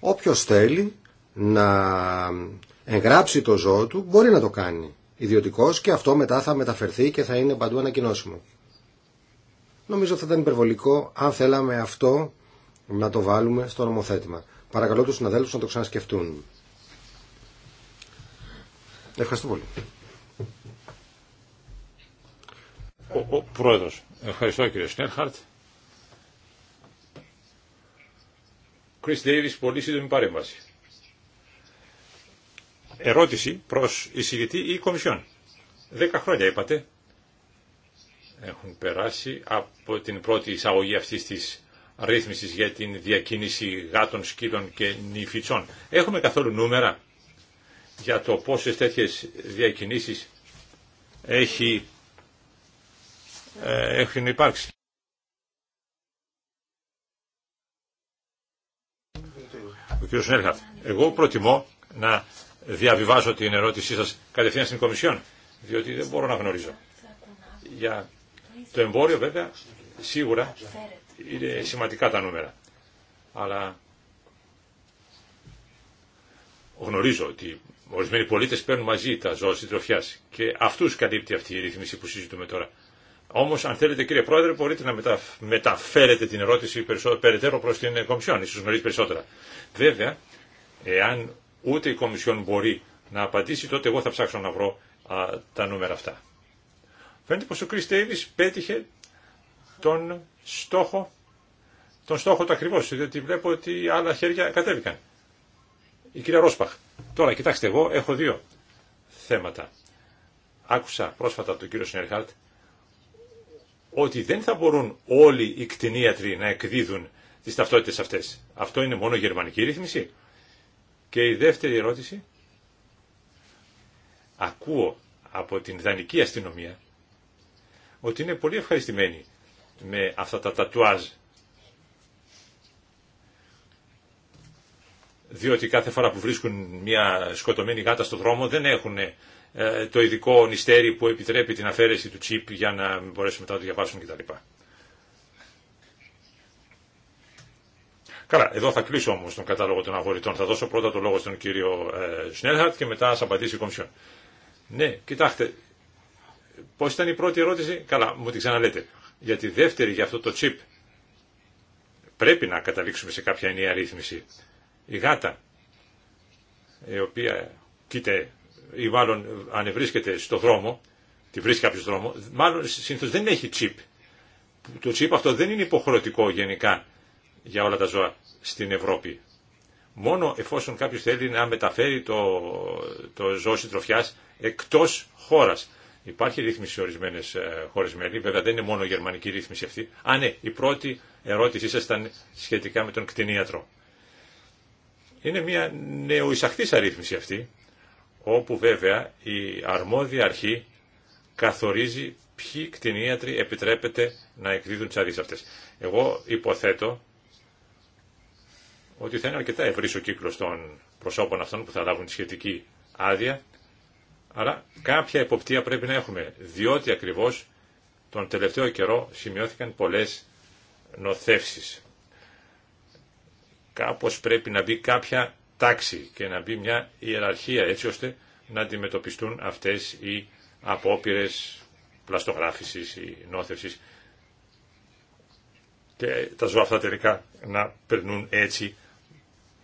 Όποιος θέλει να εγγράψει το ζώο του μπορεί να το κάνει ιδιωτικός και αυτό μετά θα μεταφερθεί και θα είναι παντού ανακοινώσιμο. Νομίζω θα ήταν υπερβολικό αν θέλαμε αυτό να το βάλουμε στο νομοθέτημα. Παρακαλώ τους συναδέλφους να το ξανασκεφτούν. Ευχαριστώ πολύ. Ο, Πρόεδρος. Ευχαριστώ κύριε Σνέρχαρτ. Chris Davis, πολύ σύντομη παρέμβαση. Ερώτηση προς εισηγητή ή κομισιόν. Δέκα χρόνια είπατε έχουν περάσει από την πρώτη εισαγωγή αυτή της ρύθμισης για την διακίνηση γάτων, σκύλων και νηφιτσών. Έχουμε καθόλου νούμερα για το πόσες τέτοιες διακινήσεις έχει, ε, έχουν υπάρξει. Ο εγώ προτιμώ να διαβιβάζω την ερώτησή σας κατευθείαν στην Κομισιόν, διότι δεν μπορώ να γνωρίζω το εμπόριο βέβαια σίγουρα είναι σημαντικά τα νούμερα. Αλλά γνωρίζω ότι ορισμένοι πολίτε παίρνουν μαζί τα ζώα συντροφιά και αυτού καλύπτει αυτή η ρύθμιση που συζητούμε τώρα. Όμω, αν θέλετε, κύριε Πρόεδρε, μπορείτε να μεταφέρετε την ερώτηση περαιτέρω προ την Κομισιόν, ίσω γνωρίζει περισσότερα. Βέβαια, εάν ούτε η Κομισιόν μπορεί να απαντήσει, τότε εγώ θα ψάξω να βρω τα νούμερα αυτά. Φαίνεται πως ο Chris Davis πέτυχε τον στόχο, τον στόχο του ακριβώς, διότι βλέπω ότι άλλα χέρια κατέβηκαν. Η κυρία Ρόσπαχ. Τώρα, κοιτάξτε, εγώ έχω δύο θέματα. Άκουσα πρόσφατα από τον κύριο Σνερχάρτ ότι δεν θα μπορούν όλοι οι κτηνίατροι να εκδίδουν τις ταυτότητες αυτές. Αυτό είναι μόνο γερμανική ρύθμιση. Και η δεύτερη ερώτηση. Ακούω από την δανική αστυνομία ότι είναι πολύ ευχαριστημένοι με αυτά τα τατουάζ. Διότι κάθε φορά που βρίσκουν μια σκοτωμένη γάτα στο δρόμο δεν έχουν ε, το ειδικό νηστέρι που επιτρέπει την αφαίρεση του τσίπ για να μπορέσουν μετά να το διαβάσουν κτλ. Καλά, εδώ θα κλείσω όμω τον κατάλογο των αγορητών. Θα δώσω πρώτα το λόγο στον κύριο ε, Σνέλχαρτ και μετά θα απαντήσει η Κομισιόν. Ναι, κοιτάξτε, Πώς ήταν η πρώτη ερώτηση. Καλά, μου την ξαναλέτε. Για τη δεύτερη, για αυτό το τσίπ Πρέπει να καταλήξουμε σε κάποια ενιαία ρύθμιση. Η γάτα, η οποία, κοίτα, ή μάλλον ανεβρίσκεται στο δρόμο, τη βρίσκει κάποιο δρόμο, μάλλον συνήθω δεν έχει chip. Το chip αυτό δεν είναι υποχρεωτικό γενικά για όλα τα ζώα στην Ευρώπη. Μόνο εφόσον κάποιο θέλει να μεταφέρει το, το ζώο συντροφιά εκτό χώρα. Υπάρχει ρύθμιση σε ορισμένε ε, χώρε μέλη, βέβαια δεν είναι μόνο η γερμανική ρύθμιση αυτή. Α, ναι, η πρώτη ερώτησή σα ήταν σχετικά με τον κτηνίατρο. Είναι μια νεοϊσαχτής αρρύθμιση αυτή, όπου βέβαια η αρμόδια αρχή καθορίζει ποιοι κτηνίατροι επιτρέπεται να εκδίδουν τι αδείε αυτέ. Εγώ υποθέτω ότι θα είναι αρκετά ευρύ ο κύκλο των προσώπων αυτών που θα λάβουν τη σχετική άδεια αλλά κάποια εποπτεία πρέπει να έχουμε, διότι ακριβώς τον τελευταίο καιρό σημειώθηκαν πολλές νοθεύσεις. Κάπως πρέπει να μπει κάποια τάξη και να μπει μια ιεραρχία έτσι ώστε να αντιμετωπιστούν αυτές οι απόπειρες πλαστογράφησης ή νόθευσης και τα ζώα αυτά τελικά να περνούν έτσι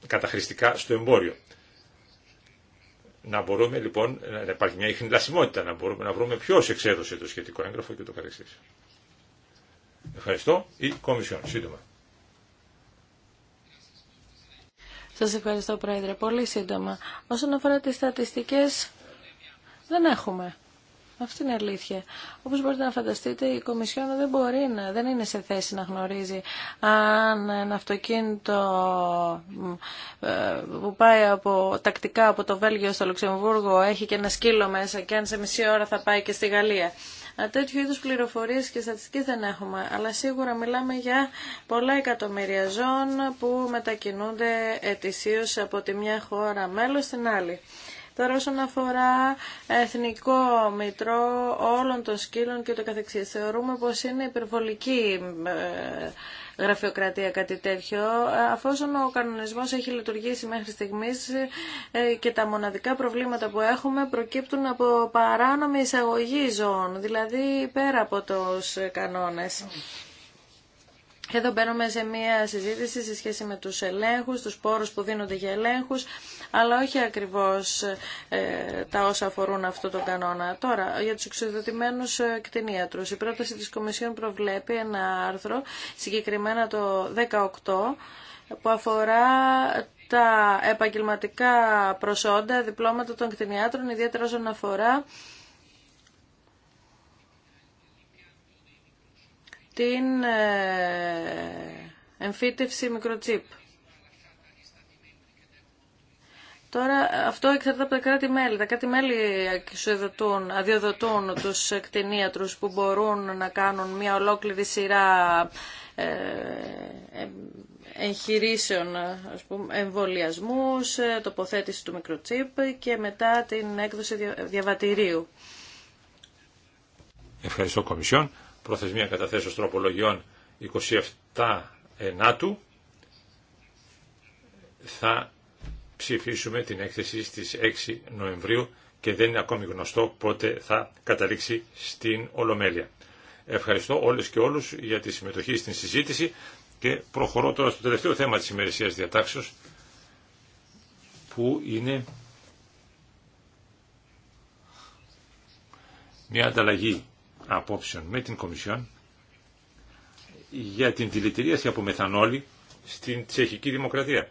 καταχρηστικά στο εμπόριο. Να μπορούμε λοιπόν να υπάρχει μια ιχνηλασιμότητα, να μπορούμε να βρούμε ποιο εξέδωσε το σχετικό έγγραφο και το καθεξής. Ευχαριστώ. Η Κομισιόν, σύντομα. Σας ευχαριστώ Πρόεδρε. Πολύ σύντομα. Όσον αφορά τις στατιστικές, δεν έχουμε αυτή είναι αλήθεια. Όπως μπορείτε να φανταστείτε, η Κομισιόν δεν μπορεί να, δεν είναι σε θέση να γνωρίζει αν ένα αυτοκίνητο ε, που πάει από, τακτικά από το Βέλγιο στο Λουξεμβούργο έχει και ένα σκύλο μέσα και αν σε μισή ώρα θα πάει και στη Γαλλία. Τέτοιου είδους πληροφορίες και στατιστική δεν έχουμε, αλλά σίγουρα μιλάμε για πολλά εκατομμύρια ζώων που μετακινούνται ετησίως από τη μια χώρα μέλος στην άλλη. Τώρα όσον αφορά εθνικό μητρό όλων των σκύλων και το καθεξής, θεωρούμε πως είναι υπερβολική ε, γραφειοκρατία κάτι τέτοιο. Αφόσον ο κανονισμός έχει λειτουργήσει μέχρι στιγμής ε, και τα μοναδικά προβλήματα που έχουμε προκύπτουν από παράνομη εισαγωγή ζώων, δηλαδή πέρα από τους κανόνες εδώ μπαίνουμε σε μια συζήτηση σε σχέση με τους ελέγχους, τους πόρους που δίνονται για ελέγχους, αλλά όχι ακριβώς ε, τα όσα αφορούν αυτό τον κανόνα. Τώρα, για τους εξοδοτημένους ε, κτηνίατρους, η πρόταση της Κομισιόν προβλέπει ένα άρθρο, συγκεκριμένα το 18, που αφορά τα επαγγελματικά προσόντα, διπλώματα των κτηνιάτρων, ιδιαίτερα όσον αφορά την ε, εμφύτευση μικροτσίπ. Τώρα αυτό εξαρτάται από τα κράτη-μέλη. Τα κράτη-μέλη αδειοδοτούν τους κτηνίατρους που μπορούν να κάνουν μια ολόκληρη σειρά ε, εγχειρήσεων ας εμβολιασμούς, ε, τοποθέτηση του μικροτσίπ και μετά την έκδοση διαβατηρίου. Ευχαριστώ Κομισιόν προθεσμία καταθέσεως τροπολογιών 27 Ενάτου θα ψηφίσουμε την έκθεση στις 6 Νοεμβρίου και δεν είναι ακόμη γνωστό πότε θα καταλήξει στην Ολομέλεια. Ευχαριστώ όλες και όλους για τη συμμετοχή στην συζήτηση και προχωρώ τώρα στο τελευταίο θέμα της ημερησίας διατάξεως που είναι μια ανταλλαγή απόψεων με την Κομισιόν για την δηλητηρίαση από μεθανόλη στην τσεχική δημοκρατία.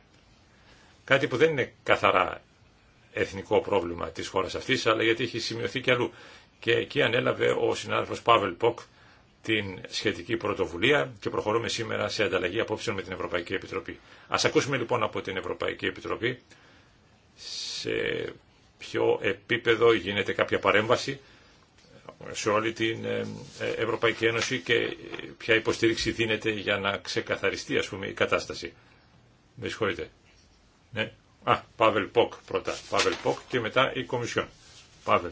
Κάτι που δεν είναι καθαρά εθνικό πρόβλημα της χώρας αυτής, αλλά γιατί έχει σημειωθεί και αλλού. Και εκεί ανέλαβε ο συνάδελφος Πάβελ Ποκ την σχετική πρωτοβουλία και προχωρούμε σήμερα σε ανταλλαγή απόψεων με την Ευρωπαϊκή Επιτροπή. Ας ακούσουμε λοιπόν από την Ευρωπαϊκή Επιτροπή σε ποιο επίπεδο γίνεται κάποια παρέμβαση σε όλη την ε, ε, Ευρωπαϊκή Ένωση και ποια υποστήριξη δίνεται για να ξεκαθαριστεί ας πούμε η κατάσταση. Με συγχωρείτε. Ναι. Α, Πάβελ Ποκ πρώτα. Πάβελ Ποκ και μετά η Κομισιόν. Παύελ.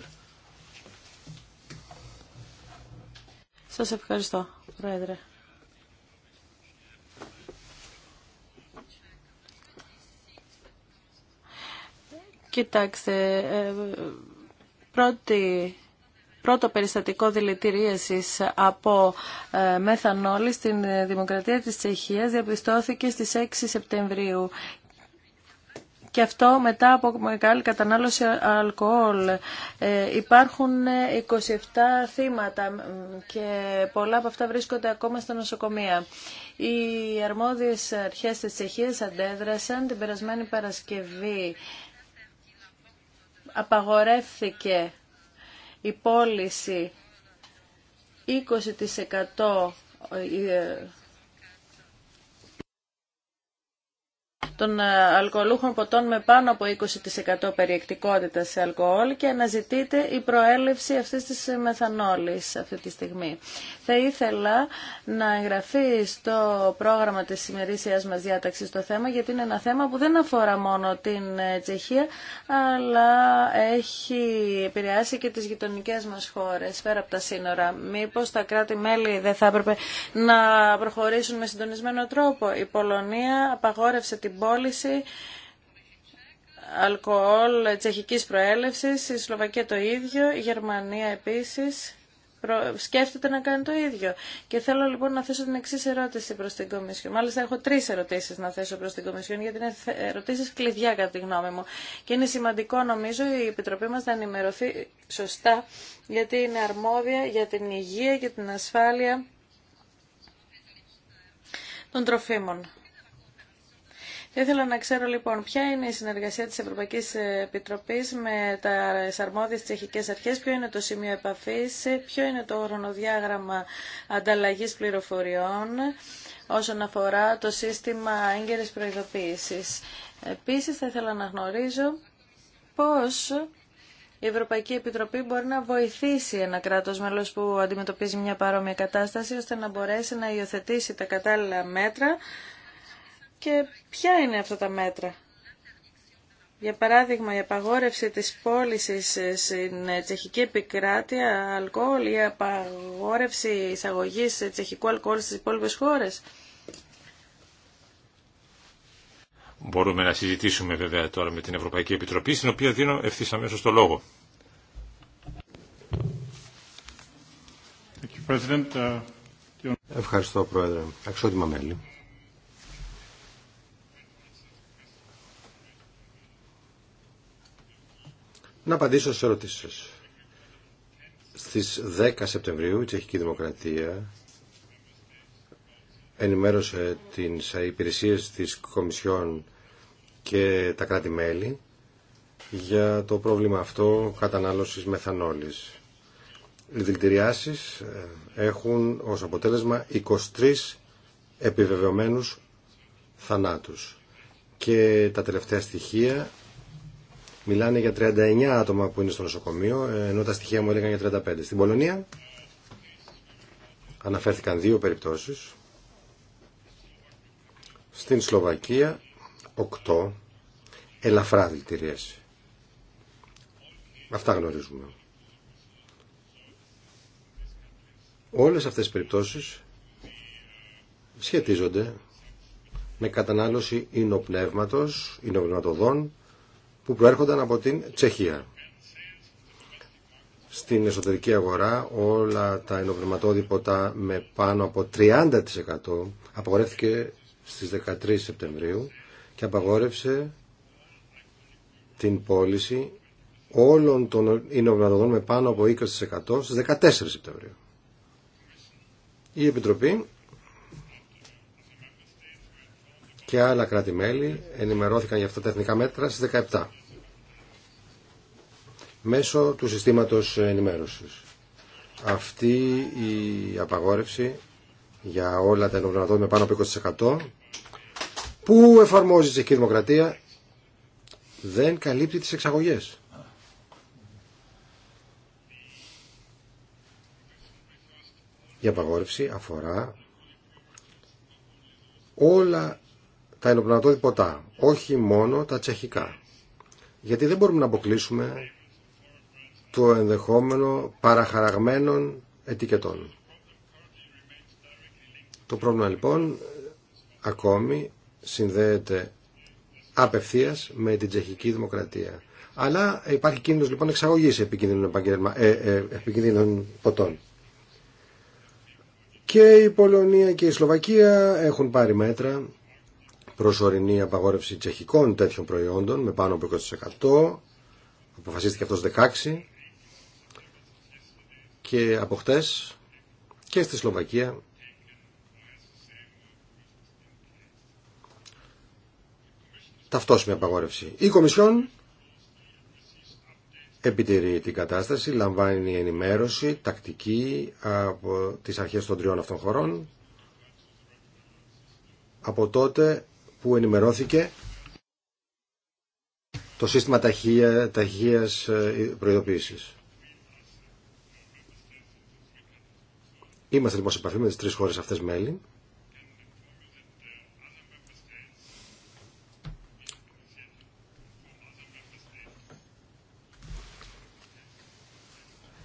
Σας ευχαριστώ, Πρόεδρε. Κοιτάξτε, ε, πρώτη πρώτο περιστατικό δηλητηρίασης από ε, μεθανόλη στην ε, Δημοκρατία της Τσεχίας διαπιστώθηκε στις 6 Σεπτεμβρίου και αυτό μετά από μεγάλη κατανάλωση αλκοόλ. Ε, υπάρχουν 27 θύματα και πολλά από αυτά βρίσκονται ακόμα στα νοσοκομεία. Οι αρμόδιες αρχές της Τσεχίας αντέδρασαν την περασμένη Παρασκευή. Απαγορεύθηκε η πώληση 20% των ε, αλκοολούχων ποτών με πάνω από 20% περιεκτικότητα σε αλκοόλ και αναζητείται η προέλευση αυτής της μεθανόλης αυτή τη στιγμή. Θα ήθελα να εγγραφεί στο πρόγραμμα της ημερήσία μας διάταξης το θέμα γιατί είναι ένα θέμα που δεν αφορά μόνο την ε, Τσεχία αλλά έχει επηρεάσει και τις γειτονικές μας χώρες πέρα από τα σύνορα. Μήπως τα κράτη-μέλη δεν θα έπρεπε να προχωρήσουν με συντονισμένο τρόπο. Η Πολωνία απαγόρευσε την συμπόληση αλκοόλ τσεχικής προέλευσης, η Σλοβακία το ίδιο, η Γερμανία επίσης σκέφτεται να κάνει το ίδιο. Και θέλω λοιπόν να θέσω την εξή ερώτηση προ την Κομισιόν. Μάλιστα, έχω τρει ερωτήσει να θέσω προ την Κομισιόν, γιατί είναι ερωτήσει κλειδιά κατά τη γνώμη μου. Και είναι σημαντικό, νομίζω, η Επιτροπή μα να ενημερωθεί σωστά, γιατί είναι αρμόδια για την υγεία και την ασφάλεια των τροφίμων. Θα ήθελα να ξέρω λοιπόν ποια είναι η συνεργασία της Ευρωπαϊκής Επιτροπής με τα αρμόδιες τσεχικές αρχές, ποιο είναι το σημείο επαφής, ποιο είναι το χρονοδιάγραμμα ανταλλαγής πληροφοριών όσον αφορά το σύστημα έγκαιρης προειδοποίησης. Επίσης θα ήθελα να γνωρίζω πώς η Ευρωπαϊκή Επιτροπή μπορεί να βοηθήσει ένα κράτος μέλος που αντιμετωπίζει μια παρόμοια κατάσταση ώστε να μπορέσει να υιοθετήσει τα κατάλληλα μέτρα και ποια είναι αυτά τα μέτρα. Για παράδειγμα, η απαγόρευση της πώληση στην τσεχική επικράτεια αλκοόλ ή η απαγορευση εισαγωγής τσεχικού αλκοόλ στις υπόλοιπε χώρες. Μπορούμε να συζητήσουμε βέβαια τώρα με την Ευρωπαϊκή Επιτροπή, στην οποία δίνω ευθύ αμέσω το λόγο. Uh, Ευχαριστώ, Πρόεδρε. Αξιότιμα μέλη. να απαντήσω στις ερωτήσεις σας. Στις 10 Σεπτεμβρίου η Τσεχική Δημοκρατία ενημέρωσε τις υπηρεσίες της Κομισιόν και τα κράτη-μέλη για το πρόβλημα αυτό κατανάλωσης μεθανόλης. Οι δηλητηριάσει ε, έχουν ως αποτέλεσμα 23 επιβεβαιωμένους θανάτους και τα τελευταία στοιχεία μιλάνε για 39 άτομα που είναι στο νοσοκομείο, ενώ τα στοιχεία μου έλεγαν για 35. Στην Πολωνία αναφέρθηκαν δύο περιπτώσεις. Στην Σλοβακία 8 ελαφρά δηλητηρίαση. Αυτά γνωρίζουμε. Όλες αυτές τις περιπτώσεις σχετίζονται με κατανάλωση ινοπνεύματος, ινοπνευματοδών που προέρχονταν από την Τσεχία. Στην εσωτερική αγορά όλα τα ενοπληματόδηποτα με πάνω από 30% απαγορεύτηκε στις 13 Σεπτεμβρίου και απαγόρευσε την πώληση όλων των ενοπνευματοδών με πάνω από 20% στις 14 Σεπτεμβρίου. Η Επιτροπή και άλλα κράτη-μέλη ενημερώθηκαν για αυτά τα εθνικά μέτρα στις 17 μέσω του συστήματος ενημέρωσης. Αυτή η απαγόρευση για όλα τα ενωμένα με πάνω από 20% που εφαρμόζει η Τσεχική Δημοκρατία δεν καλύπτει τις εξαγωγές. Η απαγόρευση αφορά όλα τα ελοπλανατώδη ποτά, όχι μόνο τα τσεχικά. Γιατί δεν μπορούμε να αποκλείσουμε το ενδεχόμενο παραχαραγμένων ετικετών. Το πρόβλημα λοιπόν ακόμη συνδέεται απευθείας με την τσεχική δημοκρατία. Αλλά υπάρχει κίνδυνος λοιπόν εξαγωγής επικίνδυνων, ε, ε, επικίνδυνων ποτών. Και η Πολωνία και η Σλοβακία έχουν πάρει μέτρα προσωρινή απαγόρευση τσεχικών τέτοιων προϊόντων με πάνω από 20%. Αποφασίστηκε αυτός 16% και από χτες και στη Σλοβακία ταυτόσιμη απαγόρευση. Η Κομισιόν επιτηρεί την κατάσταση, λαμβάνει ενημέρωση τακτική από τις αρχές των τριών αυτών χωρών. Από τότε που ενημερώθηκε το σύστημα ταχεία, ταχείας ε, προειδοποίησης. Είμαστε λοιπόν σε επαφή με τις τρεις χώρες αυτές μέλη.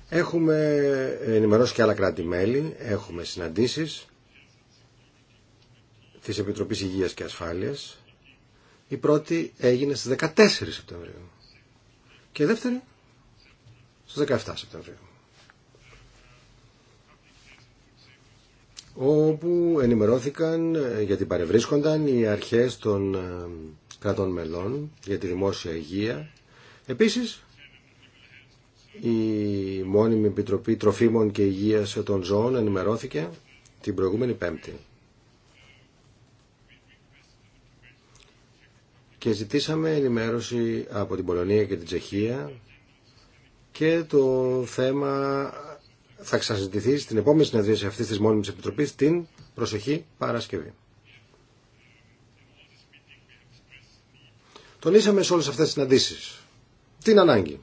Έχουμε ενημερώσει και άλλα κράτη-μέλη, έχουμε συναντήσεις της Επιτροπής Υγείας και Ασφάλειας. Η πρώτη έγινε στις 14 Σεπτεμβρίου και η δεύτερη στις 17 Σεπτεμβρίου. όπου ενημερώθηκαν ε, γιατί παρευρίσκονταν οι αρχές των ε, κρατών μελών για τη δημόσια υγεία. Επίσης, η μόνιμη Επιτροπή Τροφίμων και Υγείας των Ζώων ενημερώθηκε την προηγούμενη Πέμπτη. και ζητήσαμε ενημέρωση από την Πολωνία και την Τσεχία και το θέμα θα ξαναζητηθεί στην επόμενη συνεδρίαση αυτής της μόνιμης επιτροπής την προσοχή Παρασκευή. Τονίσαμε σε όλες αυτές τις συναντήσεις την ανάγκη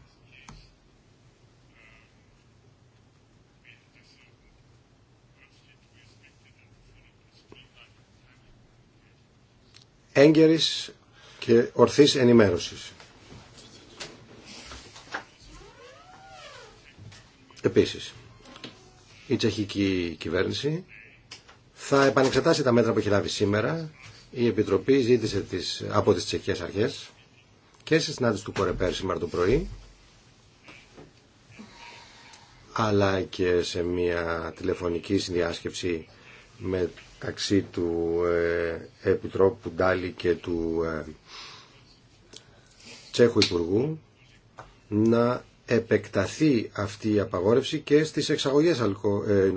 έγκαιρης και ορθής ενημέρωσης. Επίσης, η τσεχική κυβέρνηση θα επανεξετάσει τα μέτρα που έχει λάβει σήμερα. Η Επιτροπή ζήτησε τις, από τις τσεχικές αρχές και σε συνάντηση του Κορεπέρ σήμερα το πρωί αλλά και σε μια τηλεφωνική συνδιάσκεψη με μεταξύ του ε, Επιτρόπου Ντάλι και του ε, Τσέχου Υπουργού να επεκταθεί αυτή η απαγόρευση και στις εξαγωγές αλκο, ε,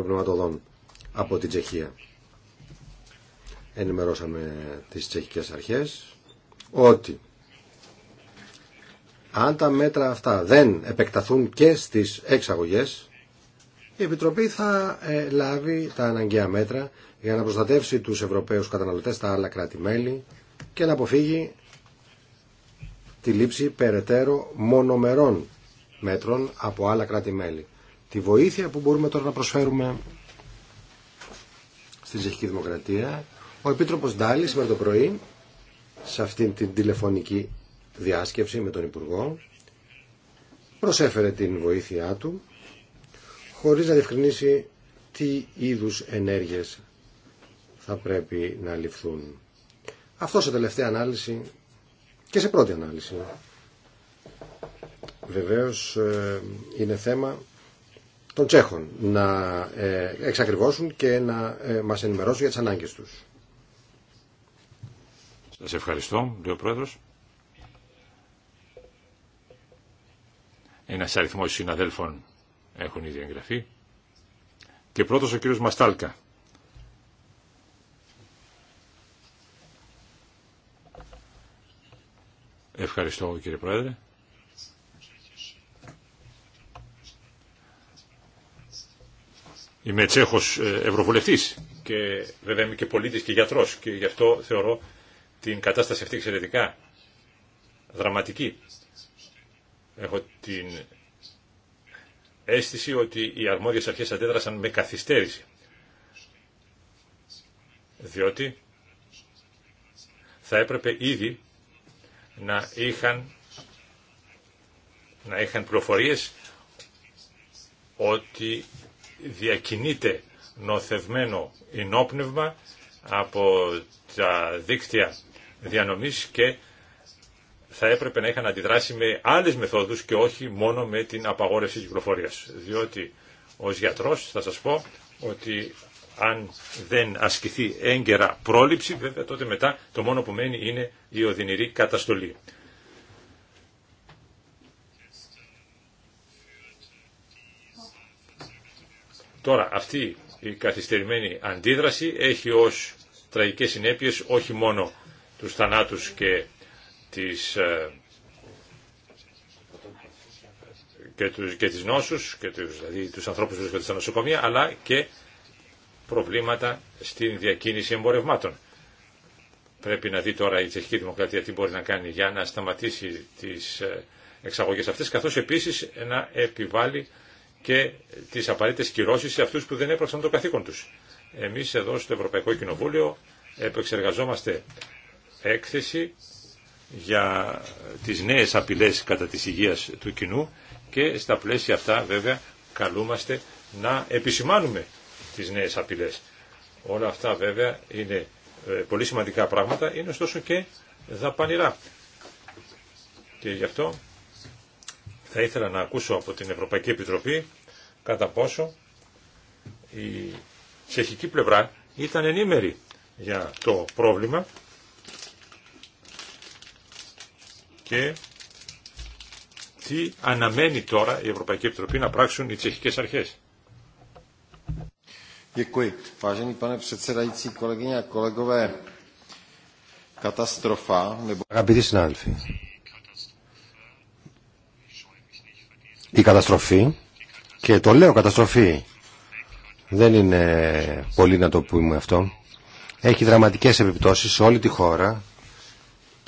από την Τσεχία. Ενημερώσαμε τις τσεχικές αρχές ότι αν τα μέτρα αυτά δεν επεκταθούν και στις εξαγωγές η Επιτροπή θα ε, λάβει τα αναγκαία μέτρα για να προστατεύσει τους Ευρωπαίους καταναλωτές στα άλλα κράτη-μέλη και να αποφύγει τη λήψη περαιτέρω μονομερών μέτρων από άλλα κράτη-μέλη. Τη βοήθεια που μπορούμε τώρα να προσφέρουμε στη Τσεχική Δημοκρατία, ο Επίτροπος Ντάλη σήμερα το πρωί, σε αυτήν την τηλεφωνική διάσκεψη με τον Υπουργό, προσέφερε την βοήθειά του χωρίς να διευκρινίσει τι είδους ενέργειες θα πρέπει να ληφθούν. Αυτό σε τελευταία ανάλυση και σε πρώτη ανάλυση. Βεβαίως ε, είναι θέμα των Τσέχων να ε, εξακριβώσουν και να ε, μας ενημερώσουν για τις ανάγκες τους. Σας ευχαριστώ, λέει ο Πρόεδρος. Ένας αριθμός συναδέλφων έχουν ήδη εγγραφεί. Και πρώτος ο κύριος Μαστάλκα. Ευχαριστώ κύριε Πρόεδρε. Είμαι Τσέχος ε, Ευρωβουλευτής και βέβαια είμαι και πολίτης και γιατρός και γι' αυτό θεωρώ την κατάσταση αυτή εξαιρετικά δραματική. Έχω την αίσθηση ότι οι αρμόδιες αρχές αντέδρασαν με καθυστέρηση. Διότι θα έπρεπε ήδη να είχαν, να είχαν πληροφορίες ότι διακινείται νοθευμένο ενόπνευμα από τα δίκτυα διανομής και θα έπρεπε να είχαν αντιδράσει με άλλες μεθόδους και όχι μόνο με την απαγόρευση της κυκλοφορίας. Διότι ως γιατρός θα σας πω ότι αν δεν ασκηθεί έγκαιρα πρόληψη, βέβαια τότε μετά το μόνο που μένει είναι η οδυνηρή καταστολή. Τώρα αυτή η καθυστερημένη αντίδραση έχει ως τραγικές συνέπειες όχι μόνο τους θανάτους και τις, ε, και, τους, και τις νόσους, και τους, δηλαδή τους ανθρώπους που βρίσκονται στα νοσοκομεία, αλλά και προβλήματα στην διακίνηση εμπορευμάτων. Πρέπει να δει τώρα η Τσεχική Δημοκρατία τι μπορεί να κάνει για να σταματήσει τις ε, εξαγωγές αυτές, καθώς επίσης να επιβάλλει και τις απαραίτητες κυρώσεις σε αυτούς που δεν έπραξαν το καθήκον τους. Εμείς εδώ στο Ευρωπαϊκό Κοινοβούλιο επεξεργαζόμαστε έκθεση για τις νέες απειλές κατά της υγείας του κοινού και στα πλαίσια αυτά βέβαια καλούμαστε να επισημάνουμε τις νέες απειλές. Όλα αυτά βέβαια είναι ε, πολύ σημαντικά πράγματα, είναι ωστόσο και δαπανηρά. Και γι' αυτό θα ήθελα να ακούσω από την Ευρωπαϊκή Επιτροπή κατά πόσο η τσεχική πλευρά ήταν ενήμερη για το πρόβλημα και τι αναμένει τώρα η Ευρωπαϊκή Επιτροπή να πράξουν οι τσεχικές αρχές. Děkuji. Αγαπητοί συνάδελφοι, η καταστροφή, και το λέω καταστροφή, δεν είναι πολύ να το πούμε αυτό, έχει δραματικές επιπτώσεις σε όλη τη χώρα,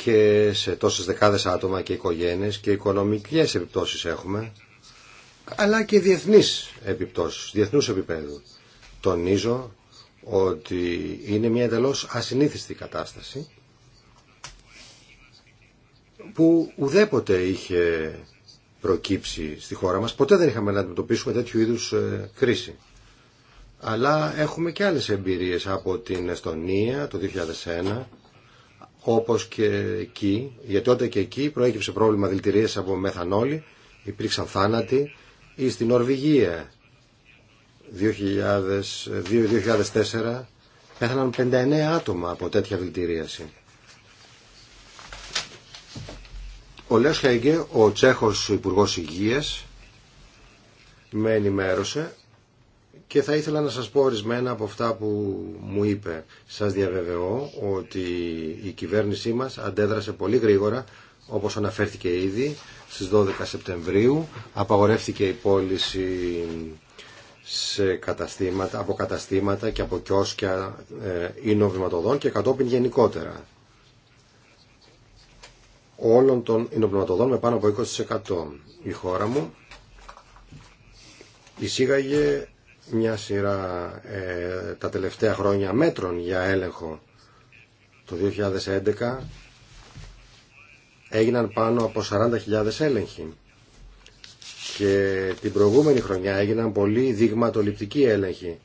και σε τόσες δεκάδες άτομα και οικογένειες και οικονομικές επιπτώσεις έχουμε αλλά και διεθνείς επιπτώσεις, διεθνούς επίπεδου. Τονίζω ότι είναι μια εντελώ ασυνήθιστη κατάσταση που ουδέποτε είχε προκύψει στη χώρα μας. Ποτέ δεν είχαμε να αντιμετωπίσουμε τέτοιου είδους ε, κρίση. Αλλά έχουμε και άλλες εμπειρίες από την Εστονία το 2001 όπως και εκεί, γιατί όταν και εκεί προέκυψε πρόβλημα δηλητηρίας από μεθανόλη, υπήρξαν θάνατοι, ή στην Νορβηγία 2004 πέθαναν 59 άτομα από τέτοια δηλητηρίαση. Ο Λέος ο Τσέχος Υπουργός Υγείας, με ενημέρωσε και θα ήθελα να σας πω ορισμένα από αυτά που μου είπε. Σας διαβεβαιώ ότι η κυβέρνησή μας αντέδρασε πολύ γρήγορα, όπως αναφέρθηκε ήδη, στις 12 Σεπτεμβρίου. Απαγορεύτηκε η πώληση σε καταστήματα, από καταστήματα και από κιόσκια ε, και κατόπιν γενικότερα όλων των ινοπνευματοδών με πάνω από 20%. Η χώρα μου εισήγαγε μια σειρά ε, τα τελευταία χρόνια μέτρων για έλεγχο. Το 2011 έγιναν πάνω από 40.000 έλεγχοι και την προηγούμενη χρονιά έγιναν πολύ δειγματοληπτικοί έλεγχοι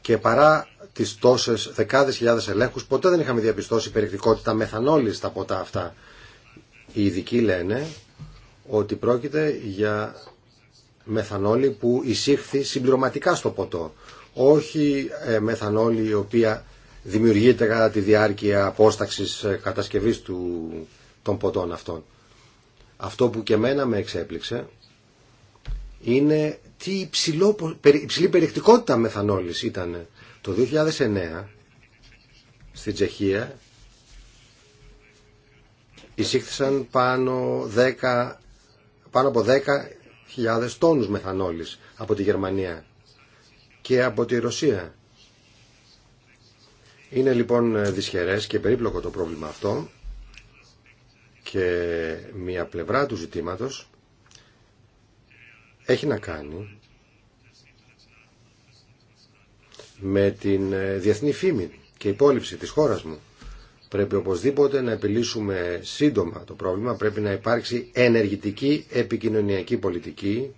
και παρά τις τόσες δεκάδες χιλιάδες ελέγχους ποτέ δεν είχαμε διαπιστώσει περιεκτικότητα μεθανόλης στα ποτά αυτά. Οι ειδικοί λένε ότι πρόκειται για μεθανόλη που εισήχθη συμπληρωματικά στο ποτό. Όχι ε, μεθανόλη η οποία δημιουργείται κατά τη διάρκεια απόσταξης ε, κατασκευής του, των ποτών αυτών. Αυτό που και μένα με εξέπληξε είναι τι υψηλό, υψηλή περιεκτικότητα μεθανόλης ήταν το 2009 στην Τσεχία εισήχθησαν πάνω, 10, πάνω από 10 τόνους μεθανόλης από τη Γερμανία και από τη Ρωσία. Είναι λοιπόν δυσχερές και περίπλοκο το πρόβλημα αυτό και μια πλευρά του ζητήματος έχει να κάνει με την διεθνή φήμη και υπόλοιψη της χώρας μου. Πρέπει οπωσδήποτε να επιλύσουμε σύντομα το πρόβλημα. Πρέπει να υπάρξει ενεργητική επικοινωνιακή πολιτική.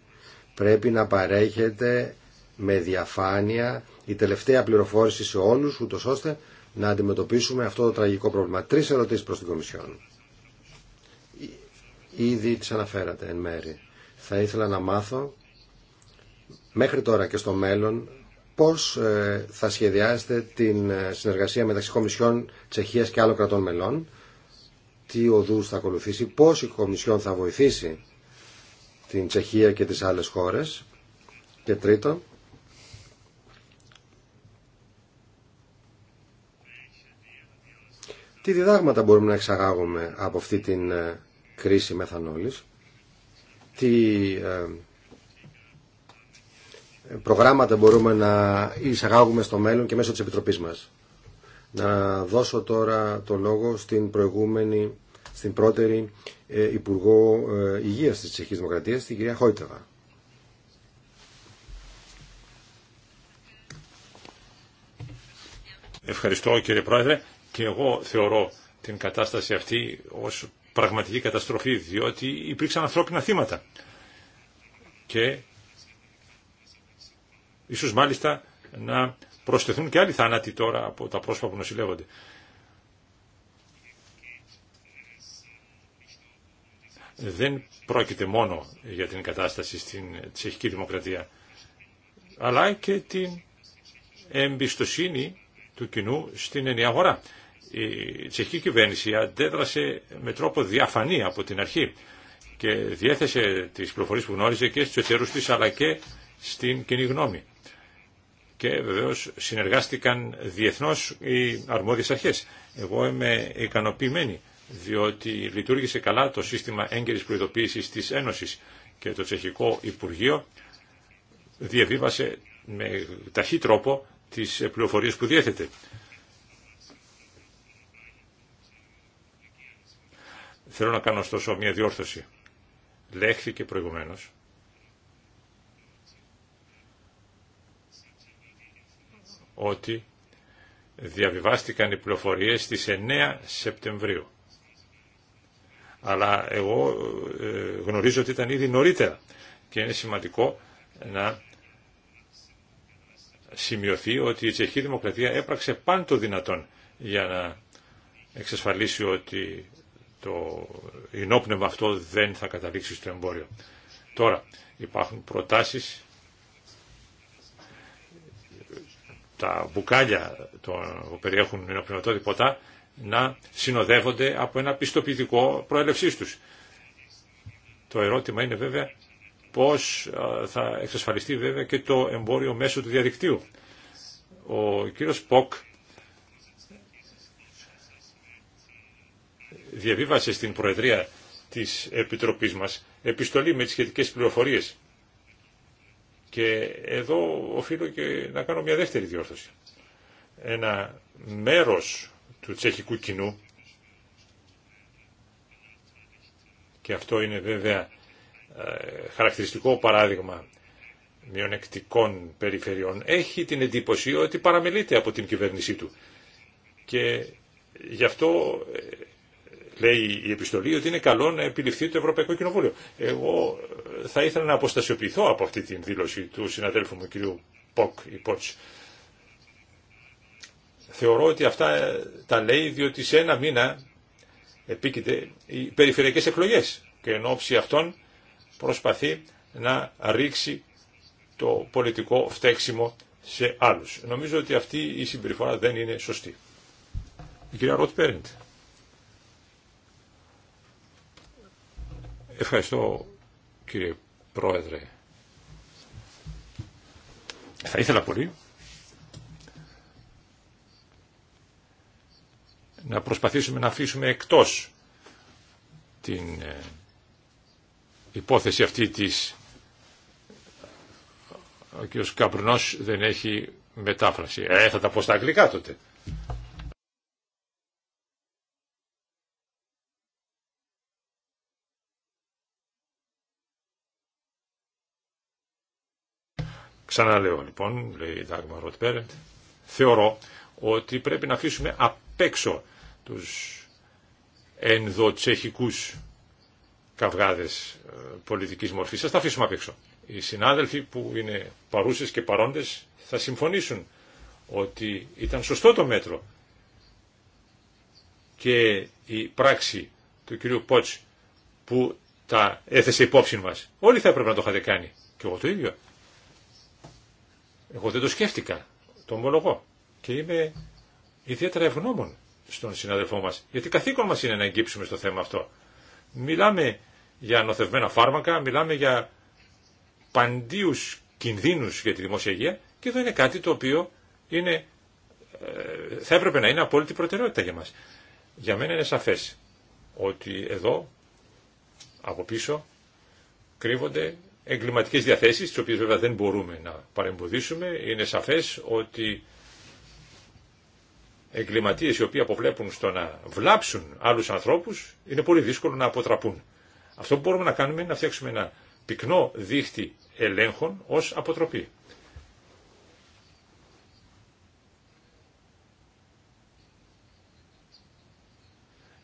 Πρέπει να παρέχεται με διαφάνεια η τελευταία πληροφόρηση σε όλους, ούτω ώστε να αντιμετωπίσουμε αυτό το τραγικό πρόβλημα. Τρεις ερωτήσεις προς την Κομισιόν. Ήδη τις αναφέρατε εν μέρη. Θα ήθελα να μάθω μέχρι τώρα και στο μέλλον πώς ε, θα σχεδιάσετε την ε, συνεργασία μεταξύ Κομισιών Τσεχίας και άλλων κρατών μελών, τι οδούς θα ακολουθήσει, πώς η Κομισιόν θα βοηθήσει την Τσεχία και τις άλλες χώρες. Και τρίτον, τι διδάγματα μπορούμε να εξαγάγουμε από αυτή την ε, κρίση μεθανόλης, τι προγράμματα μπορούμε να εισαγάγουμε στο μέλλον και μέσω της Επιτροπής μας. Να δώσω τώρα το λόγο στην προηγούμενη, στην πρώτερη ε, Υπουργό ε, Υγείας της Τσεχικής Δημοκρατίας, την κυρία Χόιτεβα. Ευχαριστώ κύριε Πρόεδρε και εγώ θεωρώ την κατάσταση αυτή ως πραγματική καταστροφή διότι υπήρξαν ανθρώπινα θύματα και Ίσως μάλιστα να προσθεθούν και άλλοι θάνατοι τώρα από τα πρόσωπα που νοσηλεύονται. Δεν πρόκειται μόνο για την κατάσταση στην τσεχική δημοκρατία, αλλά και την εμπιστοσύνη του κοινού στην ενιαία αγορά. Η τσεχική κυβέρνηση αντέδρασε με τρόπο διαφανή από την αρχή και διέθεσε τις πληροφορίες που γνώριζε και στους εταιρούς της αλλά και στην κοινή γνώμη και βεβαίως συνεργάστηκαν διεθνώς οι αρμόδιες αρχές. Εγώ είμαι ικανοποιημένη διότι λειτουργήσε καλά το σύστημα έγκαιρη προειδοποίηση της Ένωσης και το Τσεχικό Υπουργείο διαβίβασε με ταχύ τρόπο τις πληροφορίε που διέθετε. Θέλω να κάνω ωστόσο μια διόρθωση. Λέχθηκε προηγουμένως ότι διαβιβάστηκαν οι πληροφορίες στις 9 Σεπτεμβρίου. Αλλά εγώ ε, γνωρίζω ότι ήταν ήδη νωρίτερα και είναι σημαντικό να σημειωθεί ότι η Τσεχή Δημοκρατία έπραξε παν το δυνατόν για να εξασφαλίσει ότι το ενόπνευμα αυτό δεν θα καταλήξει στο εμπόριο. Τώρα υπάρχουν προτάσεις τα μπουκάλια που περιέχουν ενοπνευματώδη ποτά να συνοδεύονται από ένα πιστοποιητικό προέλευση τους. Το ερώτημα είναι βέβαια πώς θα εξασφαλιστεί βέβαια και το εμπόριο μέσω του διαδικτύου. Ο κύριος Ποκ διαβίβασε στην Προεδρία της Επιτροπής μας επιστολή με τις σχετικές πληροφορίες και εδώ οφείλω και να κάνω μια δεύτερη διόρθωση. Ένα μέρος του τσεχικού κοινού, και αυτό είναι βέβαια ε, χαρακτηριστικό παράδειγμα μειονεκτικών περιφερειών, έχει την εντύπωση ότι παραμελείται από την κυβέρνησή του. Και γι' αυτό ε, λέει η επιστολή ότι είναι καλό να επιληφθεί το Ευρωπαϊκό Κοινοβούλιο. Εγώ ε, θα ήθελα να αποστασιοποιηθώ από αυτή την δήλωση του συναδέλφου μου κ. Ποκ η ποτσ Θεωρώ ότι αυτά ε, τα λέει διότι σε ένα μήνα επίκειται οι περιφερειακές εκλογές και εν ώψη αυτών προσπαθεί να ρίξει το πολιτικό φταίξιμο σε άλλους. Νομίζω ότι αυτή η συμπεριφορά δεν είναι σωστή. Η κυρία Ροτ Ευχαριστώ κύριε Πρόεδρε. Θα ήθελα πολύ να προσπαθήσουμε να αφήσουμε εκτός την ε, υπόθεση αυτή της ο κ. Καμπρνός δεν έχει μετάφραση. Ε, θα τα πω στα αγγλικά τότε. Ξαναλέω λοιπόν, λέει η Δάγμα Ροτπέρεντ, θεωρώ ότι πρέπει να αφήσουμε απ' έξω τους ενδοτσεχικούς καυγάδες ε, πολιτικής μορφής. Σας τα αφήσουμε απ' έξω. Οι συνάδελφοι που είναι παρούσες και παρόντες θα συμφωνήσουν ότι ήταν σωστό το μέτρο και η πράξη του κυρίου Πότς που τα έθεσε υπόψη μας. Όλοι θα έπρεπε να το είχατε κάνει. Και εγώ το ίδιο. Εγώ δεν το σκέφτηκα, το ομολογώ. Και είμαι ιδιαίτερα ευγνώμων στον συναδελφό μα. γιατί καθήκον μα είναι να εγγύψουμε στο θέμα αυτό. Μιλάμε για νοθευμένα φάρμακα, μιλάμε για παντίους κινδύνους για τη δημόσια υγεία και εδώ είναι κάτι το οποίο είναι, ε, θα έπρεπε να είναι απόλυτη προτεραιότητα για μας. Για μένα είναι σαφές ότι εδώ από πίσω κρύβονται εγκληματικές διαθέσεις, τι οποίες βέβαια δεν μπορούμε να παρεμποδίσουμε. Είναι σαφές ότι εγκληματίε οι οποίοι αποβλέπουν στο να βλάψουν άλλους ανθρώπους είναι πολύ δύσκολο να αποτραπούν. Αυτό που μπορούμε να κάνουμε είναι να φτιάξουμε ένα πυκνό δίχτυ ελέγχων ως αποτροπή.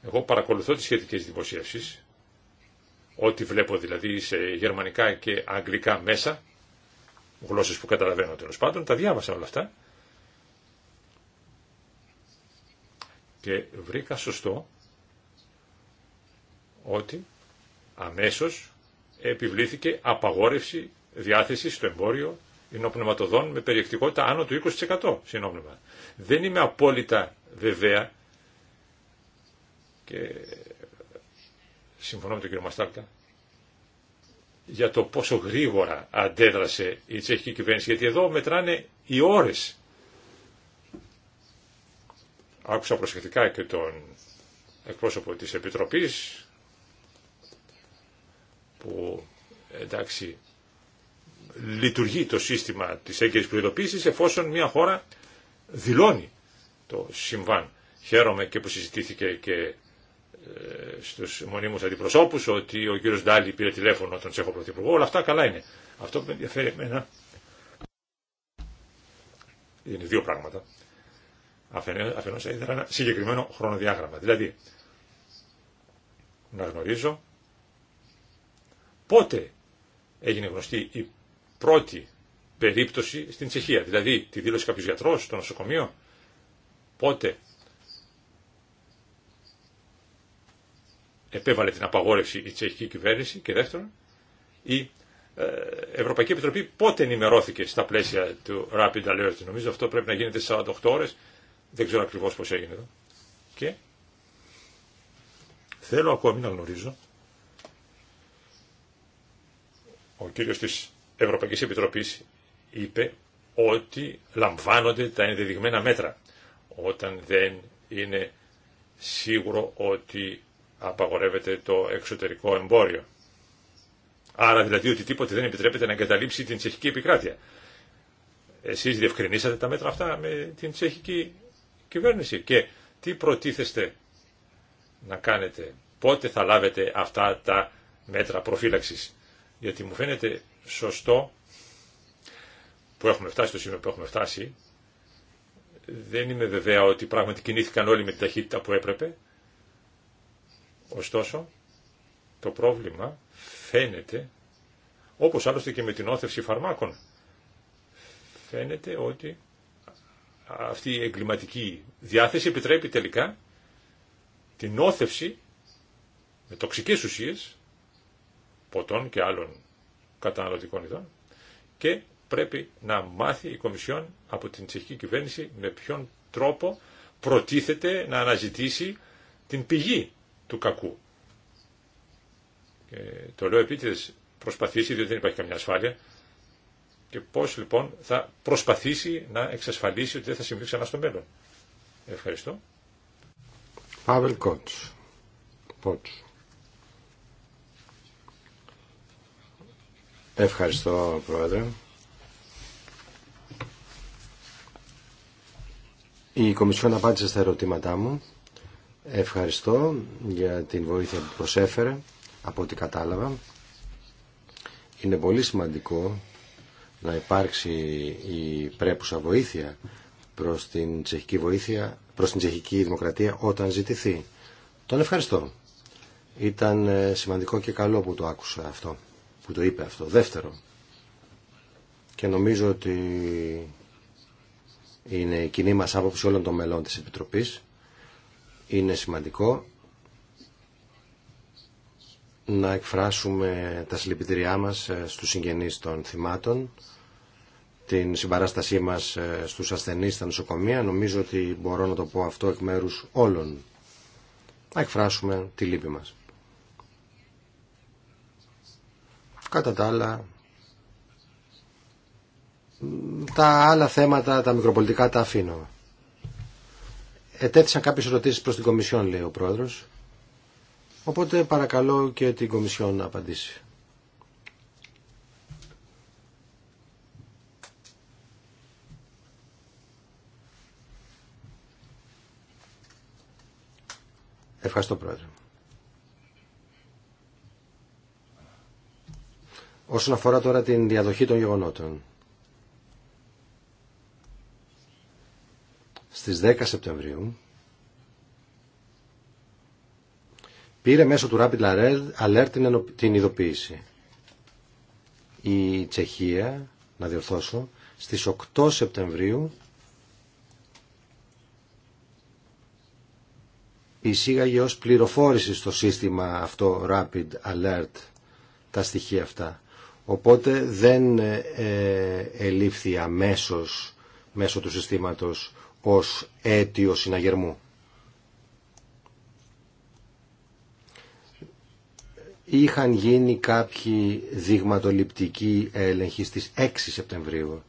Εγώ παρακολουθώ τις σχετικές δημοσίευσεις ό,τι βλέπω δηλαδή σε γερμανικά και αγγλικά μέσα, γλώσσες που καταλαβαίνω τέλο πάντων, τα διάβασα όλα αυτά και βρήκα σωστό ότι αμέσως επιβλήθηκε απαγόρευση διάθεση στο εμπόριο υνοπνευματοδών με περιεκτικότητα άνω του 20% συνόπνευμα. Δεν είμαι απόλυτα βεβαία και συμφωνώ με τον κύριο Μαστάλκα, για το πόσο γρήγορα αντέδρασε η τσεχική κυβέρνηση, γιατί εδώ μετράνε οι ώρες. Άκουσα προσεκτικά και τον εκπρόσωπο της Επιτροπής, που εντάξει λειτουργεί το σύστημα της έγκαιρης προειδοποίησης εφόσον μια χώρα δηλώνει το συμβάν. Χαίρομαι και που συζητήθηκε και ε, στου μονίμου αντιπροσώπου ότι ο κύριο Ντάλι πήρε τηλέφωνο τον Τσέχο Πρωθυπουργό. Όλα αυτά καλά είναι. Αυτό που με ενδιαφέρει εμένα είναι δύο πράγματα. Αφενός θα ήθελα ένα συγκεκριμένο χρονοδιάγραμμα. Δηλαδή, να γνωρίζω πότε έγινε γνωστή η πρώτη περίπτωση στην Τσεχία. Δηλαδή, τη δήλωση κάποιου γιατρό, στο νοσοκομείο, πότε επέβαλε την απαγόρευση η τσεχική κυβέρνηση και δεύτερον η ε, Ευρωπαϊκή Επιτροπή πότε ενημερώθηκε στα πλαίσια του Rapid Alert. Νομίζω αυτό πρέπει να γίνεται 48 ώρες. Δεν ξέρω ακριβώς πώς έγινε εδώ. Και θέλω ακόμη να γνωρίζω ο κύριος της Ευρωπαϊκής Επιτροπής είπε ότι λαμβάνονται τα ενδεδειγμένα μέτρα όταν δεν είναι σίγουρο ότι απαγορεύεται το εξωτερικό εμπόριο. Άρα δηλαδή ότι τίποτε δεν επιτρέπεται να εγκαταλείψει την τσεχική επικράτεια. Εσείς διευκρινίσατε τα μέτρα αυτά με την τσεχική κυβέρνηση και τι προτίθεστε να κάνετε, πότε θα λάβετε αυτά τα μέτρα προφύλαξης. Γιατί μου φαίνεται σωστό που έχουμε φτάσει στο σημείο που έχουμε φτάσει, δεν είμαι βεβαία ότι πράγματι κινήθηκαν όλοι με την ταχύτητα που έπρεπε, Ωστόσο, το πρόβλημα φαίνεται, όπως άλλωστε και με την όθευση φαρμάκων, φαίνεται ότι αυτή η εγκληματική διάθεση επιτρέπει τελικά την όθευση με τοξικές ουσίες, ποτών και άλλων καταναλωτικών ειδών, και πρέπει να μάθει η Κομισιόν από την τσεχική κυβέρνηση με ποιον τρόπο προτίθεται να αναζητήσει την πηγή του κακού. το λέω επίτηδες προσπαθήσει, διότι δεν υπάρχει καμιά ασφάλεια. Και πώς λοιπόν θα προσπαθήσει να εξασφαλίσει ότι δεν θα συμβεί ξανά στο μέλλον. Ευχαριστώ. Πάβελ Κότς. Ευχαριστώ Πρόεδρε. Η Κομισιόν απάντησε στα ερωτήματά μου Ευχαριστώ για την βοήθεια που προσέφερε, από ό,τι κατάλαβα. Είναι πολύ σημαντικό να υπάρξει η πρέπουσα βοήθεια προς την τσεχική βοήθεια, προς την τσεχική δημοκρατία όταν ζητηθεί. Τον ευχαριστώ. Ήταν ε, σημαντικό και καλό που το άκουσα αυτό, που το είπε αυτό. Δεύτερο, και νομίζω ότι είναι η κοινή μας άποψη όλων των μελών της Επιτροπής, είναι σημαντικό να εκφράσουμε τα συλληπιτήριά μας ε, στους συγγενείς των θυμάτων, την συμπαράστασή μας ε, στους ασθενείς στα νοσοκομεία. Νομίζω ότι μπορώ να το πω αυτό εκ μέρους όλων. Να εκφράσουμε τη λύπη μας. Κατά τα άλλα, τα άλλα θέματα, τα μικροπολιτικά τα αφήνω. Ετέθησαν κάποιες ερωτήσεις προς την Κομισιόν, λέει ο Πρόεδρος. Οπότε παρακαλώ και την Κομισιόν να απαντήσει. Ευχαριστώ, Πρόεδρε. Όσον αφορά τώρα την διαδοχή των γεγονότων. στις 10 Σεπτεμβρίου πήρε μέσω του Rapid Alert την ειδοποίηση. Η Τσεχία, να διορθώσω, στις 8 Σεπτεμβρίου εισήγαγε ως πληροφόρηση στο σύστημα αυτό Rapid Alert τα στοιχεία αυτά. Οπότε δεν ε, ε, ελήφθη αμέσως μέσω του συστήματος ως αίτιο συναγερμού. Είχαν γίνει κάποιοι δειγματοληπτικοί έλεγχοι στις 6 Σεπτεμβρίου.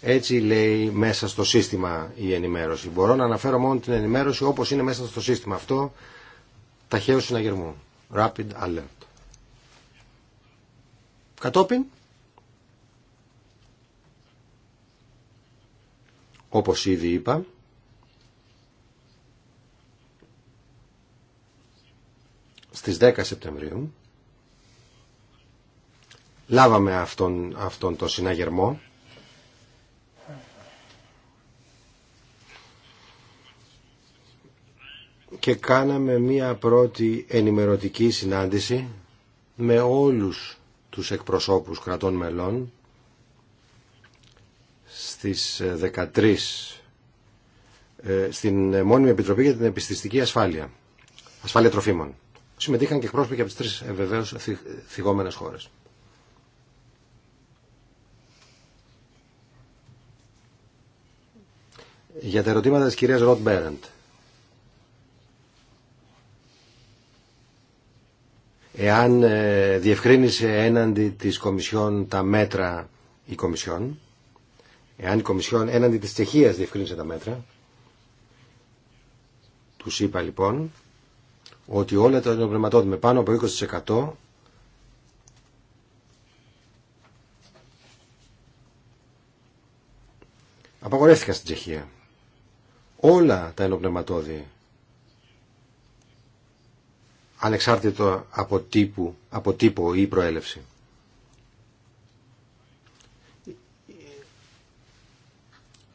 Έτσι λέει μέσα στο σύστημα η ενημέρωση. Μπορώ να αναφέρω μόνο την ενημέρωση όπως είναι μέσα στο σύστημα αυτό ταχαίου συναγερμού. Rapid alert. Κατόπιν Όπως ήδη είπα, στις 10 Σεπτεμβρίου λάβαμε αυτόν, αυτόν τον συναγερμό και κάναμε μία πρώτη ενημερωτική συνάντηση με όλους τους εκπροσώπους κρατών μελών στις 13 ε, ε, στην μόνιμη επιτροπή για την επιστηστική ασφάλεια, ασφάλεια τροφίμων. Συμμετείχαν και εκπρόσωποι από τις τρεις ε, βεβαίως θυγόμενες χώρες. Για τα ερωτήματα της κυρίας Ροτ Μπέρεντ. Εάν διευκρίνησε έναντι της Κομισιόν τα μέτρα η Κομισιόν, Εάν η Κομισιόν έναντι της Τσεχίας διευκρίνησε τα μέτρα, τους είπα λοιπόν ότι όλα τα ενοπνευματώδη με πάνω από 20% απαγορεύτηκαν στην Τσεχία. Όλα τα ενοπνευματώδη ανεξάρτητα από, τύπου, από τύπο ή προέλευση.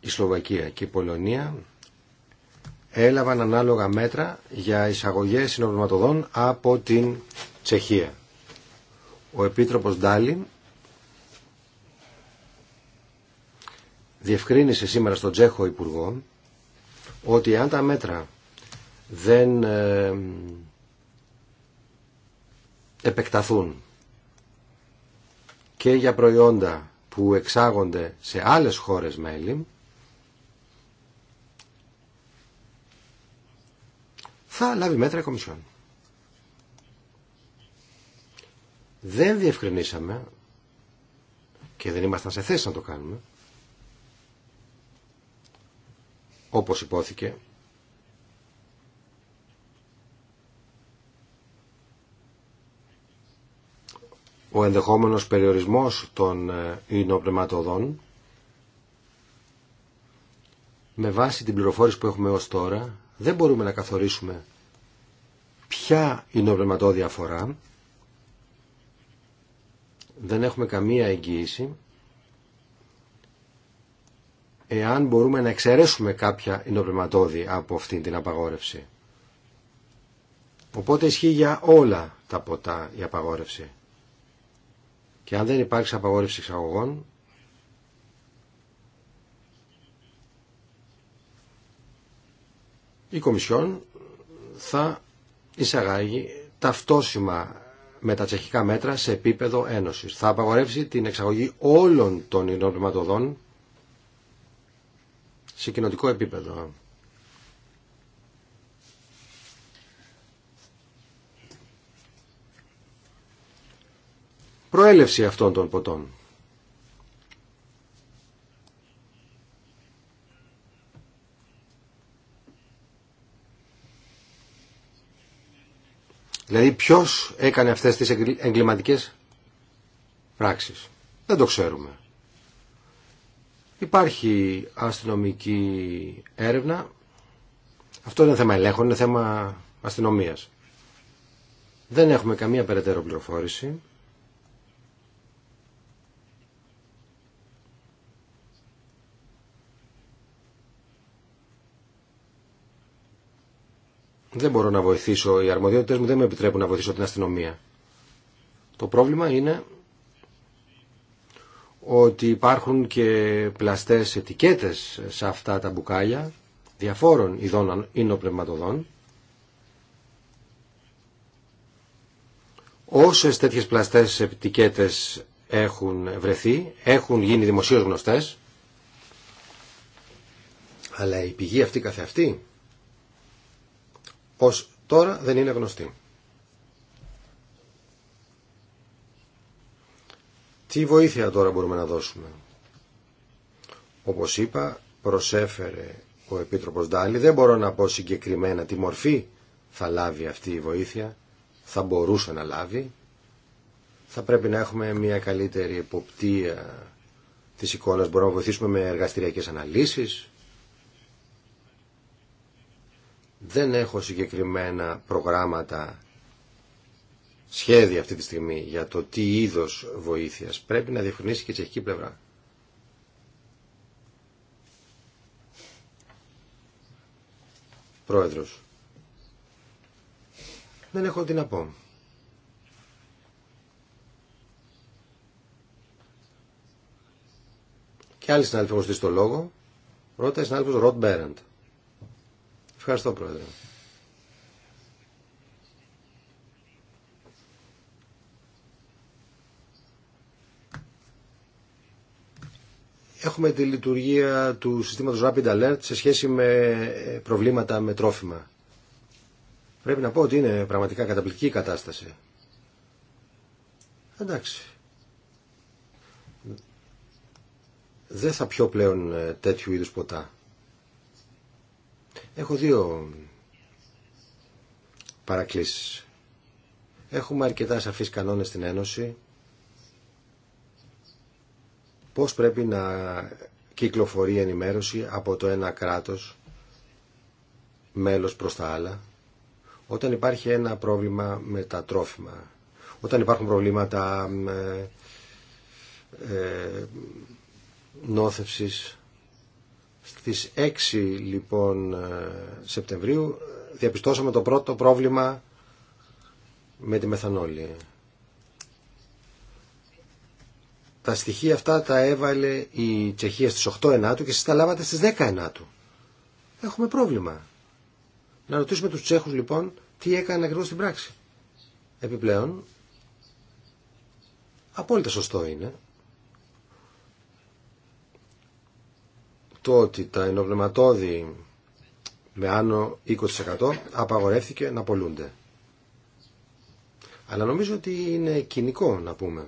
η Σλοβακία και η Πολωνία έλαβαν ανάλογα μέτρα για εισαγωγές συνοπληματοδών από την Τσεχία. Ο Επίτροπος Ντάλιν διευκρίνησε σήμερα στον Τσέχο Υπουργό ότι αν τα μέτρα δεν ε, επεκταθούν και για προϊόντα που εξάγονται σε άλλες χώρες μέλη θα λάβει μέτρα η Κομισιόν. Δεν διευκρινίσαμε και δεν ήμασταν σε θέση να το κάνουμε όπως υπόθηκε ο ενδεχόμενος περιορισμός των υνοπνευματοδών ε, με βάση την πληροφόρηση που έχουμε ως τώρα δεν μπορούμε να καθορίσουμε ποια είναι ο αφορά. Δεν έχουμε καμία εγγύηση εάν μπορούμε να εξαιρέσουμε κάποια εινοπνευματόδη από αυτήν την απαγόρευση. Οπότε ισχύει για όλα τα ποτά η απαγόρευση. Και αν δεν υπάρξει απαγόρευση εξαγωγών, η Κομισιόν θα εισαγάγει ταυτόσημα με τα τσεχικά μέτρα σε επίπεδο ένωσης. Θα απαγορεύσει την εξαγωγή όλων των υλοπηματοδών σε κοινοτικό επίπεδο. Προέλευση αυτών των ποτών. Δηλαδή ποιο έκανε αυτές τις εγκληματικέ πράξεις. Δεν το ξέρουμε. Υπάρχει αστυνομική έρευνα. Αυτό είναι θέμα ελέγχων, είναι θέμα αστυνομίας. Δεν έχουμε καμία περαιτέρω πληροφόρηση. δεν μπορώ να βοηθήσω, οι αρμοδιότητες μου δεν με επιτρέπουν να βοηθήσω την αστυνομία. Το πρόβλημα είναι ότι υπάρχουν και πλαστές ετικέτες σε αυτά τα μπουκάλια διαφόρων ειδών ίνοπνευματοδών. Όσες τέτοιες πλαστές ετικέτες έχουν βρεθεί, έχουν γίνει δημοσίως γνωστές, αλλά η πηγή αυτή καθεαυτή ως τώρα δεν είναι γνωστή. Τι βοήθεια τώρα μπορούμε να δώσουμε. Όπως είπα, προσέφερε ο Επίτροπος Ντάλι. Δεν μπορώ να πω συγκεκριμένα τι μορφή θα λάβει αυτή η βοήθεια, θα μπορούσε να λάβει. Θα πρέπει να έχουμε μια καλύτερη εποπτεία της εικόνας. Μπορούμε να βοηθήσουμε με εργαστηριακές αναλύσεις, Δεν έχω συγκεκριμένα προγράμματα, σχέδια αυτή τη στιγμή για το τι είδος βοήθειας πρέπει να διευκρινίσει και η τσεχική πλευρά. Πρόεδρος. Δεν έχω τι να πω. Και άλλοι συνάδελφοι έχουν στήσει το λόγο. Πρώτα η συνάδελφος Ροτ Μπέραντ. Ευχαριστώ, Πρόεδρε. Έχουμε τη λειτουργία του συστήματος Rapid Alert σε σχέση με προβλήματα με τρόφιμα. Πρέπει να πω ότι είναι πραγματικά καταπληκτική κατάσταση. Εντάξει. Δεν θα πιω πλέον ε, τέτοιου είδους ποτά. Έχω δύο παρακλήσεις. Έχουμε αρκετά σαφείς κανόνες στην Ένωση πώς πρέπει να κυκλοφορεί η ενημέρωση από το ένα κράτος μέλος προς τα άλλα όταν υπάρχει ένα πρόβλημα με τα τρόφιμα όταν υπάρχουν προβλήματα με, ε, νόθευσης στις 6 λοιπόν Σεπτεμβρίου διαπιστώσαμε το πρώτο πρόβλημα με τη μεθανόλη. Τα στοιχεία αυτά τα έβαλε η Τσεχία στις 8 ενάτου και εσείς τα λάβατε στις 10 ενάτου. Έχουμε πρόβλημα. Να ρωτήσουμε τους Τσέχους λοιπόν τι έκανε ακριβώς στην πράξη. Επιπλέον, απόλυτα σωστό είναι το ότι τα ενοπνευματόδη με άνω 20% απαγορεύτηκε να πολλούνται. Αλλά νομίζω ότι είναι κοινικό να πούμε.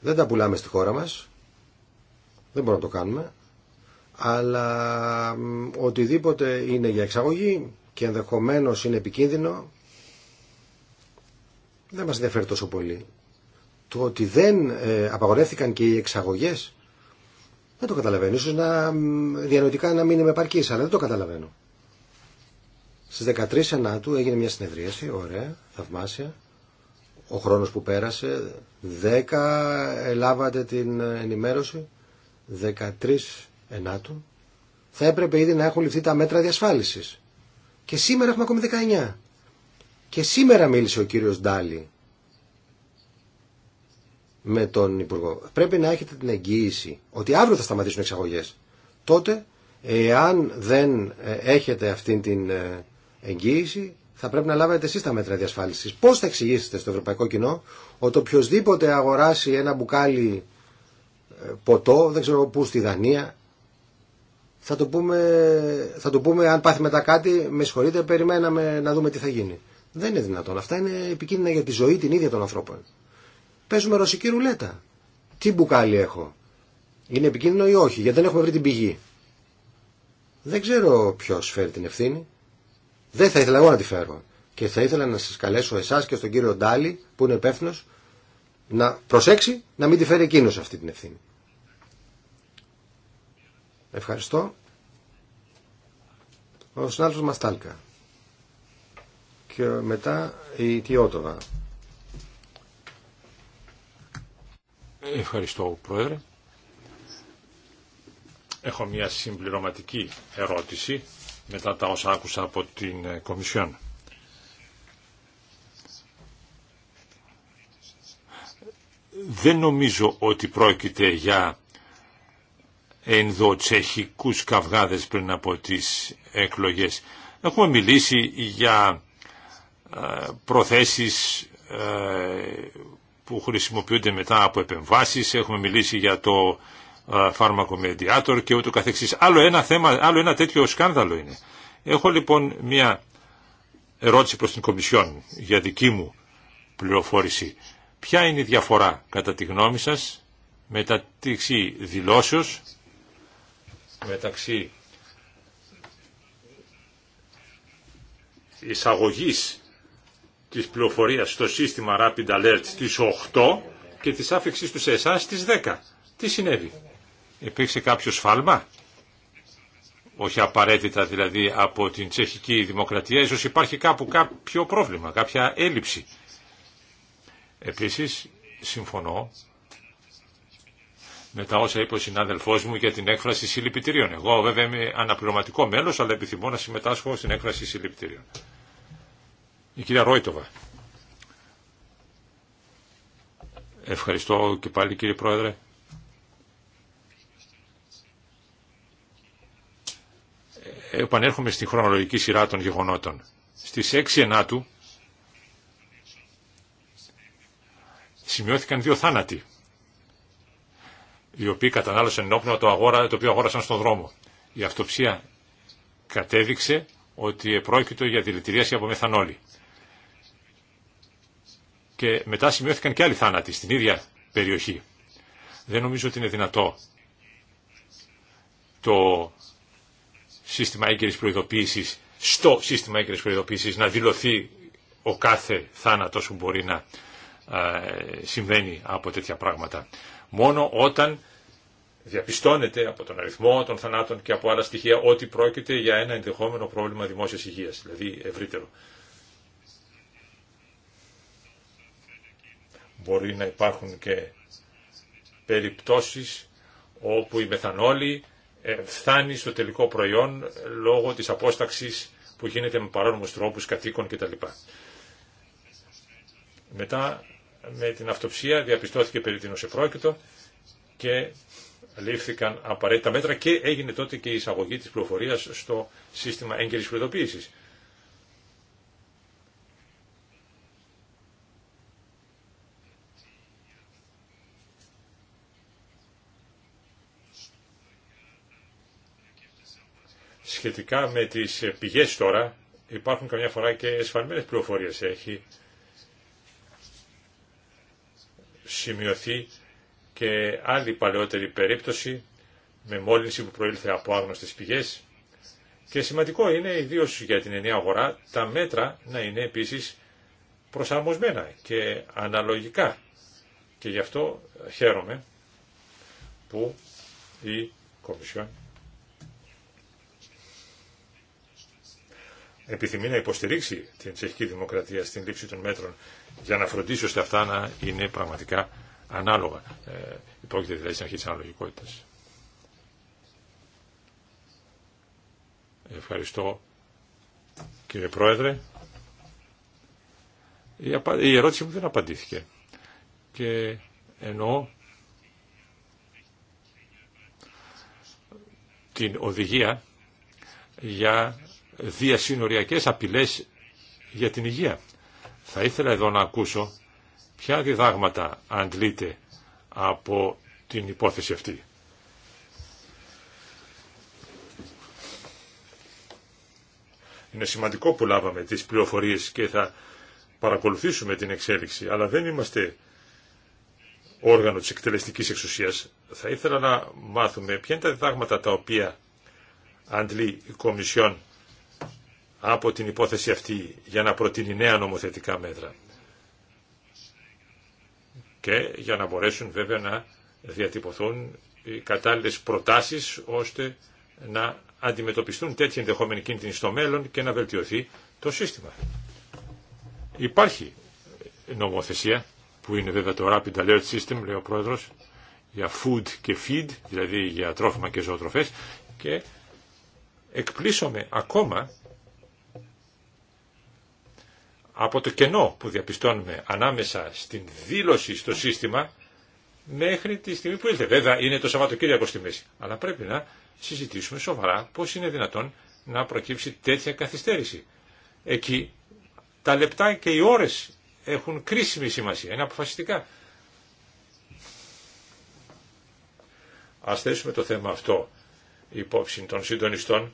Δεν τα πουλάμε στη χώρα μας, δεν μπορούμε να το κάνουμε, αλλά οτιδήποτε είναι για εξαγωγή και ενδεχομένως είναι επικίνδυνο, δεν μας ενδιαφέρει τόσο πολύ. Το ότι δεν ε, απαγορεύτηκαν και οι εξαγωγές δεν το καταλαβαίνω. Ίσως να, διανοητικά να μην είμαι επαρκή, αλλά δεν το καταλαβαίνω. Στις 13 ενάτου έγινε μια συνεδρίαση, ωραία, θαυμάσια. Ο χρόνος που πέρασε, 10 ελάβατε την ενημέρωση, 13 Ενάτου. Θα έπρεπε ήδη να έχουν ληφθεί τα μέτρα διασφάλισης. Και σήμερα έχουμε ακόμη 19. Και σήμερα μίλησε ο κύριος Ντάλι με τον Υπουργό. Πρέπει να έχετε την εγγύηση ότι αύριο θα σταματήσουν οι εξαγωγές. Τότε, εάν δεν ε, έχετε αυτή την ε, εγγύηση, θα πρέπει να λάβετε εσεί τα μέτρα διασφάλισης. Πώς θα εξηγήσετε στο ευρωπαϊκό κοινό ότι οποιοδήποτε αγοράσει ένα μπουκάλι ε, ποτό, δεν ξέρω πού, στη Δανία, θα του πούμε, θα το πούμε αν πάθει μετά κάτι, με συγχωρείτε, περιμέναμε να δούμε τι θα γίνει. Δεν είναι δυνατόν. Αυτά είναι επικίνδυνα για τη ζωή την ίδια των ανθρώπων. Παίζουμε ρωσική ρουλέτα. Τι μπουκάλι έχω. Είναι επικίνδυνο ή όχι, γιατί δεν έχουμε βρει την πηγή. Δεν ξέρω ποιο φέρει την ευθύνη. Δεν θα ήθελα εγώ να τη φέρω. Και θα ήθελα να σα καλέσω εσά και στον κύριο Ντάλι, που είναι υπεύθυνο, να προσέξει να μην τη φέρει εκείνο αυτή την ευθύνη. Ευχαριστώ. Ο συνάδελφος Μαστάλκα. Και μετά η Τιότοβα. Ευχαριστώ, Πρόεδρε. Έχω μια συμπληρωματική ερώτηση μετά τα όσα άκουσα από την ε, Κομισιόν. Δεν νομίζω ότι πρόκειται για ενδοτσεχικούς καυγάδες πριν από τις εκλογές. Έχουμε μιλήσει για ε, προθέσεις ε, που χρησιμοποιούνται μετά από επεμβάσεις, έχουμε μιλήσει για το φάρμακο Mediator και ούτω καθεξής. Άλλο ένα, θέμα, άλλο ένα τέτοιο σκάνδαλο είναι. Έχω λοιπόν μια ερώτηση προς την Κομισιόν για δική μου πληροφόρηση. Ποια είναι η διαφορά κατά τη γνώμη σας μεταξύ δηλώσεως, μεταξύ εισαγωγής της πληροφορίας στο σύστημα Rapid Alert στις 8 και της άφηξής του σε εσά στις 10. Τι συνέβη. Υπήρξε κάποιο σφάλμα. Όχι απαραίτητα δηλαδή από την τσεχική δημοκρατία. Ίσως υπάρχει κάπου κάποιο πρόβλημα, κάποια έλλειψη. Επίσης, συμφωνώ με τα όσα είπε ο συνάδελφό μου για την έκφραση συλληπιτηρίων. Εγώ βέβαια είμαι αναπληρωματικό μέλο, αλλά επιθυμώ να συμμετάσχω στην έκφραση συλληπιτηρίων. Η κυρία Ρόιτοβα. Ευχαριστώ και πάλι κύριε Πρόεδρε. Επανέρχομαι στη χρονολογική σειρά των γεγονότων. Στις 6 Ενάτου σημειώθηκαν δύο θάνατοι, οι οποίοι κατανάλωσαν ενόπνευμα το, αγόρα, το οποίο αγόρασαν στον δρόμο. Η αυτοψία κατέδειξε ότι επρόκειτο για δηλητηρίαση από μεθανόλη και μετά σημειώθηκαν και άλλοι θάνατοι στην ίδια περιοχή. Δεν νομίζω ότι είναι δυνατό το σύστημα έγκαιρης προειδοποίησης, στο σύστημα έγκαιρης προειδοποίησης να δηλωθεί ο κάθε θάνατος που μπορεί να ε, συμβαίνει από τέτοια πράγματα. Μόνο όταν διαπιστώνεται από τον αριθμό των θανάτων και από άλλα στοιχεία ότι πρόκειται για ένα ενδεχόμενο πρόβλημα δημόσιας υγείας, δηλαδή ευρύτερο. Μπορεί να υπάρχουν και περιπτώσεις όπου η μεθανόλη ε, φτάνει στο τελικό προϊόν λόγω της απόσταξης που γίνεται με παράνομους τρόπους κατοίκων κτλ. Μετά με την αυτοψία διαπιστώθηκε περί τίνος επρόκειτο και λήφθηκαν απαραίτητα μέτρα και έγινε τότε και η εισαγωγή της πληροφορίας στο σύστημα έγκαιρης προειδοποίησης. Σχετικά με τις πηγές τώρα, υπάρχουν καμιά φορά και εσφαλμένες πληροφορίες. Έχει σημειωθεί και άλλη παλαιότερη περίπτωση με μόλυνση που προήλθε από άγνωστες πηγές. Και σημαντικό είναι, ιδίω για την ενιαία αγορά, τα μέτρα να είναι επίσης προσαρμοσμένα και αναλογικά. Και γι' αυτό χαίρομαι που η Κομισιόν επιθυμεί να υποστηρίξει την τσεχική δημοκρατία στην λήψη των μέτρων για να φροντίσει ώστε αυτά να είναι πραγματικά ανάλογα. Ε, υπόκειται δηλαδή στην αρχή της αναλογικότητας. Ευχαριστώ κύριε Πρόεδρε. Η, η ερώτηση μου δεν απαντήθηκε. Και εννοώ την οδηγία για διασυνοριακές απειλές για την υγεία. Θα ήθελα εδώ να ακούσω ποια διδάγματα αντλείται από την υπόθεση αυτή. Είναι σημαντικό που λάβαμε τις πληροφορίες και θα παρακολουθήσουμε την εξέλιξη, αλλά δεν είμαστε όργανο της εκτελεστικής εξουσίας. Θα ήθελα να μάθουμε ποια είναι τα διδάγματα τα οποία αντλεί η Κομισιόν από την υπόθεση αυτή για να προτείνει νέα νομοθετικά μέτρα και για να μπορέσουν βέβαια να διατυπωθούν οι κατάλληλες προτάσεις ώστε να αντιμετωπιστούν τέτοιοι ενδεχόμενοι κίνδυνοι στο μέλλον και να βελτιωθεί το σύστημα. Υπάρχει νομοθεσία που είναι βέβαια το Rapid Alert System, λέει ο πρόεδρος, για food και feed, δηλαδή για τρόφιμα και ζωοτροφές και εκπλήσωμε ακόμα από το κενό που διαπιστώνουμε ανάμεσα στην δήλωση στο σύστημα μέχρι τη στιγμή που ήλθε. Βέβαια είναι το Σαββατοκύριακο στη μέση. Αλλά πρέπει να συζητήσουμε σοβαρά πώς είναι δυνατόν να προκύψει τέτοια καθυστέρηση. Εκεί τα λεπτά και οι ώρες έχουν κρίσιμη σημασία, είναι αποφασιστικά. Ας θέσουμε το θέμα αυτό υπόψη των συντονιστών,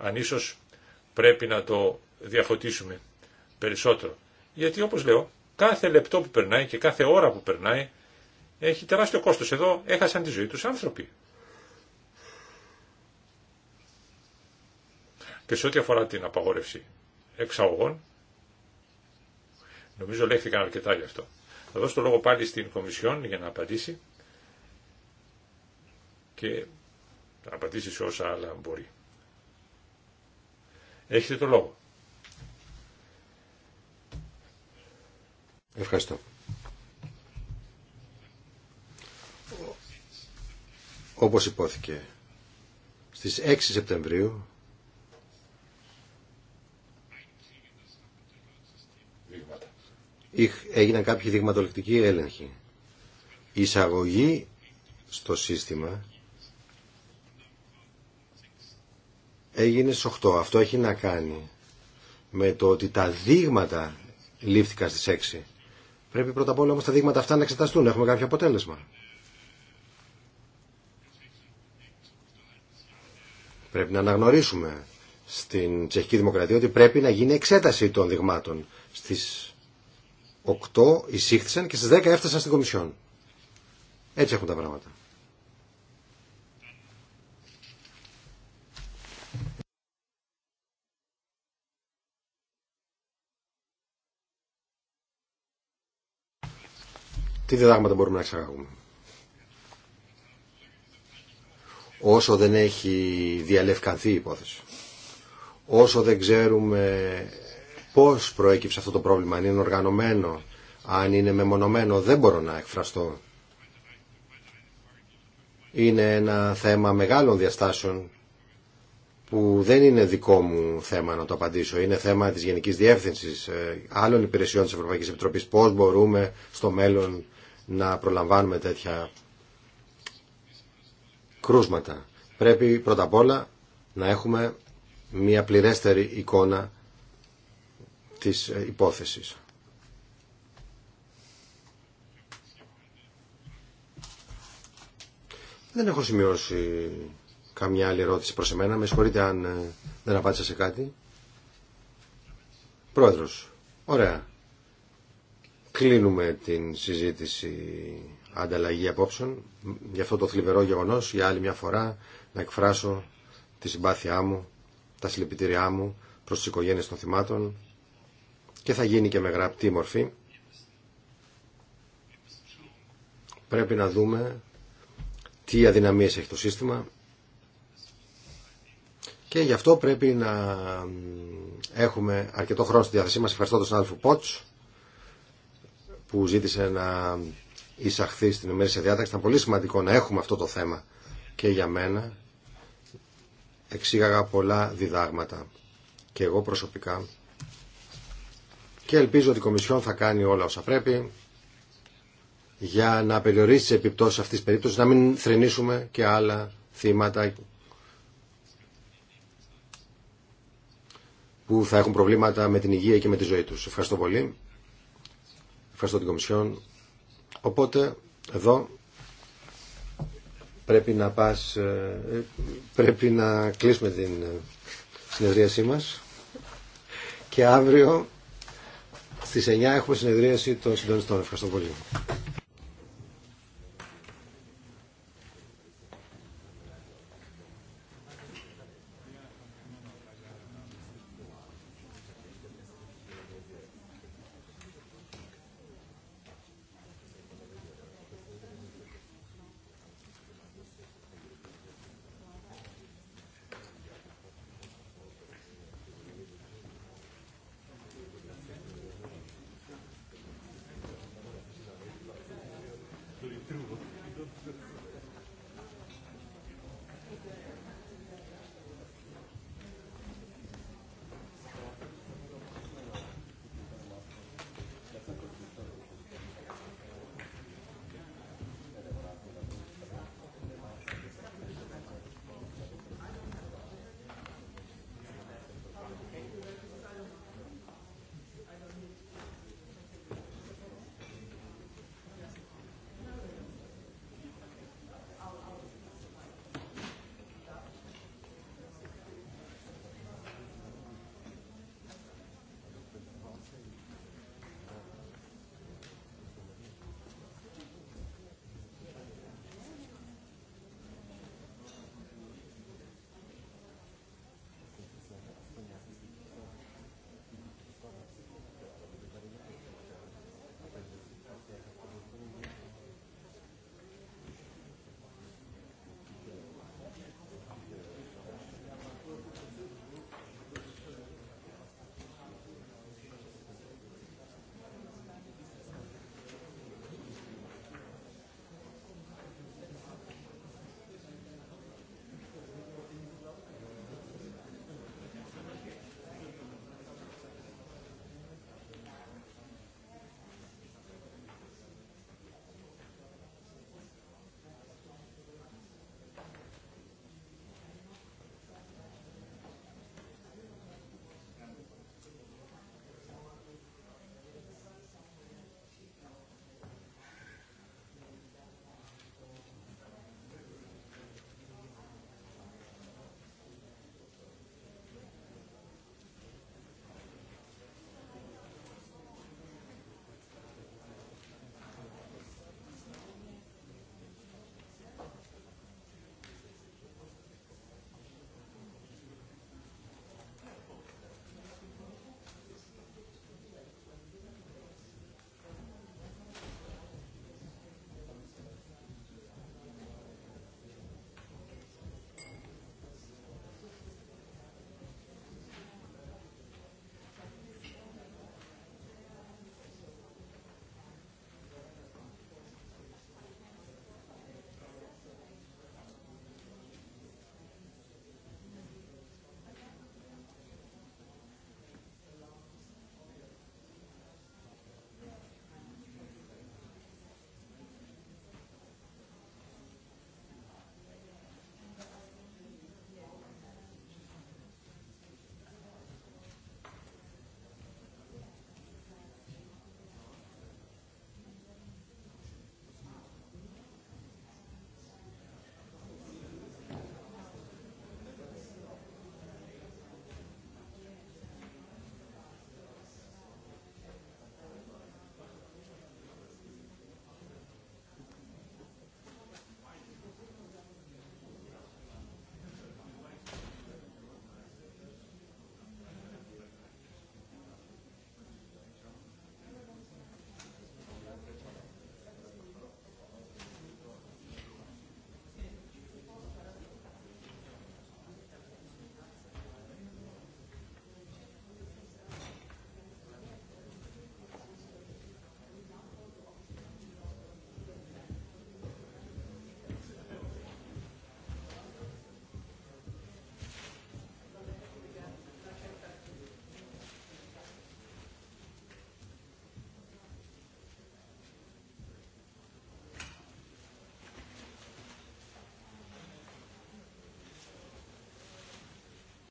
αν ίσως πρέπει να το διαφωτίσουμε περισσότερο. Γιατί όπως λέω, κάθε λεπτό που περνάει και κάθε ώρα που περνάει έχει τεράστιο κόστος. Εδώ έχασαν τη ζωή τους άνθρωποι. Και σε ό,τι αφορά την απαγόρευση εξαγωγών, νομίζω λέχθηκαν αρκετά γι' αυτό. Θα δώσω το λόγο πάλι στην Κομισιόν για να απαντήσει και να απαντήσει σε όσα άλλα μπορεί. Έχετε το λόγο. Ευχαριστώ. Όπως υπόθηκε, στις 6 Σεπτεμβρίου έγιναν κάποιοι δειγματοληκτικοί έλεγχοι. Η εισαγωγή στο σύστημα έγινε στις 8. Αυτό έχει να κάνει με το ότι τα δείγματα λήφθηκαν στις 6. Πρέπει πρώτα απ' όλα όμως τα δείγματα αυτά να εξεταστούν, να έχουμε κάποιο αποτέλεσμα. Πρέπει να αναγνωρίσουμε στην Τσεχική Δημοκρατία ότι πρέπει να γίνει εξέταση των δειγμάτων. Στις 8 εισήχθησαν και στις 10 έφτασαν στην Κομισιόν. Έτσι έχουν τα πράγματα. τι διδάγματα μπορούμε να εξαγάγουμε. Όσο δεν έχει διαλευκανθεί η υπόθεση, όσο δεν ξέρουμε πώς προέκυψε αυτό το πρόβλημα, αν είναι οργανωμένο, αν είναι μεμονωμένο, δεν μπορώ να εκφραστώ. Είναι ένα θέμα μεγάλων διαστάσεων που δεν είναι δικό μου θέμα να το απαντήσω. Είναι θέμα της Γενικής Διεύθυνσης ε, άλλων υπηρεσιών της Ευρωπαϊκής Επιτροπής. Πώς μπορούμε στο μέλλον να προλαμβάνουμε τέτοια κρούσματα. Πρέπει πρώτα απ' όλα να έχουμε μια πληρέστερη εικόνα της ε, υπόθεσης. Δεν έχω σημειώσει καμιά άλλη ερώτηση προς εμένα. Με συγχωρείτε αν ε, δεν απάντησα σε κάτι. Πρόεδρος. Ωραία. Κλείνουμε την συζήτηση ανταλλαγή απόψεων για αυτό το θλιβερό γεγονός για άλλη μια φορά να εκφράσω τη συμπάθειά μου, τα συλληπιτήριά μου προς τις οικογένειες των θυμάτων και θα γίνει και με γραπτή μορφή. Πρέπει να δούμε τι αδυναμίες έχει το σύστημα και γι' αυτό πρέπει να έχουμε αρκετό χρόνο στη διάθεσή μας. Ευχαριστώ τον συνάδελφο Πότς που ζήτησε να εισαχθεί στην ημέρηση διάταξη. Ήταν πολύ σημαντικό να έχουμε αυτό το θέμα και για μένα. Εξήγαγα πολλά διδάγματα και εγώ προσωπικά και ελπίζω ότι η Κομισιόν θα κάνει όλα όσα πρέπει για να περιορίσει τι επιπτώσεις αυτής της περίπτωσης, να μην θρυνήσουμε και άλλα θύματα που θα έχουν προβλήματα με την υγεία και με τη ζωή τους. Ευχαριστώ πολύ. Ευχαριστώ την Κομισιόν. Οπότε εδώ πρέπει να πας, ε, πρέπει να κλείσουμε την ε, συνεδρίασή μας και αύριο στις 9 έχουμε συνεδρίαση των συντονιστών. Ευχαριστώ πολύ.